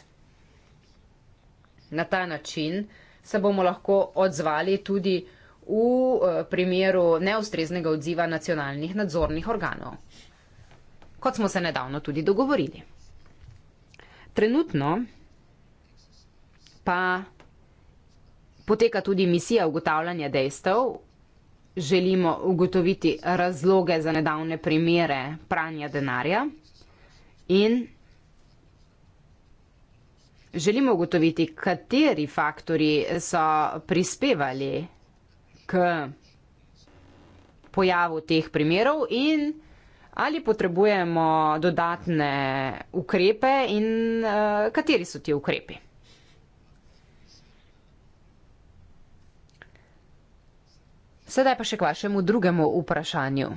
Na ta način se bomo lahko odzvali tudi na v eh, primeru neustreznega odziva nacionalnih nadzornih organov, kot smo se nedavno tudi dogovorili. Trenutno pa poteka tudi misija ugotavljanja dejstev, želimo ugotoviti razloge za nedavne primere pranja denarja in želimo ugotoviti, kateri faktori so prispevali k pojavu teh primerov in ali potrebujemo dodatne ukrepe in uh, kateri so ti ukrepi. Sedaj pa še k vašemu drugemu vprašanju.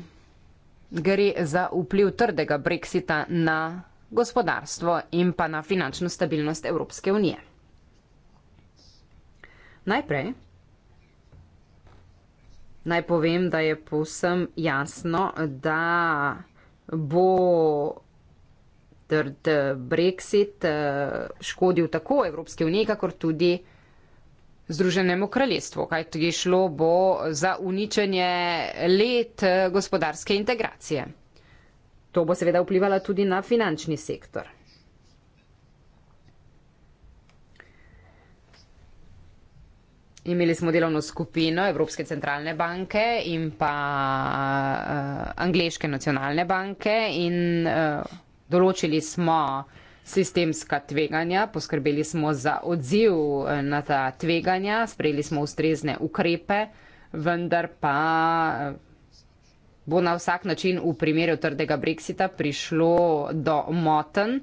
Gre za vpliv trdega brexita na gospodarstvo in pa na finančno stabilnost Evropske unije. Najprej Naj povem, da je povsem jasno, da bo trd eh, Brexit eh, škodil tako Evropske unije, kakor tudi Združenemu kraljestvu, kaj tudi šlo bo za uničenje let eh, gospodarske integracije. To bo seveda vplivalo tudi na finančni sektor. Imeli smo delovno skupino Evropske centralne banke in pa uh, eh, Angliške nacionalne banke in uh, določili smo sistemska tveganja, poskrbeli smo za odziv eh, na ta tveganja, sprejeli smo ustrezne ukrepe, vendar pa bo na vsak način v primeru trdega brexita prišlo do moten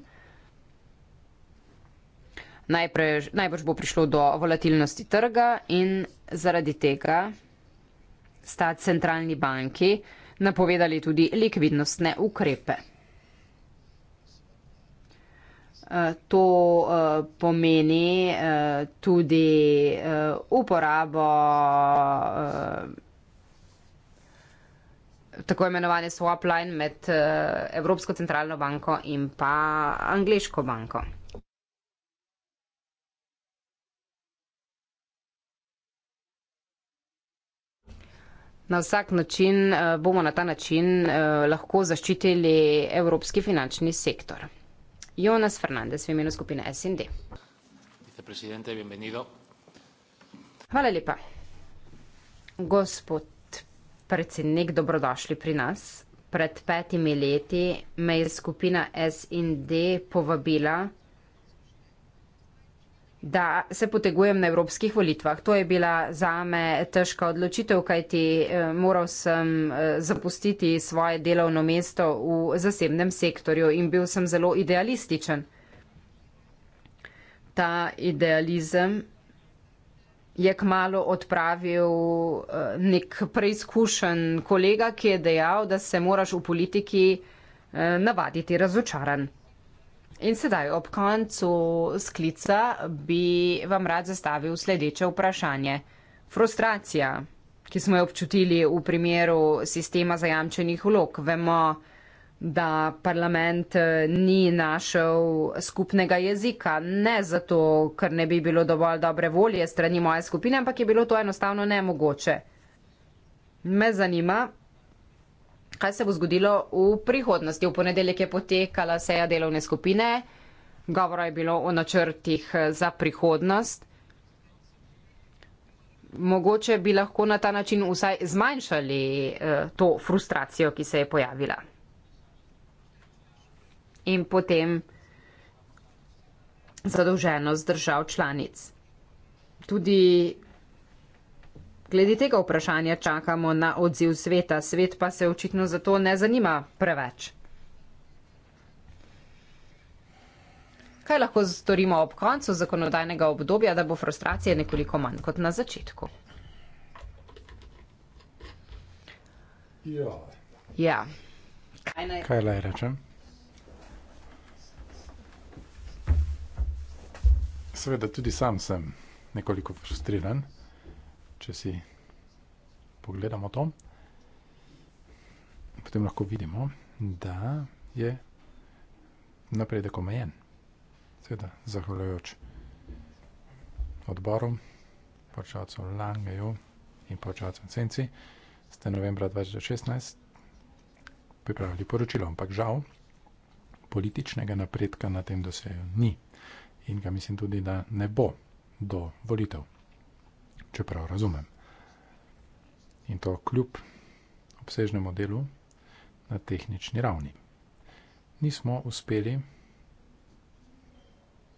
najprej, najbrž bo prišlo do volatilnosti trga in zaradi tega sta centralni banki napovedali tudi likvidnostne ukrepe. Eh, to eh, pomeni eh, tudi uporabo tako imenovane swap line med Evropsko centralno banko in pa Angliško banko. Na vsak način eh, bomo na ta način eh, lahko zaščitili evropski finančni sektor. Jonas Fernandez v imenu skupine SND. Hvala lepa. Gospod predsednik, dobrodošli pri nas. Pred petimi leti me je skupina SND povabila da se potegujem na evropskih volitvah. To je bila zame težka odločitev, kajti eh, moral sem eh, zapustiti svoje delovno mesto v zasebnem sektorju in bil sem zelo idealističen. Ta idealizem je kmalo odpravil eh, nek preizkušen kolega, ki je dejal, da se moraš v politiki navaditi razočaran. In sedaj ob koncu sklica bi vam rad zastavil sledeče vprašanje. Frustracija, ki smo jo občutili v primeru sistema zajamčenih vlog, vemo, da parlament eh, ni našel skupnega jezika, ne zato, ker ne bi bilo dovolj dobre volje strani moje skupine, ampak je bilo to enostavno nemogoče. Me zanima, kaj se bo zgodilo v prihodnosti. V ponedeljek je potekala seja delovne skupine, govora je bilo o načrtih eh, za prihodnost. Mogoče bi lahko na ta način vsaj zmanjšali eh, to frustracijo, ki se je pojavila. In potem zadolženost držav članic. Tudi Glede tega vprašanja čakamo na odziv sveta, svet pa se očitno zato ne zanima preveč. Kaj lahko storimo ob koncu zakonodajnega obdobja, da bo frustracije nekoliko manj kot na začetku? Jo. Ja. ja. Kaj naj, kaj naj rečem? Seveda tudi sam sem nekoliko frustriran če si pogledamo to, potem lahko vidimo, da je napredek omejen. Seveda, zahvaljujoč odboru, počacu Langeju in počacu Senci, ste novembra 2016 pripravili poročilo, ampak žal političnega napredka na tem dosejo ni in ga mislim tudi, da ne bo do volitev čeprav razumem. In to kljub obsežnemu delu na tehnični ravni. Nismo uspeli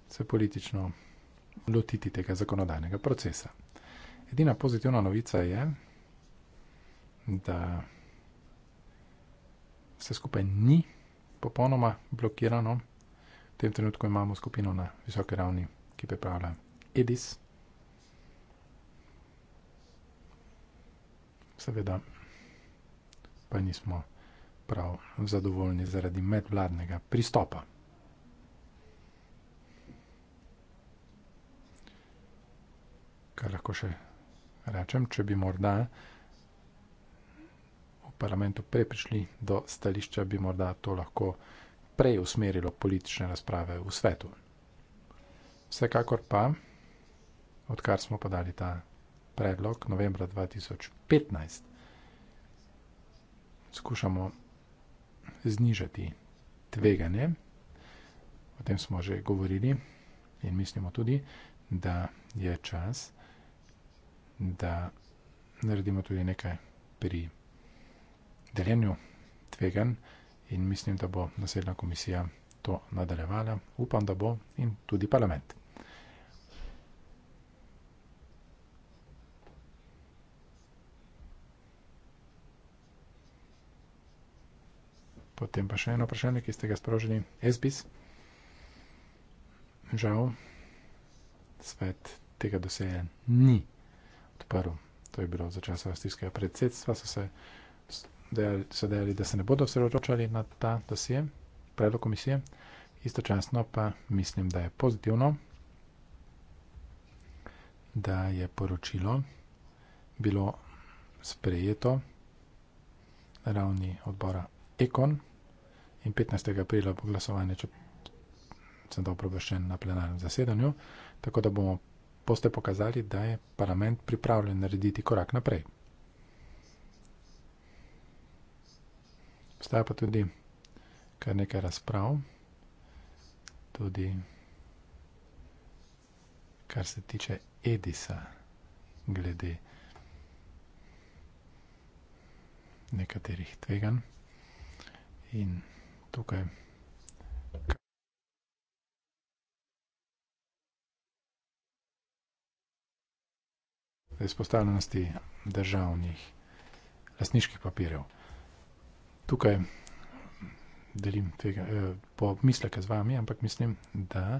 se politično lotiti tega zakonodajnega procesa. Edina pozitivna novica je, da vse skupaj ni popolnoma blokirano. V tem trenutku imamo skupino na visoke ravni, ki pripravlja EDIS. seveda pa nismo prav zadovoljni zaradi medvladnega pristopa. Kaj lahko še rečem, če bi morda v parlamentu prej prišli do stališča, bi morda to lahko prej usmerilo politične razprave v svetu. Vsekakor pa, odkar smo podali ta predlog novembra 2015. Skušamo znižati tveganje, o tem smo že govorili in mislimo tudi, da je čas, da naredimo tudi nekaj pri deljenju tvegan in mislim, da bo naslednja komisija to nadaljevala. Upam, da bo in tudi parlament. Potem pa še eno vprašanje, ki ste ga sprožili. SBIS, žal, svet tega doseja ni odprl. To je bilo za čas avstrijskega predsedstva. So se dejali, so dejali, da se ne bodo osredotočali na ta dosje, predlog komisije. Istočasno pa mislim, da je pozitivno, da je poročilo bilo sprejeto na ravni odbora. Econ in 15. aprila bo glasovanje, če sem dobro obveščen na plenarnem zasedanju. Tako da bomo poste pokazali, da je parlament pripravljen narediti korak naprej. Obstaja pa tudi kar nekaj razprav, tudi kar se tiče Edisa, glede nekaterih tveganj in tukaj. Izpostavljenosti državnih lasniških papirjev. Tukaj delim tega, eh, pomisleke z vami, ampak mislim, da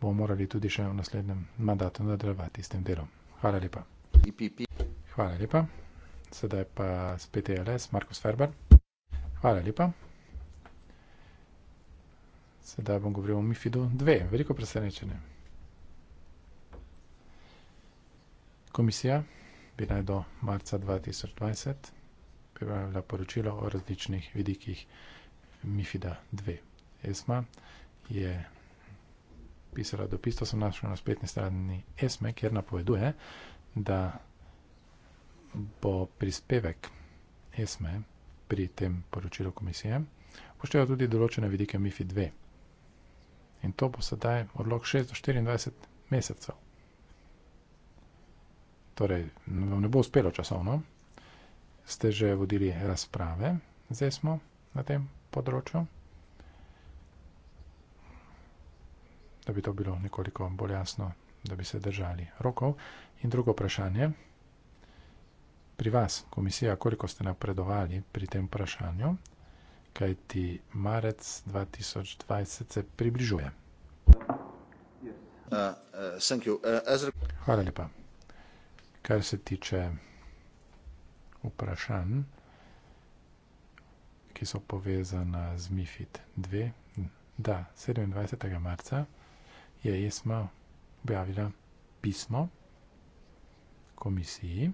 bomo morali tudi še v naslednjem mandatu nadaljevati s tem delom. Hvala lepa. Hvala lepa. Sedaj pa spet je LS, Markus Ferber. Hvala lepa. Sedaj bom govoril o MIFID-u 2, veliko presenečenje. Komisija bi naj do marca 2020 pripravila poročilo o različnih vidikih MIFID-a 2. ESMA je pisala dopis, to sem našel na spletni strani ESME, kjer napoveduje, da bo prispevek ESME pri tem poročilu komisije upoštevalo tudi določene vidike MIFID 2 in to bo sedaj odlog 6 do 24 mesecev. Torej, vam ne bo uspelo časovno, ste že vodili razprave, zdaj smo na tem področju, da bi to bilo nekoliko bolj jasno, da bi se držali rokov. In drugo vprašanje, pri vas, komisija, koliko ste napredovali pri tem vprašanju, kajti marec 2020 se približuje. Uh, uh, uh, as... Hvala lepa. Kar se tiče vprašanj, ki so povezana z MIFID 2, da 27. marca je ESMA objavila pismo komisiji,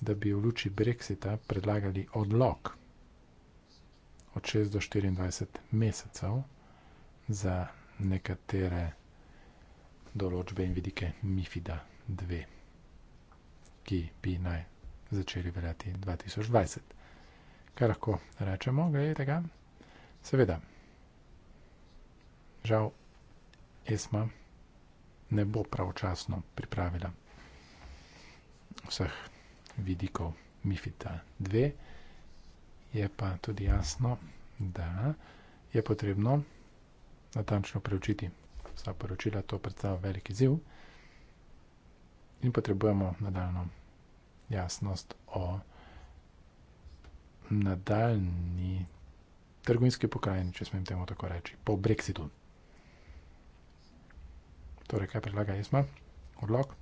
da bi v luči Brexita predlagali odlog od 6 do 24 mesecev za nekatere določbe in vidike MIFIDA 2, ki bi naj začeli veljati 2020. Kaj lahko rečemo, glede tega? Seveda, žal ESMA ne bo pravočasno pripravila vseh vidikov MIFIDA 2, Je pa tudi jasno, da je potrebno natančno preučiti vsa poročila, to predstavlja velik izziv in potrebujemo nadaljno jasnost o nadaljni trgovinski pokrajini, če smem temu tako reči, po Brexitu. Torej, kaj predlaga ESMA? Odlog.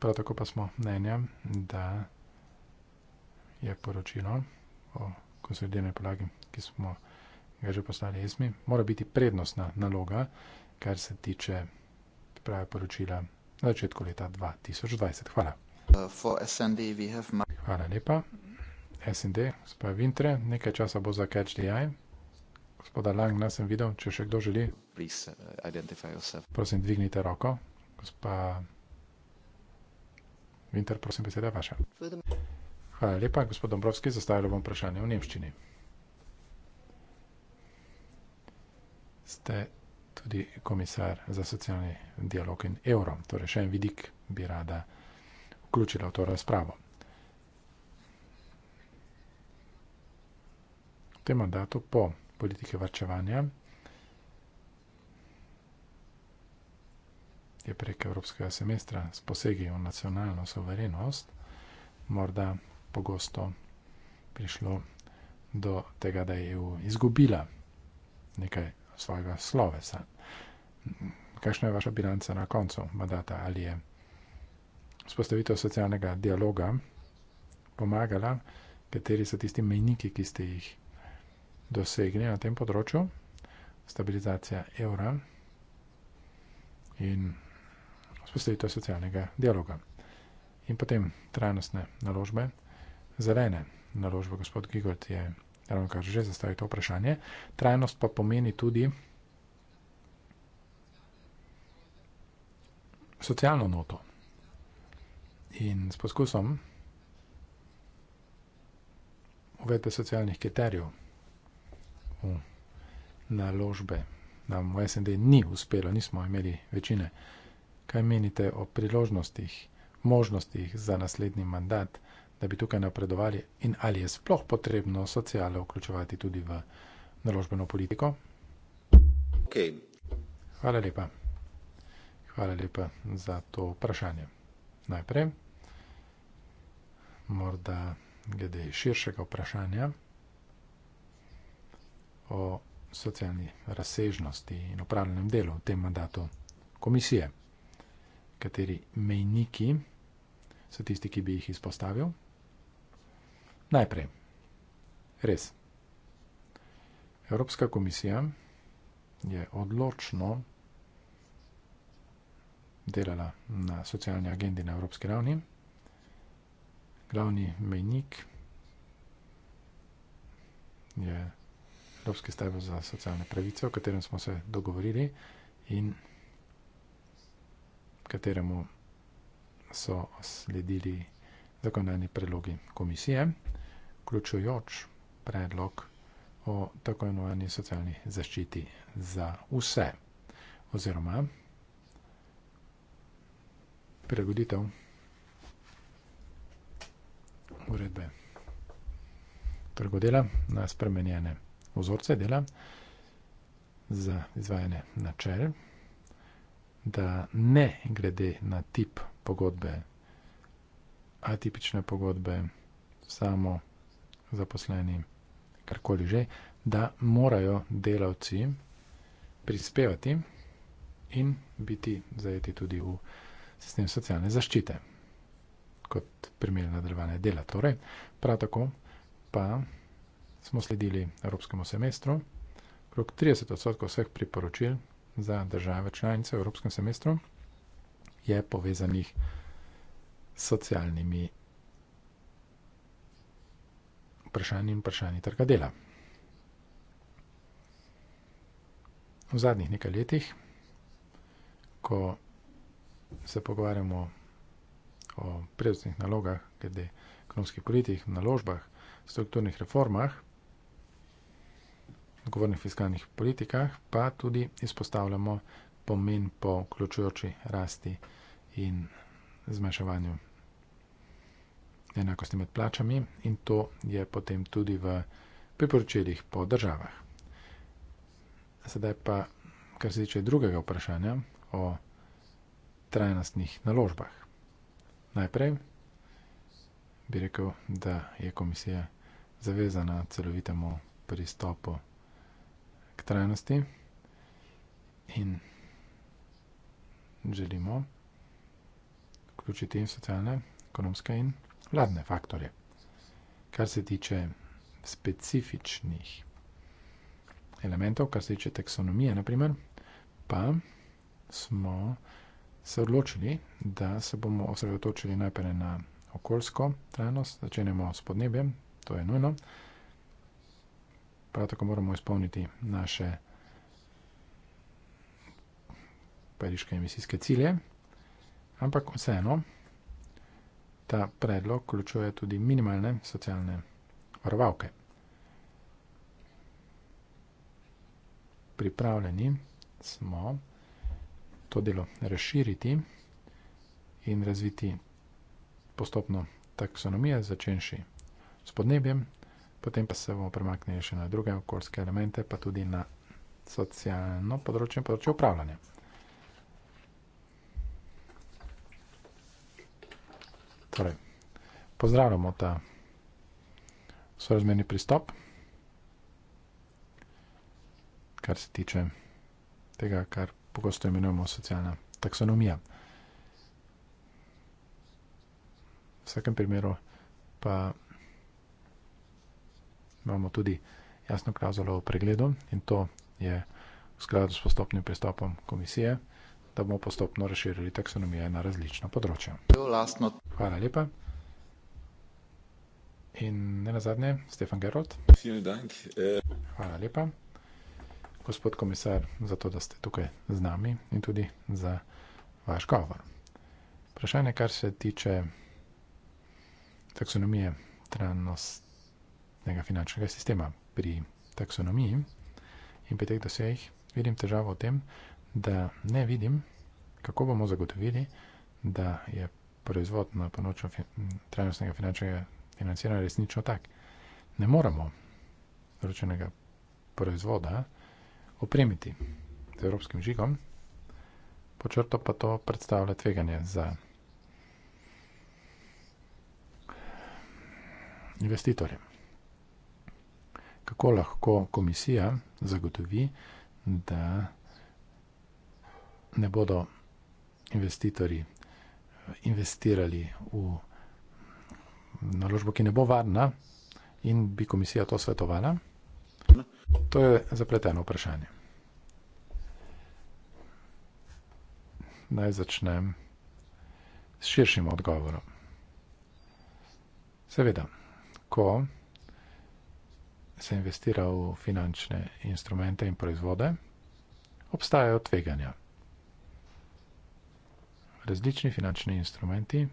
Prav tako pa smo mnenja, da je poročilo, da je poročilo, o konsolidirani podlagi, ki smo ga že poslali esmi, mora biti prednostna naloga, kar se tiče priprave poročila na začetku leta 2020. Hvala. Uh, Hvala lepa. SND, gospod Vintre, nekaj časa bo za Catch the Eye. Gospoda Lang, nas sem videl, če še kdo želi. Please, uh, prosim, dvignite roko. Gospa Vintre, prosim, beseda vaša. Furthermore. Hvala lepa. Gospod Dombrovski, zastavljam vam vprašanje v Nemščini. Ste tudi komisar za socialni dialog in evro. Torej, še en vidik bi rada vključila v to razpravo. V tem mandatu po politike varčevanja je prek evropskega semestra s posegi v nacionalno soverenost morda pogosto prišlo do tega, da je izgubila nekaj svojega slovesa. Kakšna je vaša bilanca na koncu mandata? Ali je spostavitev socialnega dialoga pomagala? Kateri so tisti mejniki, ki ste jih dosegli na tem področju? Stabilizacija evra in spostavitev socialnega dialoga. In potem trajnostne naložbe zelene naložbe. Gospod Gigold je ravno kar že zastavil to vprašanje. Trajnost pa pomeni tudi socialno noto. In s poskusom uvedbe socialnih kriterijev v naložbe nam v SND ni uspelo, nismo imeli večine. Kaj menite o priložnostih, možnostih za naslednji mandat? da bi tukaj napredovali in ali je sploh potrebno socijalo vključevati tudi v naložbeno politiko? Okay. Hvala lepa. Hvala lepa za to vprašanje. Najprej, morda glede širšega vprašanja o socialni razsežnosti in upravljenem delu v tem mandatu komisije, kateri mejniki so tisti, ki bi jih izpostavil. Najprej. Res. Evropska komisija je odločno delala na socialni agendi na evropski ravni. Glavni menik je Evropski stavo za socialne pravice, o katerem smo se dogovorili in kateremu so sledili vsega zakonodajni predlogi komisije, vključujoč predlog o tako imenovani socialni zaščiti za vse, oziroma prilagoditev uredbe trgodela na spremenjene vzorce dela za izvajanje načel, da ne glede na tip pogodbe atipične pogodbe, samo zaposleni, karkoli že, da morajo delavci prispevati in biti zajeti tudi v sistem socialne zaščite kot primer nadaljevanja dela. Torej, prav tako pa smo sledili Evropskemu semestru, krok 30 odstotkov vseh priporočil za države članice v Evropskem semestru je povezanih socialnimi vprašanji in vprašanji trga dela. V zadnjih nekaj letih, ko se pogovarjamo o prevzetnih nalogah, glede ekonomskih politik, naložbah, strukturnih reformah, odgovornih fiskalnih politikah, pa tudi izpostavljamo pomen po vključujoči rasti in zmanjševanju neenakosti med plačami in to je potem tudi v priporočilih po državah. Sedaj pa, kar se tiče drugega vprašanja o trajnostnih naložbah. Najprej bi rekel, da je komisija zavezana celovitemu pristopu k trajnosti in želimo vključiti socialne, ekonomske in razne faktore. Kar se tiče specifičnih elementov, kar se tiče taksonomije, naprimer, pa smo se odločili, da se bomo osredotočili najprej na okoljsko trajnost, začenemo s podnebjem, to je nujno. Prav tako moramo izpolniti naše pariške emisijske cilje, ampak vseeno, Ta predlog vključuje tudi minimalne socialne varovalke. Pripravljeni smo to delo razširiti in razviti postopno taksonomije, začenši s podnebjem, potem pa se bomo premaknili še na druge okoljske elemente, pa tudi na socialno področje in področje upravljanja. Torej, pozdravljamo ta sorazmerni pristop, kar se tiče tega, kar pogosto imenujemo socialna taksonomija. V vsakem primeru pa imamo tudi jasno klauzulo o pregledu in to je v skladu s postopnim pristopom komisije da bomo postopno razširili taksonomijo na različna področja. Hvala lepa. In ne nazadnje, Stefan Gerold. Eh. Hvala lepa, gospod komisar, za to, da ste tukaj z nami in tudi za vaš govor. Vprašanje, kar se tiče taksonomije trajnostnega finančnega sistema pri taksonomiji in pri teh dosejih, vidim težavo v tem, da ne vidim, kako bomo zagotovili, da je proizvod na ponočju trajnostnega finančnega financiranja resnično tak. Ne moramo ročenega proizvoda opremiti z evropskim žigom, počrto pa to predstavlja tveganje za investitorje. Kako lahko komisija zagotovi, da je ne bodo investitorji eh, investirali v naložbo, ki ne bo varna in bi komisija to svetovala? To je zapleteno vprašanje. Naj začnem s širšim odgovorom. Seveda, ko se investira v finančne instrumente in proizvode, obstajajo tveganja. Različni finančni instrumenti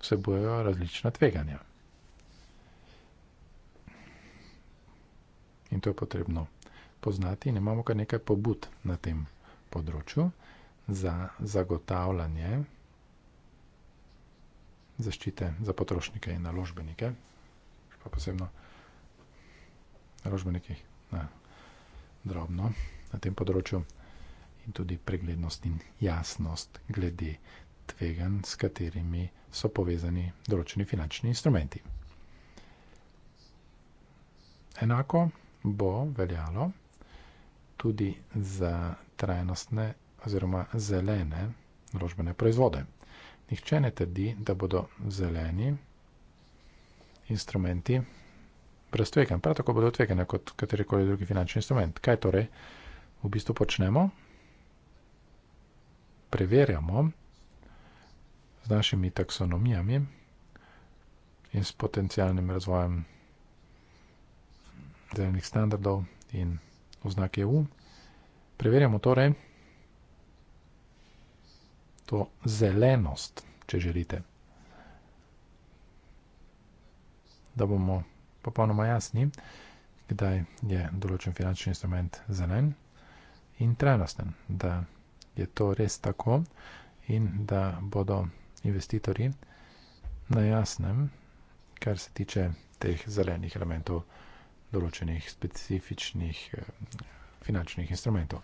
vsebujejo različna tveganja. In to je potrebno poznati, in imamo kar nekaj pobud na tem področju za zagotavljanje zaščite za potrošnike in naložbenike, pa posebno naložbenike na drobno na tem področju in tudi preglednost in jasnost glede tvegan, s katerimi so povezani določeni finančni instrumenti. Enako bo veljalo tudi za trajnostne oziroma zelene naložbene proizvode. Nihče ne trdi, da bodo zeleni instrumenti brez tvegan. Prav tako bodo tvegane kot katerikoli drugi finančni instrument. Kaj torej v bistvu počnemo? preverjamo z našimi taksonomijami in s potencijalnim razvojem zelenih standardov in oznak EU. Preverjamo torej to zelenost, če želite. Da bomo popolnoma jasni, kdaj je določen finančni instrument zelen in trajnosten, da je to res tako in da bodo investitorji na jasnem, kar se tiče teh zelenih elementov, določenih specifičnih eh, finančnih instrumentov.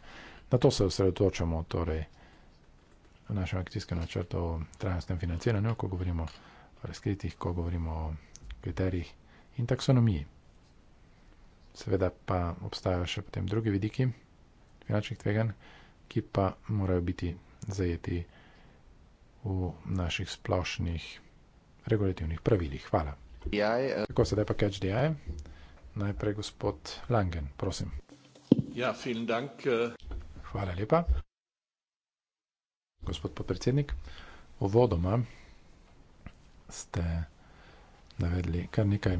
Na to se osredotočamo torej v našem akcijskem načrtu o trajnostnem financiranju, ko govorimo o razkritih, ko govorimo o kriterijih in taksonomiji. Seveda pa obstajajo še potem drugi vidiki finančnih tveganj, ki pa morajo biti zajeti v naših splošnih regulativnih pravilih. Hvala. Kako se da pa catch the eye? Najprej gospod Langen, prosim. Ja, dank. Eh. Hvala lepa. Gospod podpredsednik, uvodoma ste navedli kar nekaj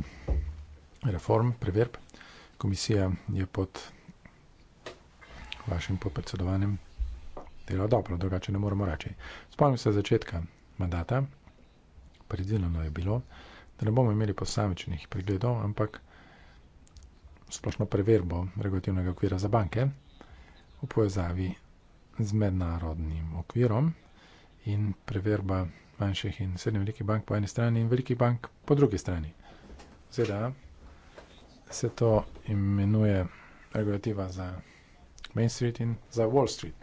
reform, preverb. Komisija je pod vašim podpredsedovanjem delal dobro, drugače ne moramo reči. Spomnim se začetka mandata, predvideno je bilo, da ne bomo imeli posamičnih pregledov, ampak splošno preverbo regulativnega okvira za banke v povezavi z mednarodnim okvirom in preverba manjših in srednjih velikih bank po eni strani in velikih bank po drugi strani. ZDA se to imenuje regulativa za Main Street in zdaj Wall Street.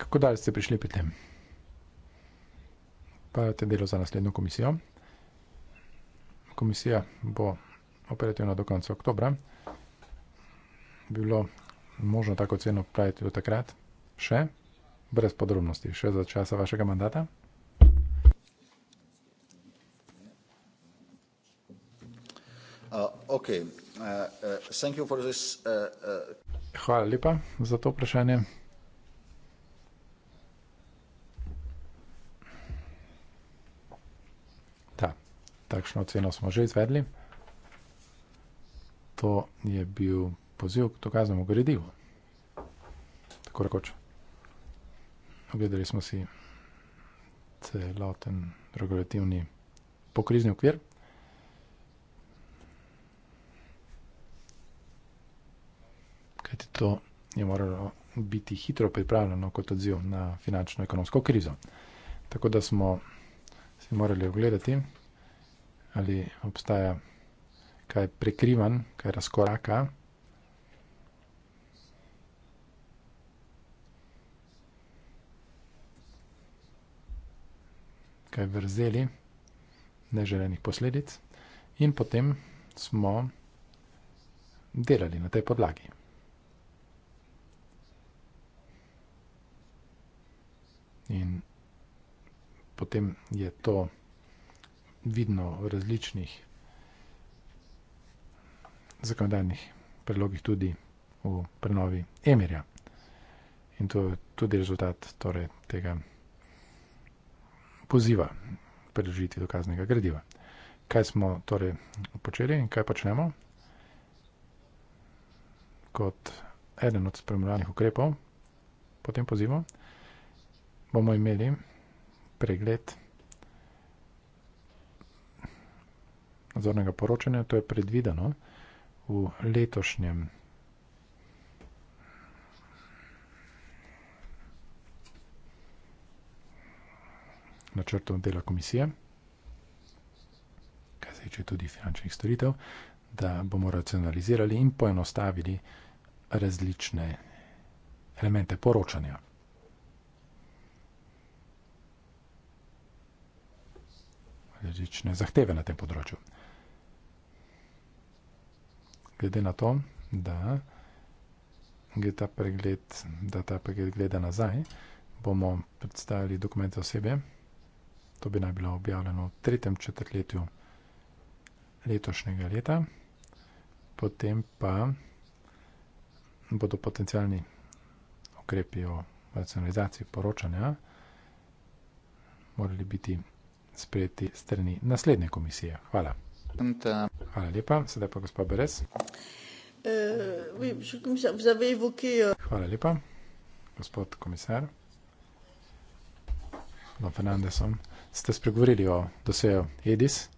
Kako dalje ste prišli pri tem? Pa je te delo za naslednjo komisijo. Komisija bo operativna do konca oktobra. Bilo možno tako ceno praviti do takrat še, brez podrobnosti, še za časa vašega mandata. Uh, okay. Uh, uh, thank you for this. Uh, uh Hvala lepa za to vprašanje. Da, takšno oceno smo že izvedli. To je bil poziv k dokaznemu gradivu. Tako rekoč. Ogledali smo si celoten regulativni pokrizni okvir. to je moralo biti hitro pripravljeno kot odziv na finančno-ekonomsko krizo. Tako da smo si morali ogledati, ali obstaja kaj prekrivan, kaj razkoraka. Kaj vrzeli neželenih posledic, in potem smo delali na tej podlagi. In potem je to vidno v različnih zakonodajnih predlogih tudi v prenovi Emirja. In to je tudi rezultat torej, tega poziva predložiti dokaznega gradiva. Kaj smo torej počeli in kaj počnemo? Kot eden od spremljanih ukrepov, potem pozivamo, bomo imeli pregled nadzornega poročanja. To je predvideno v letošnjem načrtu dela komisije, kaj se tiče tudi finančnih storitev, da bomo racionalizirali in poenostavili različne elemente poročanja. različne zahteve na tem področju. Glede na to, da gre ta pregled, da ta pregled gleda nazaj, bomo predstavili dokumente osebe. To bi naj bilo objavljeno v tretjem četrtletju letošnjega leta. Potem pa bodo potencijalni ukrepi o racionalizaciji poročanja morali biti spreti strani naslednje komisije. Hvala. Hvala lepa, sedaj pa gospod Beres. Hvala lepa, gospod komisar. Gospod Fernandesom, ste spregovorili o dosejo EDIS,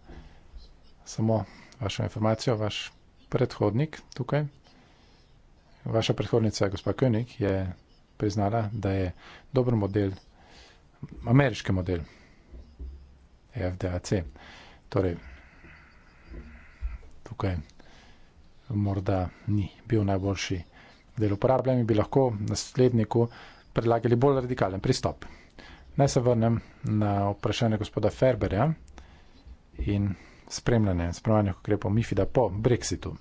samo vašo informacijo, vaš predhodnik tukaj, vaša predhodnica, gospa König, je priznala, da je dober model, ameriški model, FDAC. Torej, tukaj morda ni bil najboljši del uporabljen in bi lahko nasledniku predlagali bolj radikalen pristop. Naj se vrnem na vprašanje gospoda Ferberja in spremljanje, spremljanje ukrepov MIFID-a po Brexitu.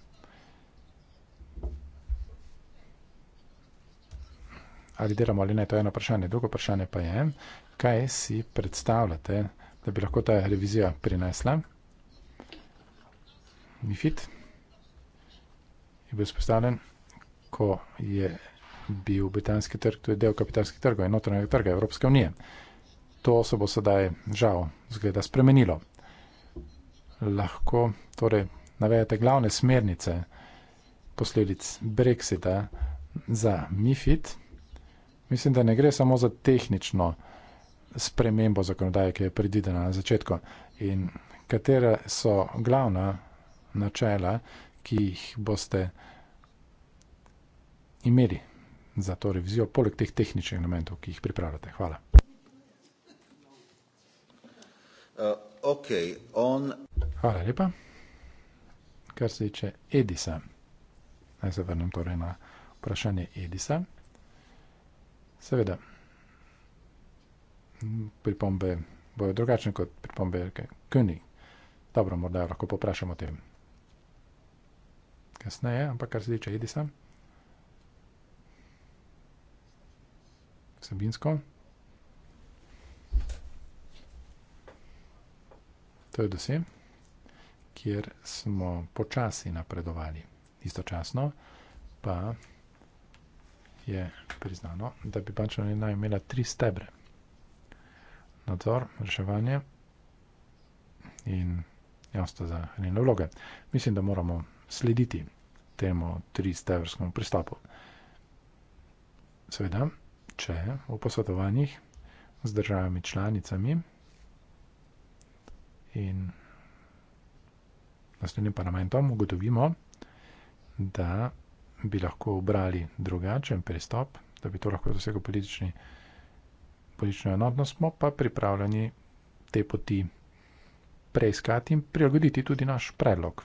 Ali delamo ali ne, to je eno vprašanje. Drugo vprašanje pa je, kaj si predstavljate, da bi lahko ta revizija prinesla. MIFID je bil spostavljen, ko je bil britanski trg, to je del kapitalskih trgov in notranjega trga Evropske unije. To se bo sedaj žal zgleda spremenilo. Lahko torej navedete glavne smernice posledic Brexita za MIFID. Mislim, da ne gre samo za tehnično spremembo zakonodaje, ki je predvidena na začetku in katera so glavna načela, ki jih boste imeli za to revizijo, poleg teh tehničnih elementov, ki jih pripravljate. Hvala. Uh, okay, on... Hvala lepa. Kar se tiče Edisa, naj se vrnem torej na vprašanje Edisa. Seveda, pripombe bojo drugačne kot pripombe Kuni. Dobro, morda lahko poprašamo o tem. Kasneje, ampak kar se tiče Edisa. Sabinsko. To je dosem, kjer smo počasi napredovali. Istočasno pa je priznano, da bi bančna linija imela tri stebre nadzor, reševanje in jasno za njene vloge. Mislim, da moramo slediti temu tristeverskemu pristopu. Seveda, če v posvetovanjih z državami članicami in naslednjim parlamentom ugotovimo, da bi lahko obrali drugačen pristop, da bi to lahko dosegel politični pristop, politično enotno smo pa pripravljeni te poti preiskati in prilagoditi tudi naš predlog.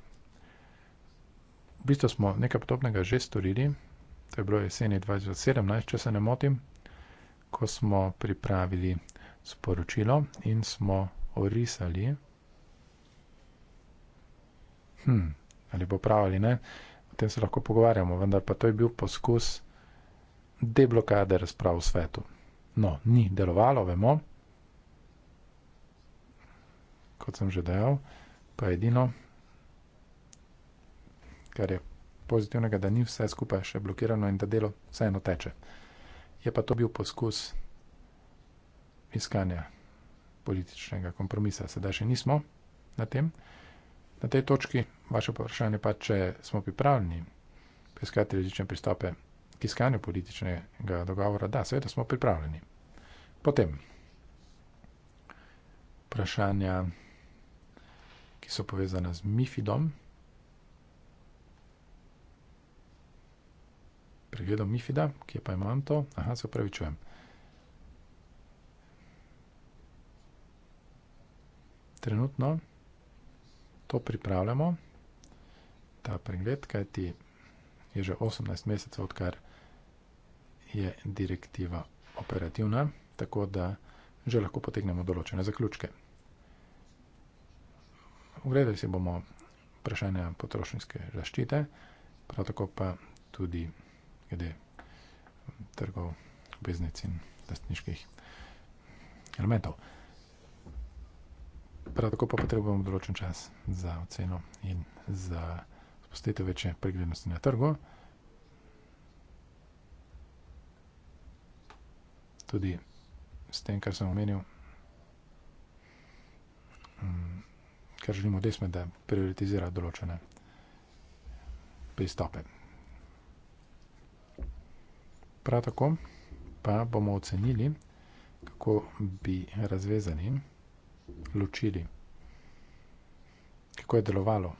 V bistvu smo nekaj podobnega že storili, to je bilo jeseni 2017, če se ne motim, ko smo pripravili sporočilo in smo orisali, hm, ali bo prav ali ne, o tem se lahko pogovarjamo, vendar pa to je bil poskus deblokade razprav v svetu. No, ni delovalo, vemo. Kot sem že dejal, pa edino, kar je pozitivnega, da ni vse skupaj še blokirano in da delo vseeno teče. Je pa to bil poskus iskanja političnega kompromisa. Sedaj še nismo na tem. Na tej točki vaše vprašanje pa, če smo pripravljeni iskati različne pristope k iskanju političnega dogovora, da, seveda smo pripravljeni. Potem, vprašanja, ki so povezana z MIFIDom, pregledom MIFIDa, kje pa imam to, aha, se upravičujem. Trenutno to pripravljamo, ta pregled, kajti je že 18 mesecev, odkar je je direktiva operativna, tako da že lahko potegnemo določene zaključke. Ugledali si bomo vprašanja potrošniške zaščite, prav tako pa tudi glede trgov, obveznic in lastniških elementov. Prav tako pa potrebujemo določen čas za oceno in za spostitev večje preglednosti na trgu. tudi s tem, kar sem omenil, mm, kar želimo desme, da prioritizira določene pristope. Prav tako pa bomo ocenili, kako bi razvezani ločili, kako je delovalo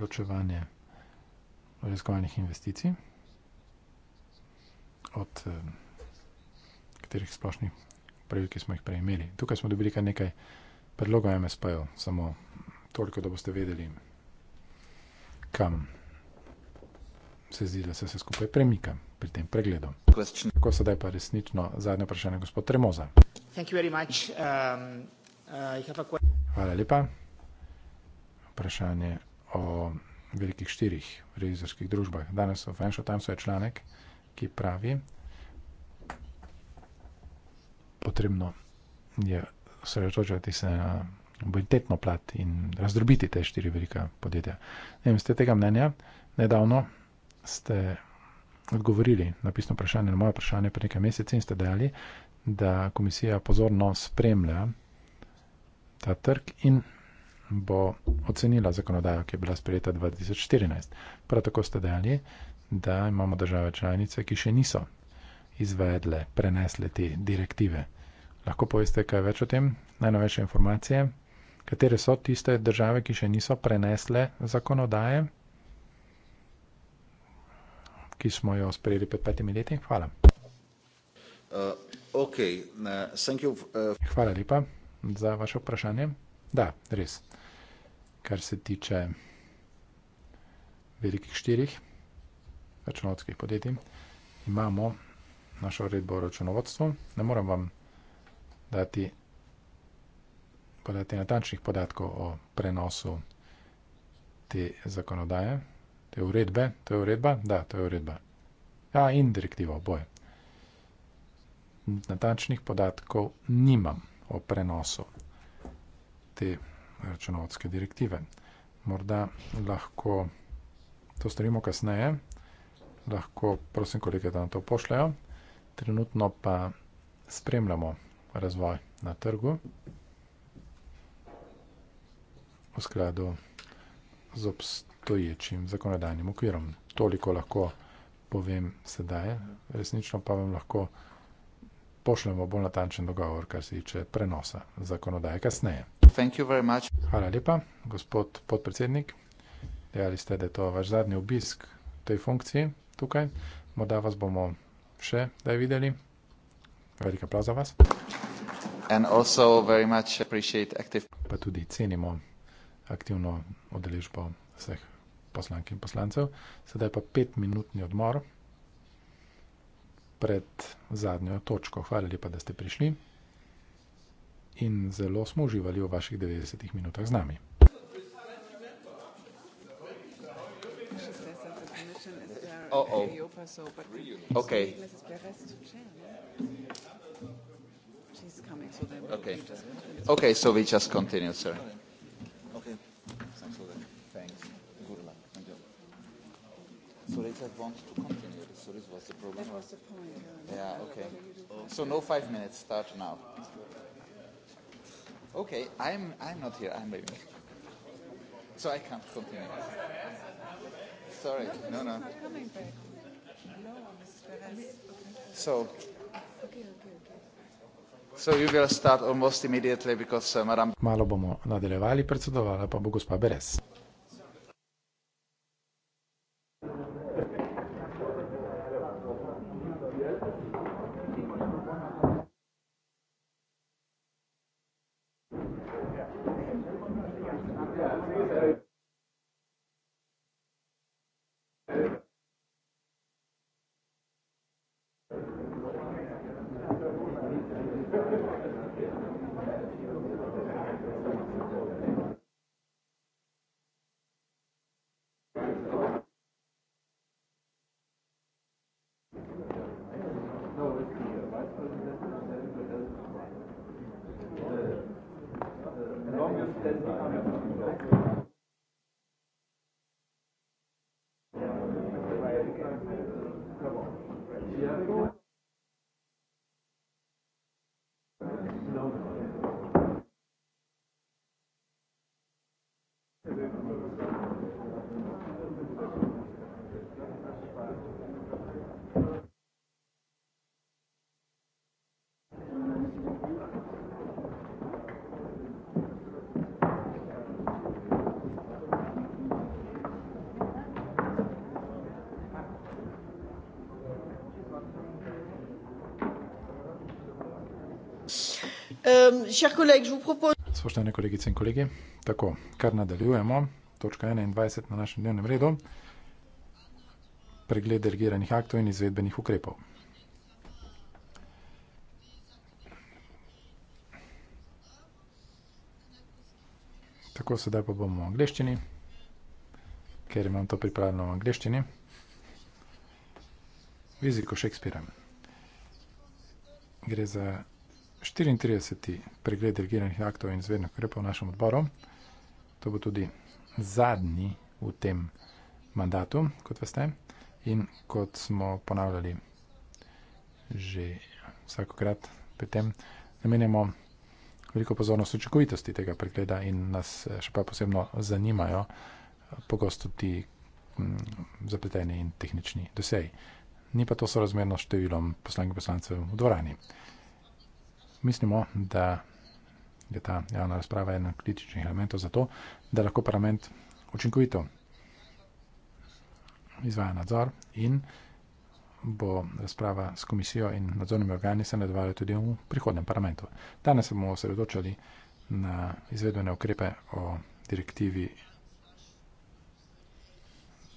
ločevanje raziskovalnih investicij od investicij, eh, nekaterih splošnih pravil, ki smo jih prej imeli. Tukaj smo dobili kar nekaj predlogov MSP-ov, samo toliko, da boste vedeli, kam se zdi, da se vse skupaj premika pri tem pregledu. Tako sedaj pa resnično zadnje vprašanje, gospod Tremoza. Um, uh, Hvala lepa. Vprašanje o velikih štirih revizorskih družbah. Danes v Financial Times je članek, ki pravi, potrebno je osredotočati se na bonitetno plat in razdrobiti te štiri velika podjetja. Ne vem, ste tega mnenja? Nedavno ste odgovorili na pisno vprašanje, na moje vprašanje pred nekaj meseci in ste dejali, da komisija pozorno spremlja ta trg in bo ocenila zakonodajo, ki je bila sprejeta 2014. Prav tako ste dejali, da imamo države članice, ki še niso izvedle, prenesle te direktive lahko poveste kaj več o tem, najnovejše informacije, katere so tiste države, ki še niso prenesle zakonodaje, ki smo jo sprejeli pred petimi leti. Hvala. Uh, okay. uh, you, uh... Hvala lepa za vaše vprašanje. Da, res. Kar se tiče velikih štirih računovodskih podjetij, imamo našo redbo računovodstvo. Ne morem vam dati podati natančnih podatkov o prenosu te zakonodaje, te uredbe. To je uredba? Da, to je uredba. Ja, in direktiva oboje. Natančnih podatkov nimam o prenosu te računovodske direktive. Morda lahko to storimo kasneje. Lahko, prosim, kolike da na to pošljajo. Trenutno pa spremljamo razvoj na trgu v skladu z obstoječim zakonodajnim okvirom. Toliko lahko povem sedaj, resnično pa vam lahko pošljemo bolj natančen dogovor, kar se tiče prenosa zakonodaje kasneje. Hvala lepa, gospod podpredsednik. Dejali ste, da je to vaš zadnji obisk v tej funkciji tukaj. Morda vas bomo še da videli. Velik aplauz za vas. Pa tudi cenimo aktivno odeležbo vseh poslank in poslancev. Sedaj pa petminutni odmor pred zadnjo točko. Hvala lepa, da ste prišli in zelo smo uživali v vaših 90 minutah z nami. Uh oh. oh. Okay. Okay. Okay. So we just continue, sir. Okay. Thanks for that. Thanks. Good luck. Thank you. So they said want to continue. So this was the problem. That was the point. Yeah. yeah okay. So no five minutes. Start now. Okay. I'm. I'm not here. I'm leaving. So I can't continue sorry. No, no. no. Not coming back. No, Mr. No. Okay. So. Okay, okay, okay. Malo bomo nadaljevali, predsedovala pa bo gospa Beres. Spoštovane kolegice in kolegi, tako, kar nadaljujemo, točka 21 na našem dnevnem redu, pregled delegiranih aktov in izvedbenih ukrepov. Tako, sedaj pa bomo v angleščini, ker imam to pripravljeno v angleščini. Viziko Šekspira. Gre za 34. pregled delegiranih aktov in izvednih ukrepov v našem odboru. To bo tudi zadnji v tem mandatu, kot veste. In kot smo ponavljali že vsakokrat pri tem, namenjamo veliko pozornosti očekovitosti tega pregleda in nas eh, še pa posebno zanimajo eh, pogosto ti mm, zapleteni in tehnični dosej. Ni pa to sorazmerno s številom poslank in poslancev v dvorani mislimo, da je ta javna razprava eden kritičnih elementov za to, da lahko parlament učinkovito izvaja nadzor in bo razprava s komisijo in nadzornimi organi se nadvajala tudi v prihodnem parlamentu. Danes se bomo osredotočali na izvedene ukrepe o direktivi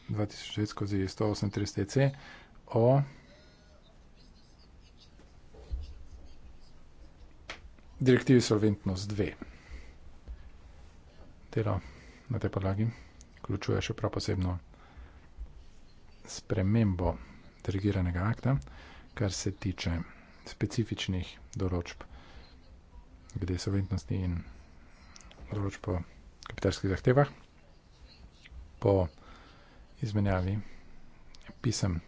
2006 skozi 138 EC o direktivi solventnost 2. Delo na tej podlagi vključuje še prav posebno spremembo delegiranega akta, kar se tiče specifičnih določb glede solventnosti in določb po kapitalskih zahtevah. Po izmenjavi pisem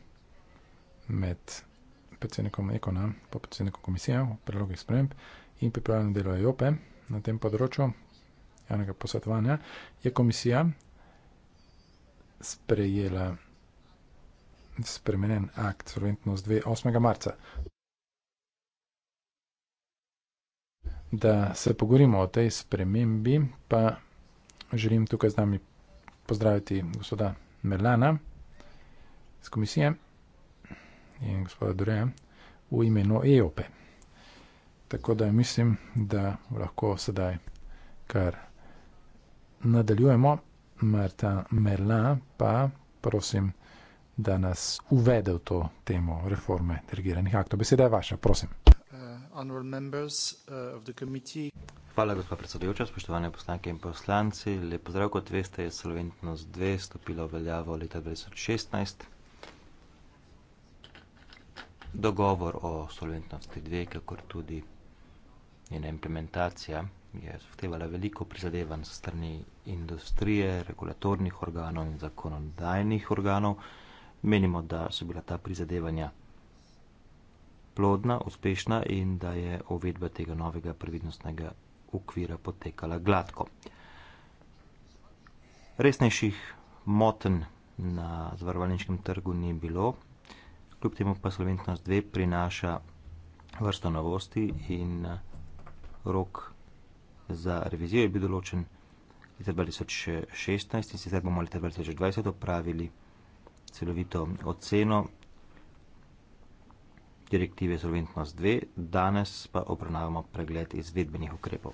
med predsednikom Ekona in predsednikom komisije o predlogih sprememb in pripravljeno delo Jope na tem področju javnega posvetovanja, je komisija sprejela spremenjen akt Solventnost 2 8. marca. Da se pogovorimo o tej spremembi, pa želim tukaj z nami pozdraviti gospoda Merlana iz komisije in gospoda Dureja v imenu EOPE. Tako da mislim, da lahko sedaj kar nadaljujemo. Marta Merla pa prosim, da nas uvede v to temo reforme delegiranih aktov. Beseda je vaša, prosim. Uh, uh, Hvala, gospod predsedujoča, spoštovane poslanke in poslanci. Lepo zdrav, kot veste, je Solventnost 2 stopila v veljavo leta 2016. Dogovor o Solventnosti 2, kakor tudi njena implementacija je zahtevala veliko prizadevanj strani industrije, regulatornih organov in zakonodajnih organov. Menimo, da so bila ta prizadevanja plodna, uspešna in da je uvedba tega novega previdnostnega ukvira potekala gladko. Resnejših moten na zvarovalniškem trgu ni bilo, kljub temu pa Solventnost 2 prinaša vrsto novosti in uh, rok za revizijo je bil določen leta 2016 in sicer bomo leta 2020 opravili celovito oceno direktive Solventnost 2, danes pa obravnavamo pregled izvedbenih ukrepov.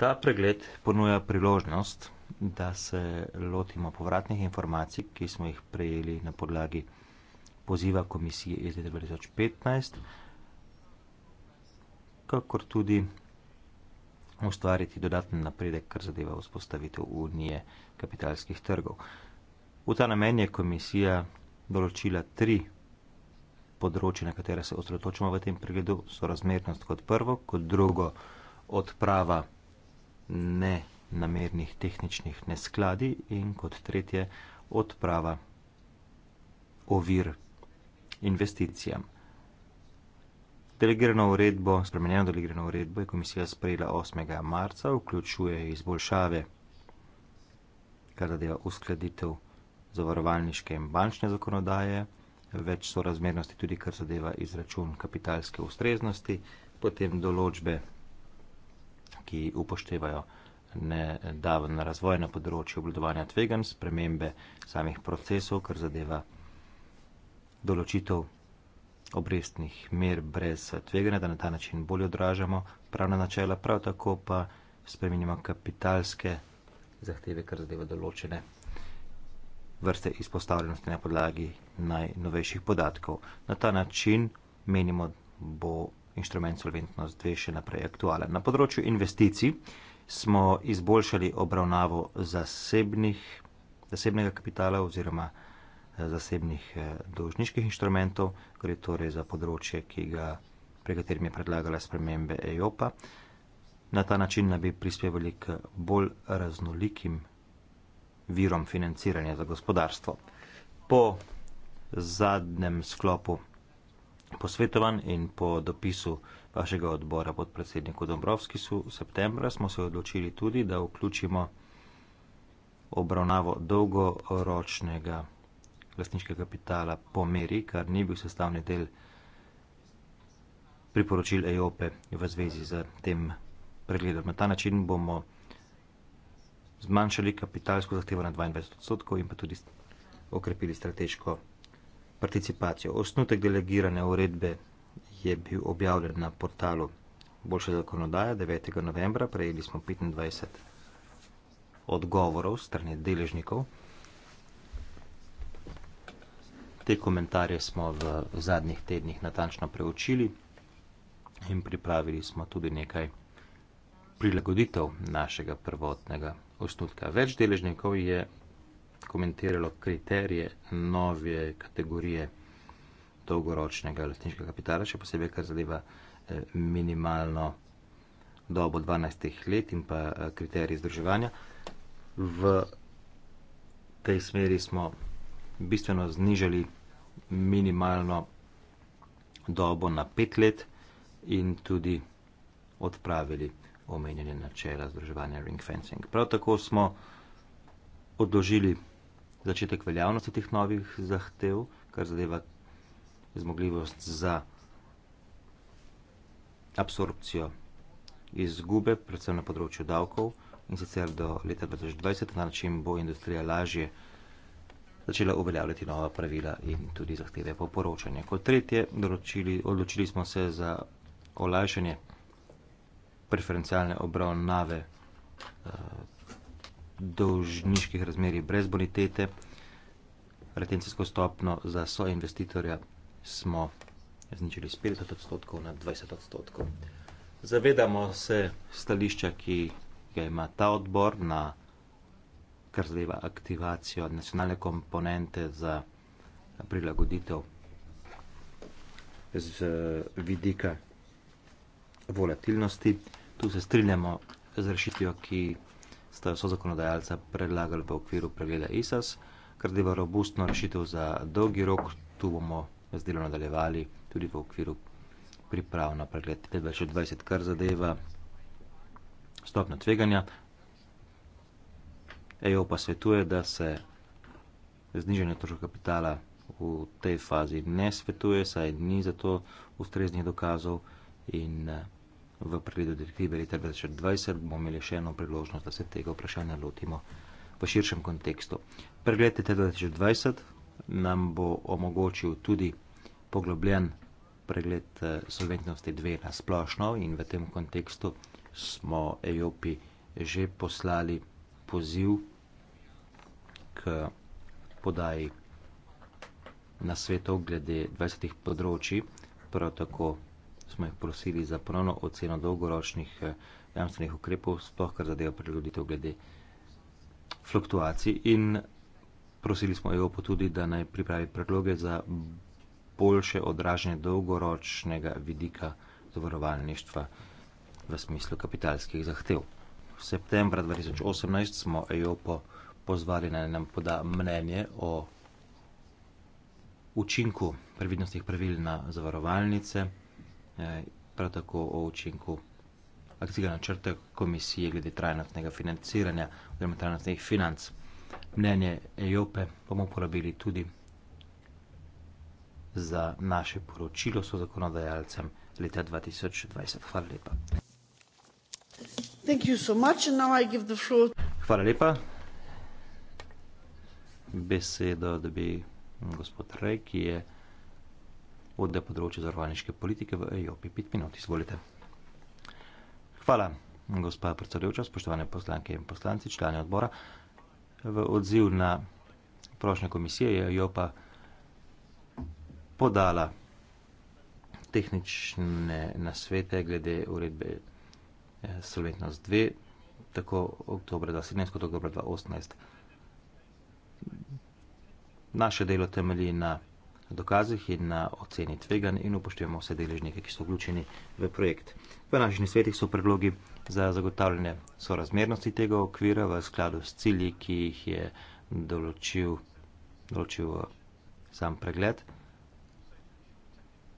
Ta pregled ponuja priložnost, da se lotimo povratnih informacij, ki smo jih prejeli na podlagi poziva komisije iz leta 2015, kakor tudi ustvariti dodatni napredek, kar zadeva vzpostavitev unije kapitalskih trgov. V ta namen je komisija določila tri področje, na katere se osredotočimo v tem pregledu, so razmernost kot prvo, kot drugo odprava nenamernih tehničnih neskladi in kot tretje odprava ovir investicijam. Delegirano uredbo, spremenjeno delegirano uredbo je komisija sprejela 8. marca, vključuje izboljšave, kar zadeva uskladitev zavarovalniške in bančne zakonodaje, več sorazmernosti tudi, kar zadeva izračun kapitalske ustreznosti, potem določbe, ki upoštevajo nedavno razvoj na področju obladovanja tveganj, spremembe samih procesov, kar zadeva določitev obrestnih mer brez tveganja, da na ta način bolje odražamo pravna načela, prav tako pa spremenimo kapitalske zahteve, kar zadeva določene vrste izpostavljenosti na podlagi najnovejših podatkov. Na ta način menimo, bo inštrument solventnost 2 še naprej aktualen. Na področju investicij smo izboljšali obravnavo zasebnih, zasebnega kapitala oziroma zasebnih eh, dolžniških inštrumentov, gre torej za področje, ga, pre katerim je predlagala spremembe EOP-a. Na ta način naj bi prispevali k bolj raznolikim virom financiranja za gospodarstvo. Po zadnjem sklopu posvetovanj in po dopisu vašega odbora pod predsedniku Dombrovski v septembra smo se odločili tudi, da vključimo obravnavo dolgoročnega lastniškega kapitala po meri, kar ni bil sestavni del priporočil EOPE v zvezi z tem pregledom. Na ta način bomo zmanjšali kapitalsko zahtevo na 22 odstotkov in pa tudi okrepili strateško participacijo. Osnutek delegirane uredbe je bil objavljen na portalu Boljše zakonodaje 9. novembra. Prejeli smo 25 odgovorov strani deležnikov. Te komentarje smo v zadnjih tednih natančno preučili in pripravili smo tudi nekaj prilagoditev našega prvotnega osnutka. Več deležnikov je komentiralo kriterije nove kategorije dolgoročnega lastniškega kapitala, še posebej kar zadeva eh, minimalno dobo 12 let in pa eh, kriterij združevanja. V tej smeri smo bistveno znižali minimalno dobo na pet let in tudi odpravili omenjene načela združevanja ring fencing. Prav tako smo odložili začetek veljavnosti teh novih zahtev, kar zadeva zmogljivost za absorpcijo izgube, predvsem na področju davkov in sicer do leta 2020, na način bo industrija lažje začela uveljavljati nova pravila in tudi zahteve po poročanju. Kot tretje, določili, odločili smo se za olajšanje preferencialne obravnave eh, dolžniških razmerij brez bonitete. Retencijsko stopno za soinvestitorja smo znižali z 50 odstotkov na 20 odstotkov. Zavedamo se stališča, ki ga ima ta odbor na kar zadeva aktivacijo nacionalne komponente za prilagoditev z vidika volatilnosti. Tu se strinjamo z rešitvijo, ki sta so zakonodajalca predlagali v okviru pregleda ISAS, kar zadeva robustno rešitev za dolgi rok. Tu bomo zdelo nadaljevali tudi v okviru priprav na pregled 2020, kar zadeva stopno tveganja. EO pa svetuje, da se znižanje trošku kapitala v tej fazi ne svetuje, saj ni za to ustreznih dokazov in eh, v pregledu direktive leta 2020 bomo imeli še eno priložnost, da se tega vprašanja lotimo v širšem kontekstu. Pregled leta 2020 nam bo omogočil tudi poglobljen pregled eh, solventnosti dve na splošno in v tem kontekstu smo EOP že poslali poziv k podaji na svetov glede 20 področji. Prav tako smo jih prosili za ponovno oceno dolgoročnih eh, jamstvenih ukrepov, sploh kar zadeva prilagoditev glede fluktuacij in prosili smo EOPO tudi, da naj pripravi predloge za boljše odražanje dolgoročnega vidika zavarovalništva v smislu kapitalskih zahtev. V septembra 2018 smo EOPO pozvali naj nam poda mnenje o učinku previdnostnih pravil na zavarovalnice, eh, prav tako o učinku akcijskega načrta komisije glede trajnostnega financiranja oziroma trajnostnih financ. Mnenje EOPE bomo uporabili tudi za naše poročilo so zakonodajalcem leta 2020. Hvala lepa. Thank you so much and now I give the floor. Hvala lepa besedo, da bi gospod Rej, ki je vode področje zarovaniške politike v Ejopi. Pet minut, izvolite. Hvala, gospa predsedujoča, spoštovane poslanke in poslanci, člani odbora. V odziv na prošnje komisije je Ejopa podala tehnične nasvete glede uredbe eh, Solventnost 2, tako oktober 2017 kot oktober 2018. Naše delo temelji na dokazih in na oceni tveganj in upoštevamo vse deležnike, ki so vključeni v projekt. V naših svetih so predlogi za zagotavljanje sorazmernosti tega okvira v skladu s cilji, ki jih je določil, določil eh, sam pregled.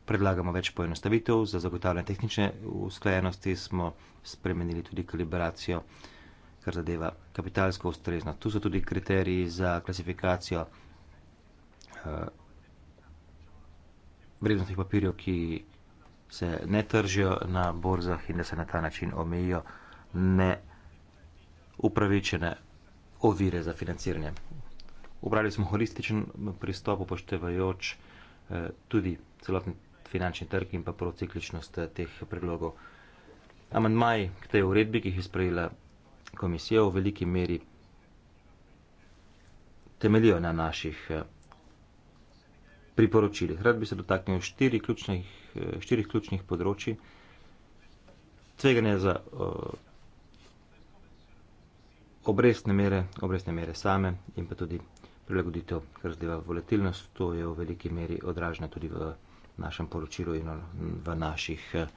Predlagamo več poenostavitev, za zagotavljanje tehnične usklajenosti smo spremenili tudi kalibracijo, kar zadeva kapitalsko ustrezno. Tu so tudi kriteriji za klasifikacijo Eh, vrednostnih papirjev, ki se ne tržijo na borzah in da se na ta način omejijo neupravičene ovire za financiranje. Obrali smo holističen pristop, upoštevajoč eh, tudi celotni finančni trg in pa procikličnost eh, teh predlogov. Amandmaji k tej uredbi, ki jih je sprejela komisija, v veliki meri temelijo na naših priporočilih. Rad bi se dotaknil štiri ključnih, eh, štirih ključnih področji. Tveganje za uh, obrestne, mere, obrestne mere same in pa tudi prilagoditev, kar zdaj volatilnost, to je v veliki meri odražena tudi v našem poročilu in v naših eh,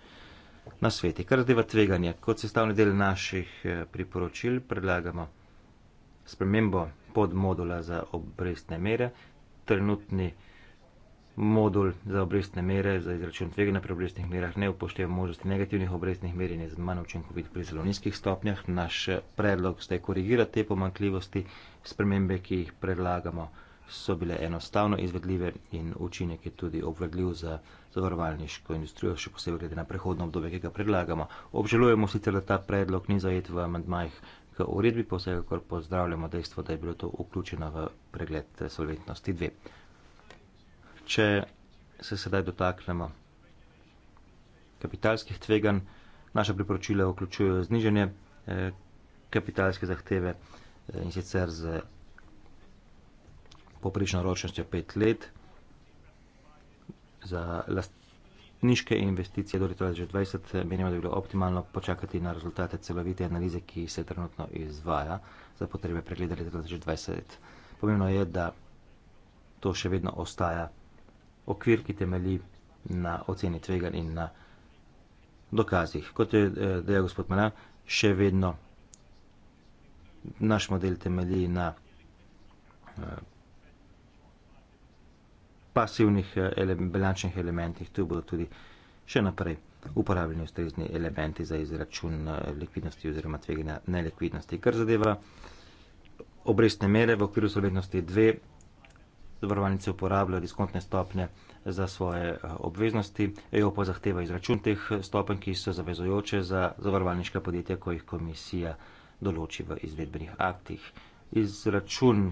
na sveti. Kar zdaj tveganje, kot sestavni del naših priporočil predlagamo spremembo podmodula za obrestne mere. Trenutni uh, modul za obrestne mere, za izračun tvegana pri obrestnih merah, ne upošteva možnosti negativnih obrestnih mer in je manj učinkovit pri zelo nizkih stopnjah. Naš predlog ste korigirati te pomankljivosti, spremembe, ki jih predlagamo, so bile enostavno izvedljive in učinek je tudi obvedljiv za zavarovalniško industrijo, še posebej glede na prehodno obdobje, ki ga predlagamo. Obžalujemo sicer, da ta predlog ni zajet v amandmajih k uredbi, pa vsekakor pozdravljamo dejstvo, da je bilo to vključeno v pregled solventnosti 2 če se sedaj dotaknemo kapitalskih tveganj. Naše priporočila vključujejo zniženje eh, kapitalske zahteve eh, in sicer z poprično ročnostjo 5 let za lastniške investicije do leta 2020. Eh, menimo, da bi bilo optimalno počakati na rezultate celovite analize, ki se trenutno izvaja za potrebe pregleda leta 2020. Pomembno je, da to še vedno ostaja okvir, ki temelji na oceni tvegan in na dokazih. Kot je eh, dejal gospod Mena, še vedno naš model temelji na eh, pasivnih eh, bilančnih elementih, tu bodo tudi še naprej uporabljeni ustrezni elementi za izračun likvidnosti oziroma tveganja nelikvidnosti. Kar zadeva obrestne mere v okviru solventnosti 2, zavarovalnice uporabljajo diskontne stopne za svoje eh, obveznosti, EO pa zahteva izračun teh eh, stopen, ki so zavezojoče za zavarovalniška podjetja, ko jih komisija določi v izvedbenih aktih. Izračun,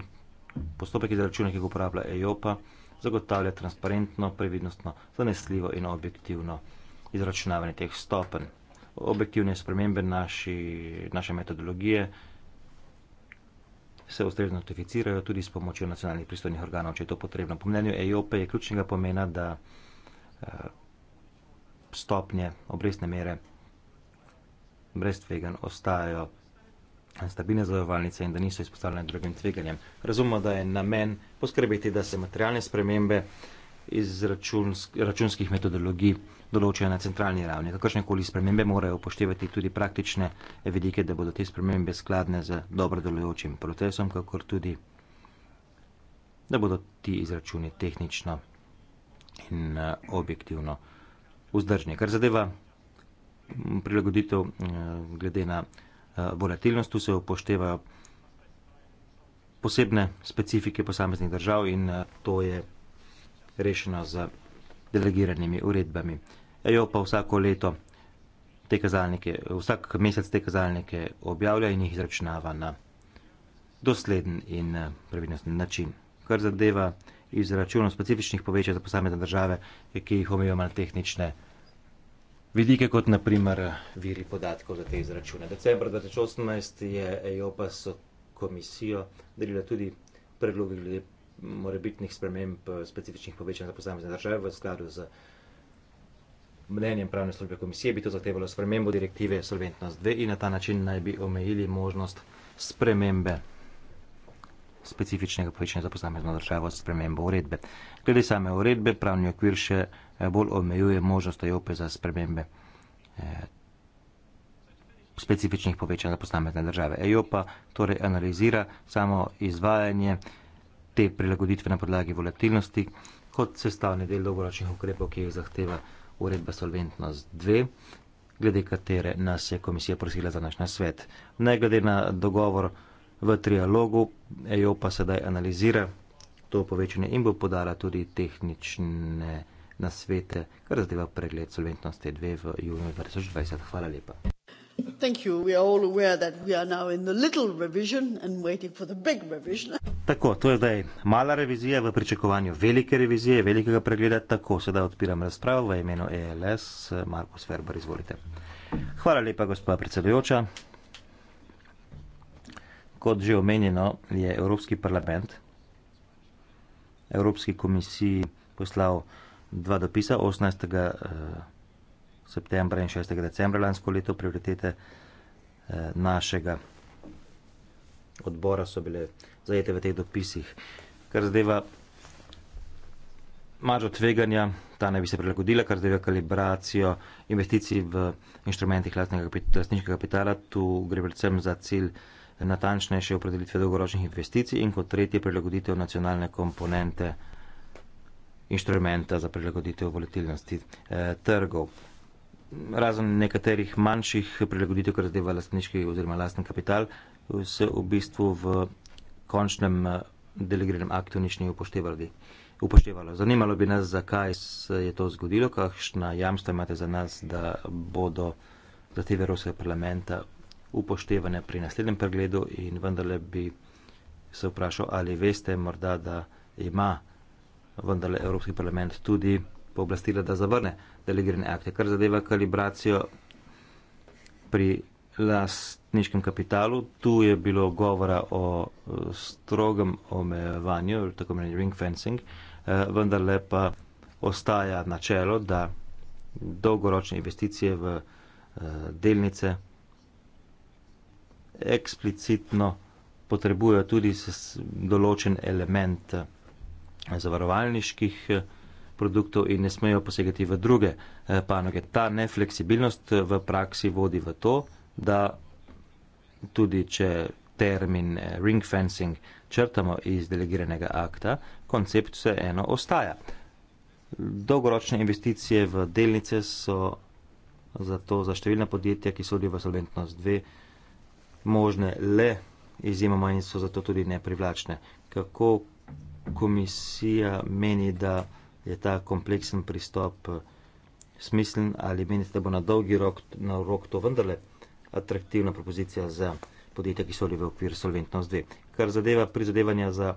postopek izračuna, ki ga uporablja EO, pa zagotavlja transparentno, previdnostno, zanesljivo in objektivno izračunavanje teh stopen. Objektivne spremembe naši, naše metodologije se ustrezno notificirajo tudi s pomočjo nacionalnih pristojnih organov, če je to potrebno. Po mnenju EOP je ključnega pomena, da eh, stopnje obrestne mere brez tvegan ostajajo stabilne zavarovalnice in da niso izpostavljene drugim tveganjem. Razumemo, da je namen poskrbeti, da se materialne spremembe iz računsk, računskih metodologij določajo na centralni ravni. Kakršne koli spremembe morajo upoštevati tudi praktične vidike, da bodo te spremembe skladne z dobro delujočim procesom, kakor tudi, da bodo ti izračuni tehnično in eh, objektivno vzdržni. Kar zadeva mm, prilagoditev eh, glede na eh, volatilnost, tu se upoštevajo posebne specifike posameznih držav in to je rešeno za delegiranimi uredbami. EU pa vsako leto te kazalnike, vsak mesec te kazalnike objavlja in jih izračunava na dosleden in eh, previdnosten način. Kar zadeva izračun specifičnih povečaj za posamezne države, ki jih omejo malo tehnične vidike, kot naprimer eh, viri podatkov za te izračune. Decembra 2018 je EU pa so komisijo delila tudi predloge glede morebitnih sprememb eh, specifičnih povečanj za posamezne države v skladu z mnenjem pravne službe komisije, bi to zahtevalo spremembo direktive Solventnost 2 in na ta način naj bi omejili možnost spremembe specifičnega povečanja za posamezno državo s spremembo uredbe. Glede same uredbe, pravni okvir še eh, bolj omejuje možnost OJOP-e za spremembe eh, specifičnih povečanj za posamezne države. EJOP-a torej analizira samo izvajanje eh, te prilagoditve na podlagi volatilnosti kot sestavni del dolgoročnih ukrepov, ki jih zahteva uredba Solventnost 2, glede katere nas je komisija prosila za naš nasvet. Ne glede na dogovor v trialogu, EO pa sedaj analizira to povečanje in bo podala tudi tehnične nasvete, kar zadeva pregled Solventnosti 2 v juniju 2020. Hvala lepa madam president we are all aware that we are now in the little revision and waiting for the big revision. Tako, to je zdaj mala revizija v pričakovanju velike revizije, velikega pregleda, tako sedaj odpiram razpravo v imenu ELS, Marko Sverber, izvolite. Hvala lepa, gospod predsedujoča. Kot že omenjeno, je Evropski parlament Evropski komisiji poslal dva dopisa, 18 septembra in 6. decembra lansko leto, prioritete eh, našega odbora so bile zajete v teh dopisih. Kar zadeva maržo tveganja, ta naj bi se prilagodila, kar zadeva kalibracijo investicij v inštrumentih lastniškega kapitala, tu gre predvsem za cilj natančnejše opredelitve dolgoročnih investicij in kot tretje prilagoditev nacionalne komponente inštrumenta za prilagoditev volatilnosti eh, trgov razen nekaterih manjših prilagoditev, kar zadeva lastniški oziroma lasten kapital, se v bistvu v končnem eh, delegiranem aktu nič ni upoštevali. Upoštevalo. Zanimalo bi nas, zakaj se je to zgodilo, kakšna jamstva imate za nas, da bodo za te verovske parlamenta upoštevane pri naslednjem pregledu in vendarle bi se vprašal, ali veste morda, da ima vendarle Evropski parlament tudi pooblastila, da zavrne delegirane akte. Kar zadeva kalibracijo pri lastniškem kapitalu, tu je bilo govora o eh, strogem omejevanju, tako imenjen ring fencing, eh, vendar lepa ostaja načelo, da dolgoročne investicije v eh, delnice eksplicitno potrebujejo tudi določen element zavarovalniških produktov in ne smejo posegati v druge eh, panoge. Ta nefleksibilnost eh, v praksi vodi v to, da tudi če termin eh, ring fencing črtamo iz delegiranega akta, koncept se eno ostaja. Dolgoročne investicije v delnice so zato za številna podjetja, ki sodijo v solventnost dve, možne le izjemoma in so zato tudi neprivlačne. Kako komisija meni, da je ta kompleksen pristop eh, smislen ali menite, da bo na dolgi rok, na rok to vendarle atraktivna propozicija za podjetja, ki so li v okviru solventnost 2. Kar zadeva prizadevanja za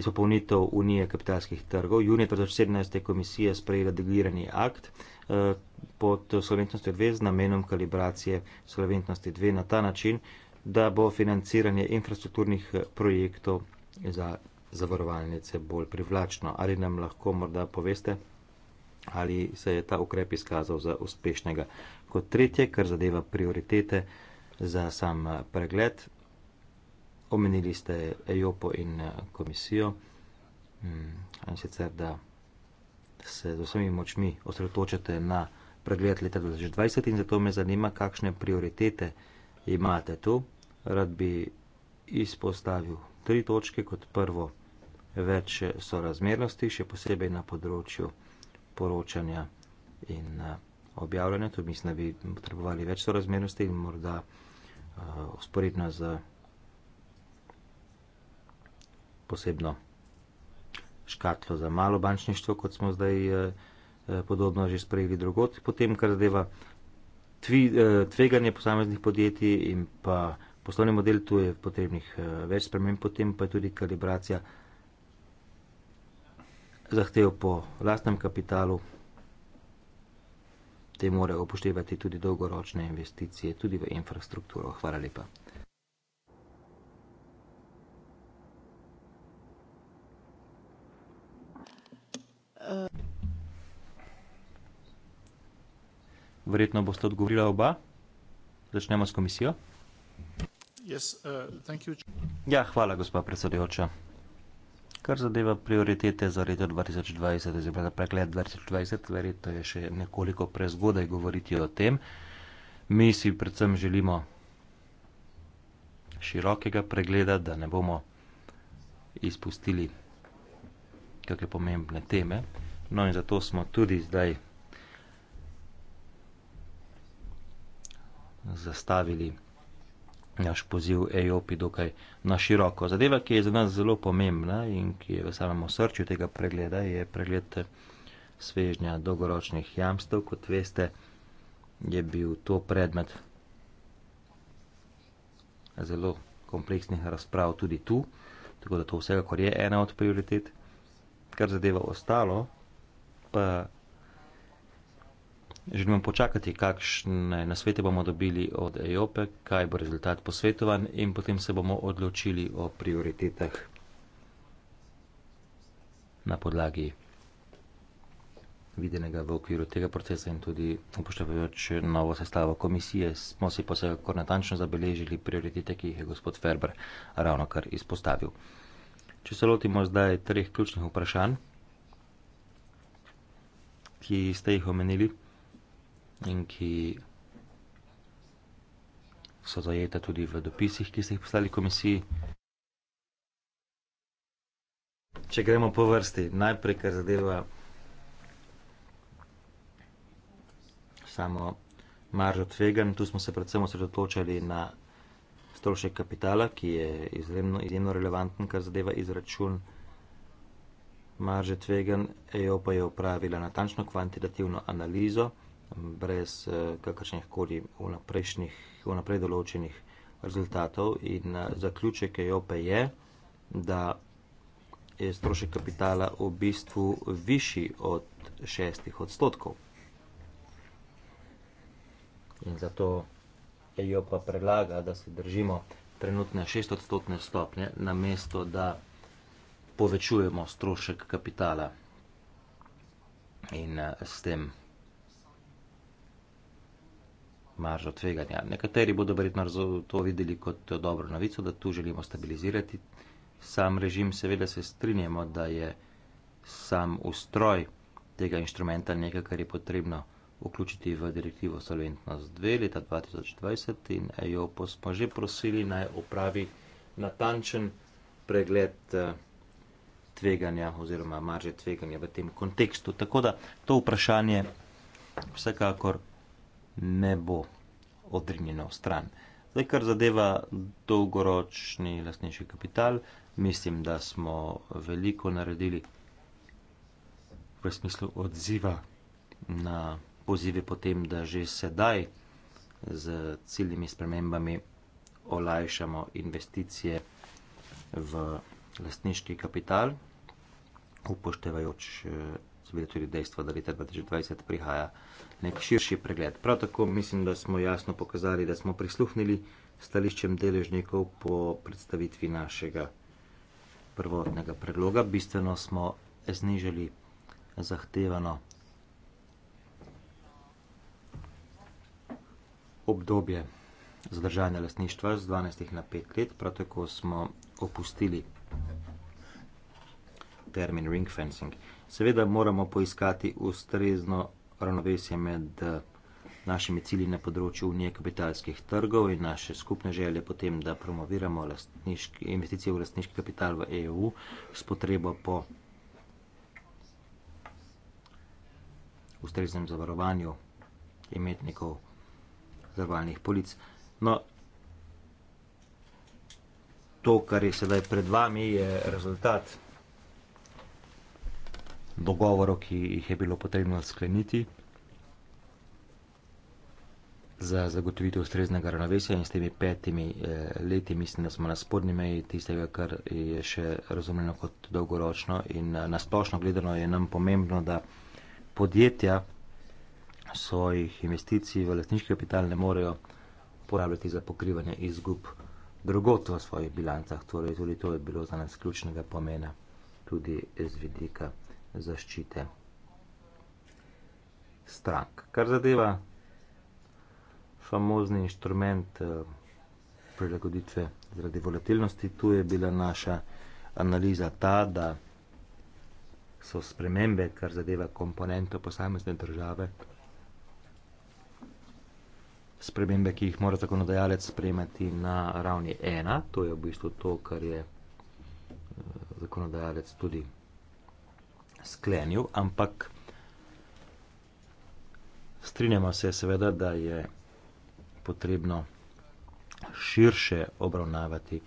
izpopolnitev Unije kapitalskih trgov, junija 2017 je komisija sprejela delirani akt eh, pod solventnost 2 z namenom kalibracije solventnosti 2 na ta način, da bo financiranje infrastrukturnih eh, projektov za zavarovalnice bolj privlačno. Ali nam lahko morda poveste, ali se je ta ukrep izkazal za uspešnega? Kot tretje, kar zadeva prioritete za sam eh, pregled, omenili ste EOPO in eh, komisijo, hmm, in sicer da se z vsemi močmi osredotočate na pregled leta 2020 in zato me zanima, kakšne prioritete imate tu. Rad bi izpostavil tri točke kot prvo več sorazmernosti, še posebej na področju poročanja in eh, objavljanja. Tu mislim, da bi potrebovali več sorazmernosti in morda uh, usporedno z posebno škatlo za malo bančništvo, kot smo zdaj uh, podobno že sprejeli drugot. Potem, kar zadeva tvi, uh, tveganje posameznih podjetij in pa poslovni model, tu je potrebnih uh, več sprememb, potem pa je tudi kalibracija zahtev po lastnem kapitalu, te morajo upoštevati tudi dolgoročne investicije, tudi v infrastrukturo. Hvala lepa. Verjetno boste odgovorila oba. Začnemo s komisijo. Uh, ja, hvala, gospa predsedujoča. Kar zadeva prioritete za leto 2020, oziroma pregled 2020, verjetno je še nekoliko prezgodaj govoriti o tem. Mi si predvsem želimo širokega pregleda, da ne bomo izpustili kakšne pomembne teme. No in zato smo tudi zdaj zastavili naš poziv EOP-i dokaj na široko. Zadeva, ki je za nas zelo pomembna in ki je v samem osrčju tega pregleda, je pregled svežnja dolgoročnih jamstev. Kot veste, je bil to predmet zelo kompleksnih razprav tudi tu, tako da to vsekakor je ena od prioritet. Kar zadeva ostalo, pa Želimo počakati, kakšne nasvete bomo dobili od EOPE, kaj bo rezultat posvetovan in potem se bomo odločili o prioritetah na podlagi videnega v okviru tega procesa in tudi upoštevajoč novo sestavo komisije, smo si pa se kako natančno zabeležili prioritete, ki jih je gospod Ferber ravno kar izpostavil. Če se lotimo zdaj treh ključnih vprašanj, ki ste jih omenili, in ki so zajete tudi v dopisih, ki ste jih poslali komisiji. Če gremo po vrsti, najprej, kar zadeva samo maržo tvegan, tu smo se predvsem osredotočali na strošek kapitala, ki je izjemno, izjemno relevanten, kar zadeva izračun marže tvegan, EO pa je opravila natančno kvantitativno analizo, brez eh, kakršnih koli vnaprej določenih rezultatov. In eh, zaključek EOP je, da je strošek kapitala v bistvu višji od šestih odstotkov. In zato EOP predlaga, da se držimo trenutne šest odstotne stopnje, namesto da povečujemo strošek kapitala. In uh, s tem maržo tveganja. Nekateri bodo verjetno to videli kot dobro novico, da tu želimo stabilizirati sam režim. Seveda se strinjamo, da je sam ustroj tega inštrumenta nekaj, kar je potrebno vključiti v direktivo Solventnost 2 leta 2020 in EOPO smo že prosili naj opravi natančen pregled eh, tveganja oziroma marže tveganja v tem kontekstu. Tako da to vprašanje vsekakor ne bo odrinjeno v stran. Zdaj, kar zadeva dolgoročni lastniški kapital, mislim, da smo veliko naredili v smislu odziva na pozive potem, da že sedaj z ciljnimi spremembami olajšamo investicije v lastniški kapital, upoštevajoč eh, videli tudi dejstvo, da leta 2020 prihaja nek širši pregled. Prav tako mislim, da smo jasno pokazali, da smo prisluhnili stališčem deležnikov po predstavitvi našega prvotnega predloga. Bistveno smo znižali zahtevano obdobje zadržanja lasništva z 12 na 5 let, prav tako smo opustili termin ring fencing seveda moramo poiskati ustrezno ravnovesje med eh, našimi cilji na področju unije kapitalskih trgov in naše skupne želje potem, da promoviramo investicije v lastniški kapital v EU s potrebo po ustreznem zavarovanju imetnikov zavarovalnih polic. No, to, kar je sedaj pred vami, je rezultat tega, dogovorov, ki jih je bilo potrebno skleniti za zagotovitev ustreznega ravnovesja in s temi petimi eh, leti mislim, da smo na spodnji meji tistega, kar je še razumljeno kot dolgoročno in eh, na splošno gledano je nam pomembno, da podjetja svojih investicij v lastniški kapital ne morejo porabljati za pokrivanje izgub drugot v svojih bilancah, torej tudi to je bilo za nas ključnega pomena tudi z vidika zaščite strank. Kar zadeva famozni inštrument eh, prilagoditve zaradi volatilnosti, tu je bila naša analiza ta, da so spremembe, kar zadeva komponento posamezne države, spremembe, ki jih mora zakonodajalec spremati na ravni ena, to je v bistvu to, kar je eh, zakonodajalec tudi vsega, sklenil, ampak strinjamo se seveda, da je potrebno širše obravnavati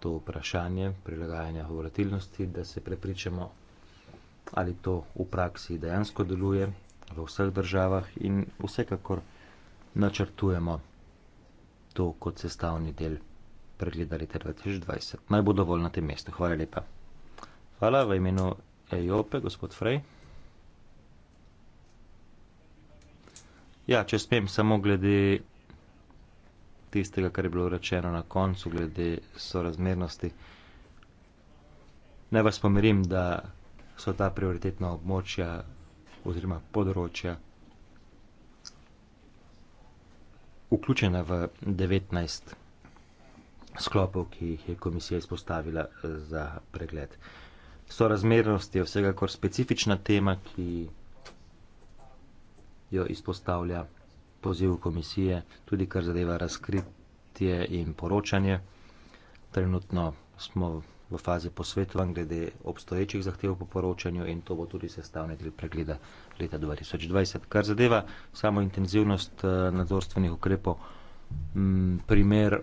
to vprašanje prilagajanja volatilnosti, da se prepričamo, ali to v praksi dejansko deluje v vseh državah in vsekakor načrtujemo to kot sestavni del pregleda leta 2020. Naj bo dovolj na tem mestu. Hvala lepa. Hvala v imenu Ejope, gospod Frej. Ja, če smem samo glede tistega, kar je bilo rečeno na koncu, glede sorazmernosti. Naj vas pomirim, da so ta prioritetna območja oziroma področja vključena v 19 sklopov, ki jih je komisija izpostavila za pregled sorazmernost je vsega kor specifična tema, ki jo izpostavlja poziv komisije, tudi kar zadeva razkritje in poročanje. Trenutno smo v fazi posvetovanj glede obstoječih zahtev po poročanju in to bo tudi sestavni del pregleda leta 2020. Kar zadeva samo intenzivnost eh, nadzorstvenih ukrepov, mm, primer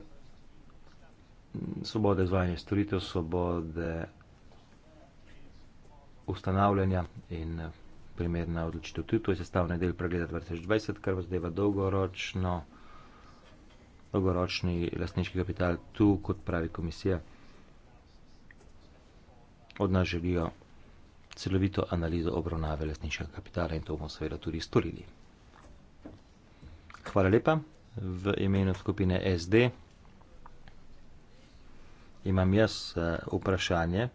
mm, svobode izvajanja storitev, svobode ustanavljanja in eh, primerna odločitev. Tudi to je sestavni del pregleda 2020, kar zadeva dolgoročno, dolgoročni lasniški kapital. Tu, kot pravi komisija, od nas želijo celovito analizo obravnave lasniškega kapitala in to bomo seveda tudi storili. Hvala lepa. V imenu skupine SD imam jaz eh, vprašanje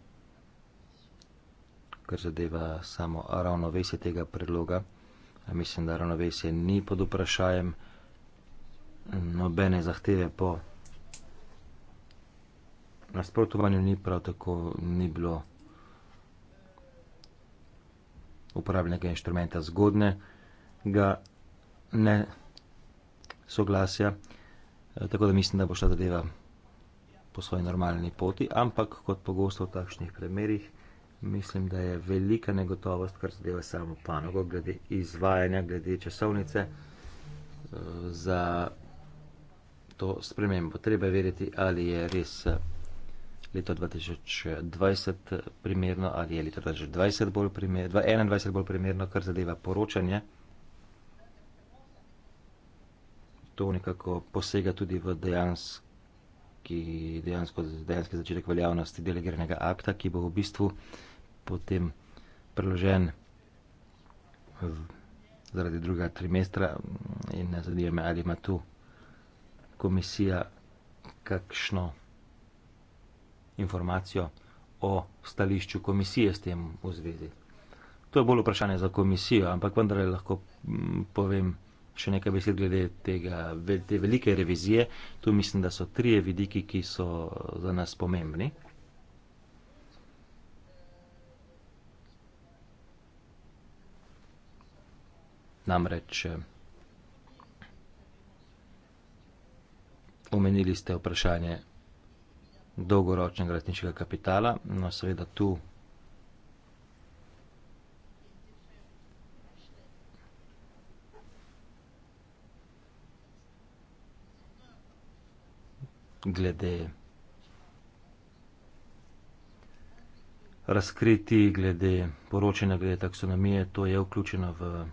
kar zadeva samo ravnovesje tega predloga. Mislim, da ravnovesje ni pod vprašajem nobene zahteve po nasprotovanju, ni prav tako ni bilo uporabljenega inštrumenta zgodnega ne soglasja. Tako da mislim, da bo šla zadeva po svoji normalni poti, ampak kot pogosto v takšnih primerih. Mislim, da je velika negotovost, kar zadeva samo panogo, glede izvajanja, glede časovnice eh, za to spremembo. Treba verjeti, ali je res eh, leto 2020 eh, primerno, ali je leto 2020 bolj primerno, 2021 bolj primerno, kar zadeva poročanje. To nekako posega tudi v dejansko ki dejansko, dejansko začetek veljavnosti delegiranega akta, ki bo v bistvu potem preložen v, zaradi druga trimestra in ne zadeva me, ali ima tu komisija kakšno informacijo o stališču komisije s tem v zvezi. To je bolj vprašanje za komisijo, ampak vendar lahko povem, še nekaj besed glede tega, te velike revizije. Tu mislim, da so trije vidiki, ki so za nas pomembni. Namreč eh, omenili ste vprašanje dolgoročnega lastniškega kapitala, no seveda tu glede razkriti, glede poročanja, glede taksonomije, to je vključeno v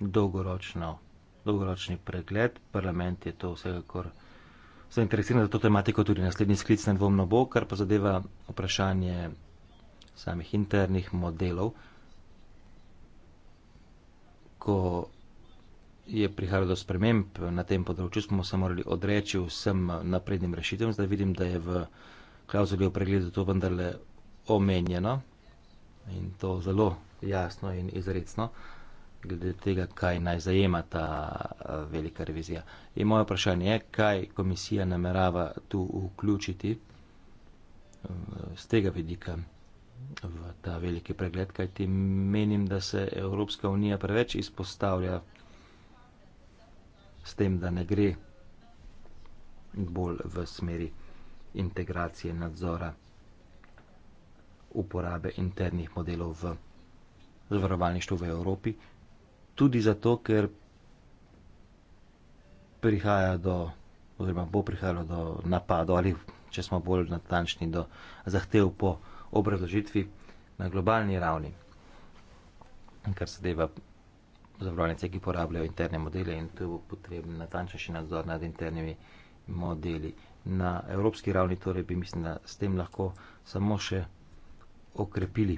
dolgoročno, dolgoročni pregled. Parlament je to vsekakor zainteresiran za to tematiko, tudi naslednji sklic na dvomno bo, kar pa zadeva vprašanje samih internih modelov, ko je prihajalo do sprememb na tem področju, smo se morali odreči vsem naprednim rešitvam. Zdaj vidim, da je v klauzuli o pregledu to vendarle omenjeno in to zelo jasno in izredno, glede tega, kaj naj zajema ta eh, velika revizija. In moje vprašanje je, kaj komisija namerava tu vključiti eh, z tega vidika v ta veliki pregled, kajti menim, da se Evropska unija preveč izpostavlja s tem, da ne gre bolj v smeri integracije nadzora uporabe internih modelov v zavarovalništvu v Evropi, tudi zato, ker prihaja do, oziroma bo prihajalo do napadov ali, če smo bolj natančni, do zahtev po obrazložitvi na globalni ravni, kar se deva zavarovalnice, ki porabljajo interne modele in tu bo potreben natančnejši nadzor nad internimi modeli. Na evropski ravni torej bi mislim, da s tem lahko samo še okrepili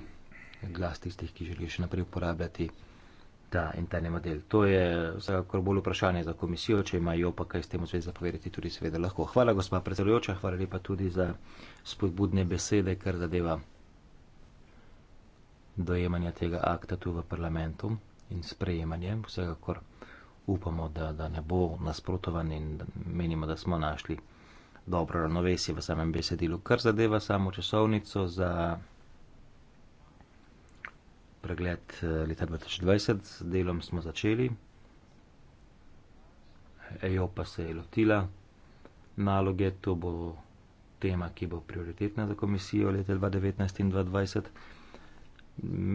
glas tistih, ki želijo še naprej uporabljati ta interni model. To je vsekakor bolj vprašanje za komisijo, če imajo pa kaj s tem v svet zapovedati, tudi seveda lahko. Hvala, gospa predsedujoča, hvala lepa tudi za spodbudne besede, kar zadeva dojemanja tega akta tu v parlamentu in sprejemanjem. Vsekakor upamo, da, da ne bo nasprotovan in da menimo, da smo našli dobro ravnovesje v samem besedilu. Kar zadeva samo časovnico za pregled eh, leta 2020, s delom smo začeli. EO pa se je lotila naloge, to bo tema, ki bo prioritetna za komisijo leta 2019 in 2020.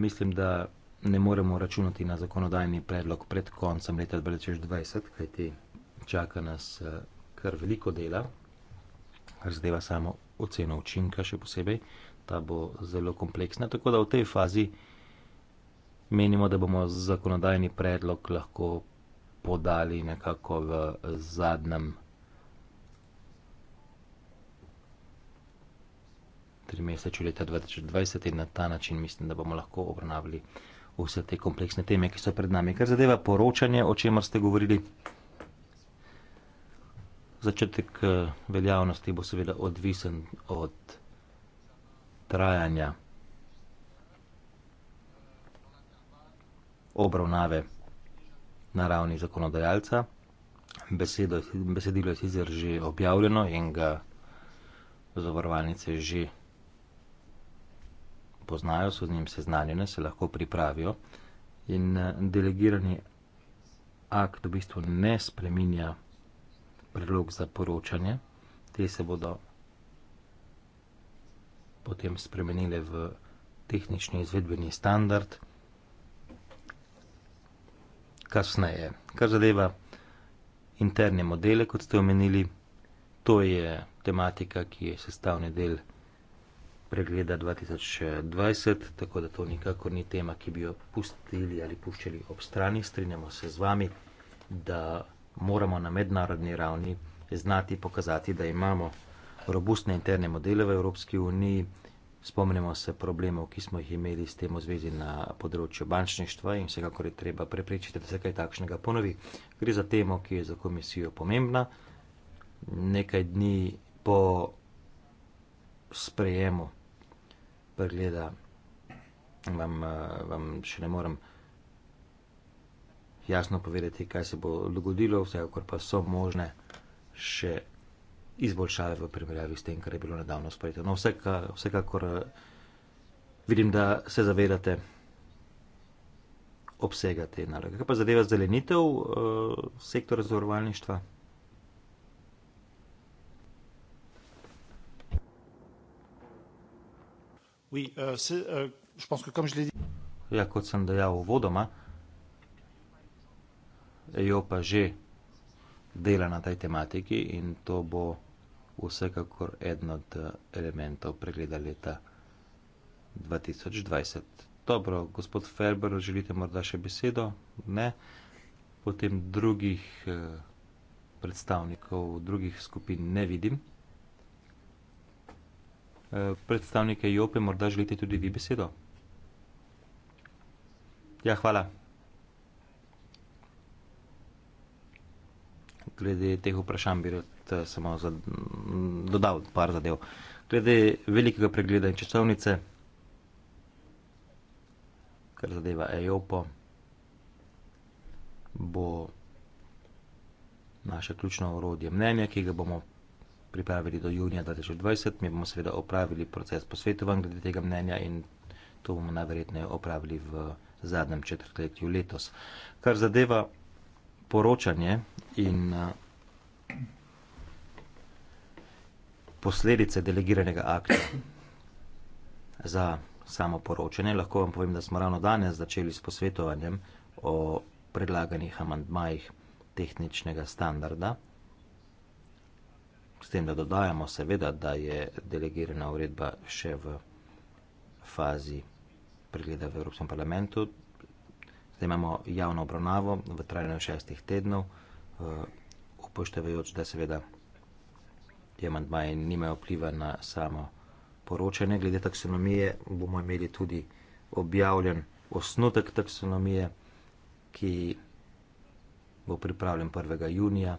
Mislim, da ne moremo računati na zakonodajni predlog pred koncem leta 2020, kajti čaka nas eh, kar veliko dela, kar zadeva samo oceno učinka, še posebej, ta bo zelo kompleksna. Tako da v tej fazi menimo, da bomo zakonodajni predlog lahko podali nekako v zadnjem. Tri mesece leta 2020 in na ta način mislim, da bomo lahko obravnavali uh, vse te kompleksne teme, ki so pred nami. Kar zadeva poročanje, o čemer ste govorili, začetek eh, veljavnosti bo seveda odvisen od trajanja obravnave na ravni zakonodajalca. Besedo, besedilo je sicer že objavljeno in ga zavarovalnice že poznajo, so z njim seznanjene, se lahko pripravijo in eh, delegirani akt v bistvu ne spreminja prilog za poročanje. Te se bodo potem spremenile v tehnični izvedbeni standard kasneje. Kar zadeva interne modele, kot ste omenili, to je tematika, ki je sestavni del pregleda 2020, tako da to nikakor ni tema, ki bi jo pustili ali puščali ob strani. Strinjamo se z vami, da moramo na mednarodni ravni znati pokazati, da imamo robustne interne modele v Evropski uniji. Spomnimo se problemov, ki smo jih imeli s tem v zvezi na področju bančništva in vsekakor je treba prepričati, da se kaj takšnega ponovi. Gre za temo, ki je za komisijo pomembna. Nekaj dni po sprejemu pregleda, vam, eh, vam še ne morem jasno povedati, kaj se bo dogodilo, vsekakor pa so možne še izboljšave v primerjavi s tem, kar je bilo nedavno sprejeto. No, vsekakor, vsekakor eh, vidim, da se zavedate obsega te naloge. Kaj pa zadeva zelenitev eh, sektora zavarovalništva? Oui, euh, euh, je pense que comme je l'ai dit. Ja, kot sem dejal v vodoma, jo pa že dela na tej tematiki in to bo vsekakor eden od eh, elementov pregleda leta 2020. Dobro, gospod Ferber, želite morda še besedo? Ne. Potem drugih eh, predstavnikov, drugih skupin ne vidim. Eh, predstavnike Jope, morda želite tudi vi besedo? Ja, hvala. Glede teh vprašanj bi rad eh, samo za, dodal par zadev. Glede velikega pregleda in časovnice, kar zadeva EOPO, bo naše ključno orodje mnenja, ki ga bomo pripravili do junija 2020. Mi bomo seveda opravili proces posvetovanj glede tega mnenja in to bomo najverjetneje opravili v zadnjem četrtletju letos. Kar zadeva poročanje in eh, posledice delegiranega akta za samo poročanje, lahko vam povem, da smo ravno danes začeli s posvetovanjem o predlaganih amandmajih tehničnega standarda. S tem, da dodajamo, seveda, da je delegirana uredba še v fazi pregleda v Evropskem parlamentu. Zdaj imamo javno obravnavo v trajanju šestih tednov, eh, upoštevajoč, da seveda ti amantmaji nimajo vpliva na samo poročanje. Glede taksonomije bomo imeli tudi objavljen osnutek taksonomije, ki bo pripravljen 1. junija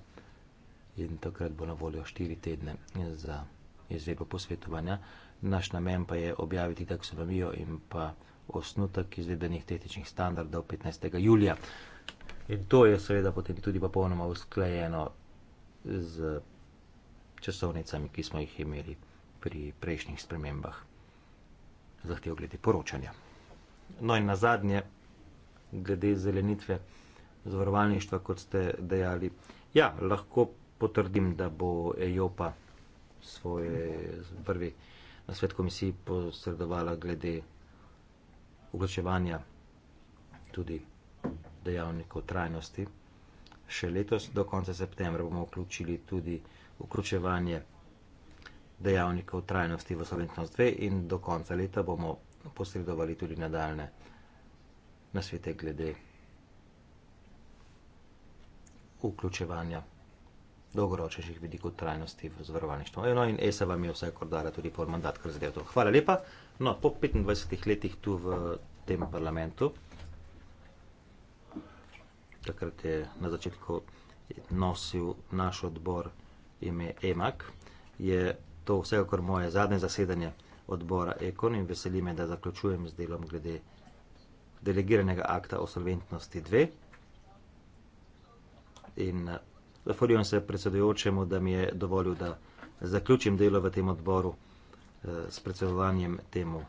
in takrat bo na voljo 4 tedne za izvedbo posvetovanja. Naš namen pa je objaviti taksonomijo in pa osnutek izvedenih tehničnih standardov 15. julija. In to je seveda potem tudi popolnoma usklajeno z časovnicami, ki smo jih imeli pri prejšnjih spremembah zahtev glede poročanja. No in na zadnje, glede zelenitve zavarovalništva, kot ste dejali, ja, lahko potrdim, da bo EJOPA svoje prvi na svet komisiji posredovala glede vključevanja tudi dejavnikov trajnosti. Še letos do konca septembra bomo vključili tudi vključevanje dejavnikov trajnosti v solventnost 2 in do konca leta bomo posredovali tudi nadaljne na svete glede vključevanja dolgoročnih vidikov trajnosti v zavarovalništvu. No, in ESA vam je vse akordala tudi pol mandat, kar zadeva to. Hvala lepa. No, po 25 letih tu v tem parlamentu, takrat je na začetku nosil naš odbor ime EMAK, je to vse kar moje zadnje zasedanje odbora EKON in veseli me, da zaključujem z delom glede delegiranega akta o solventnosti 2 in Zahvaljujem se predsedujočemu, da mi je dovolil, da zaključim delo v tem odboru eh, s predsedovanjem temu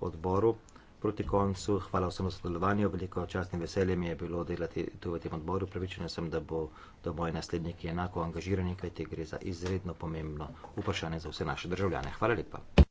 odboru. Proti koncu, hvala vsem za sodelovanje, veliko čast in veselje mi je bilo delati tu v tem odboru. Pravičen sem, da bo do moje naslednike enako angažirani, kajti gre za izredno pomembno vprašanje za vse naše državljane. Hvala lepa.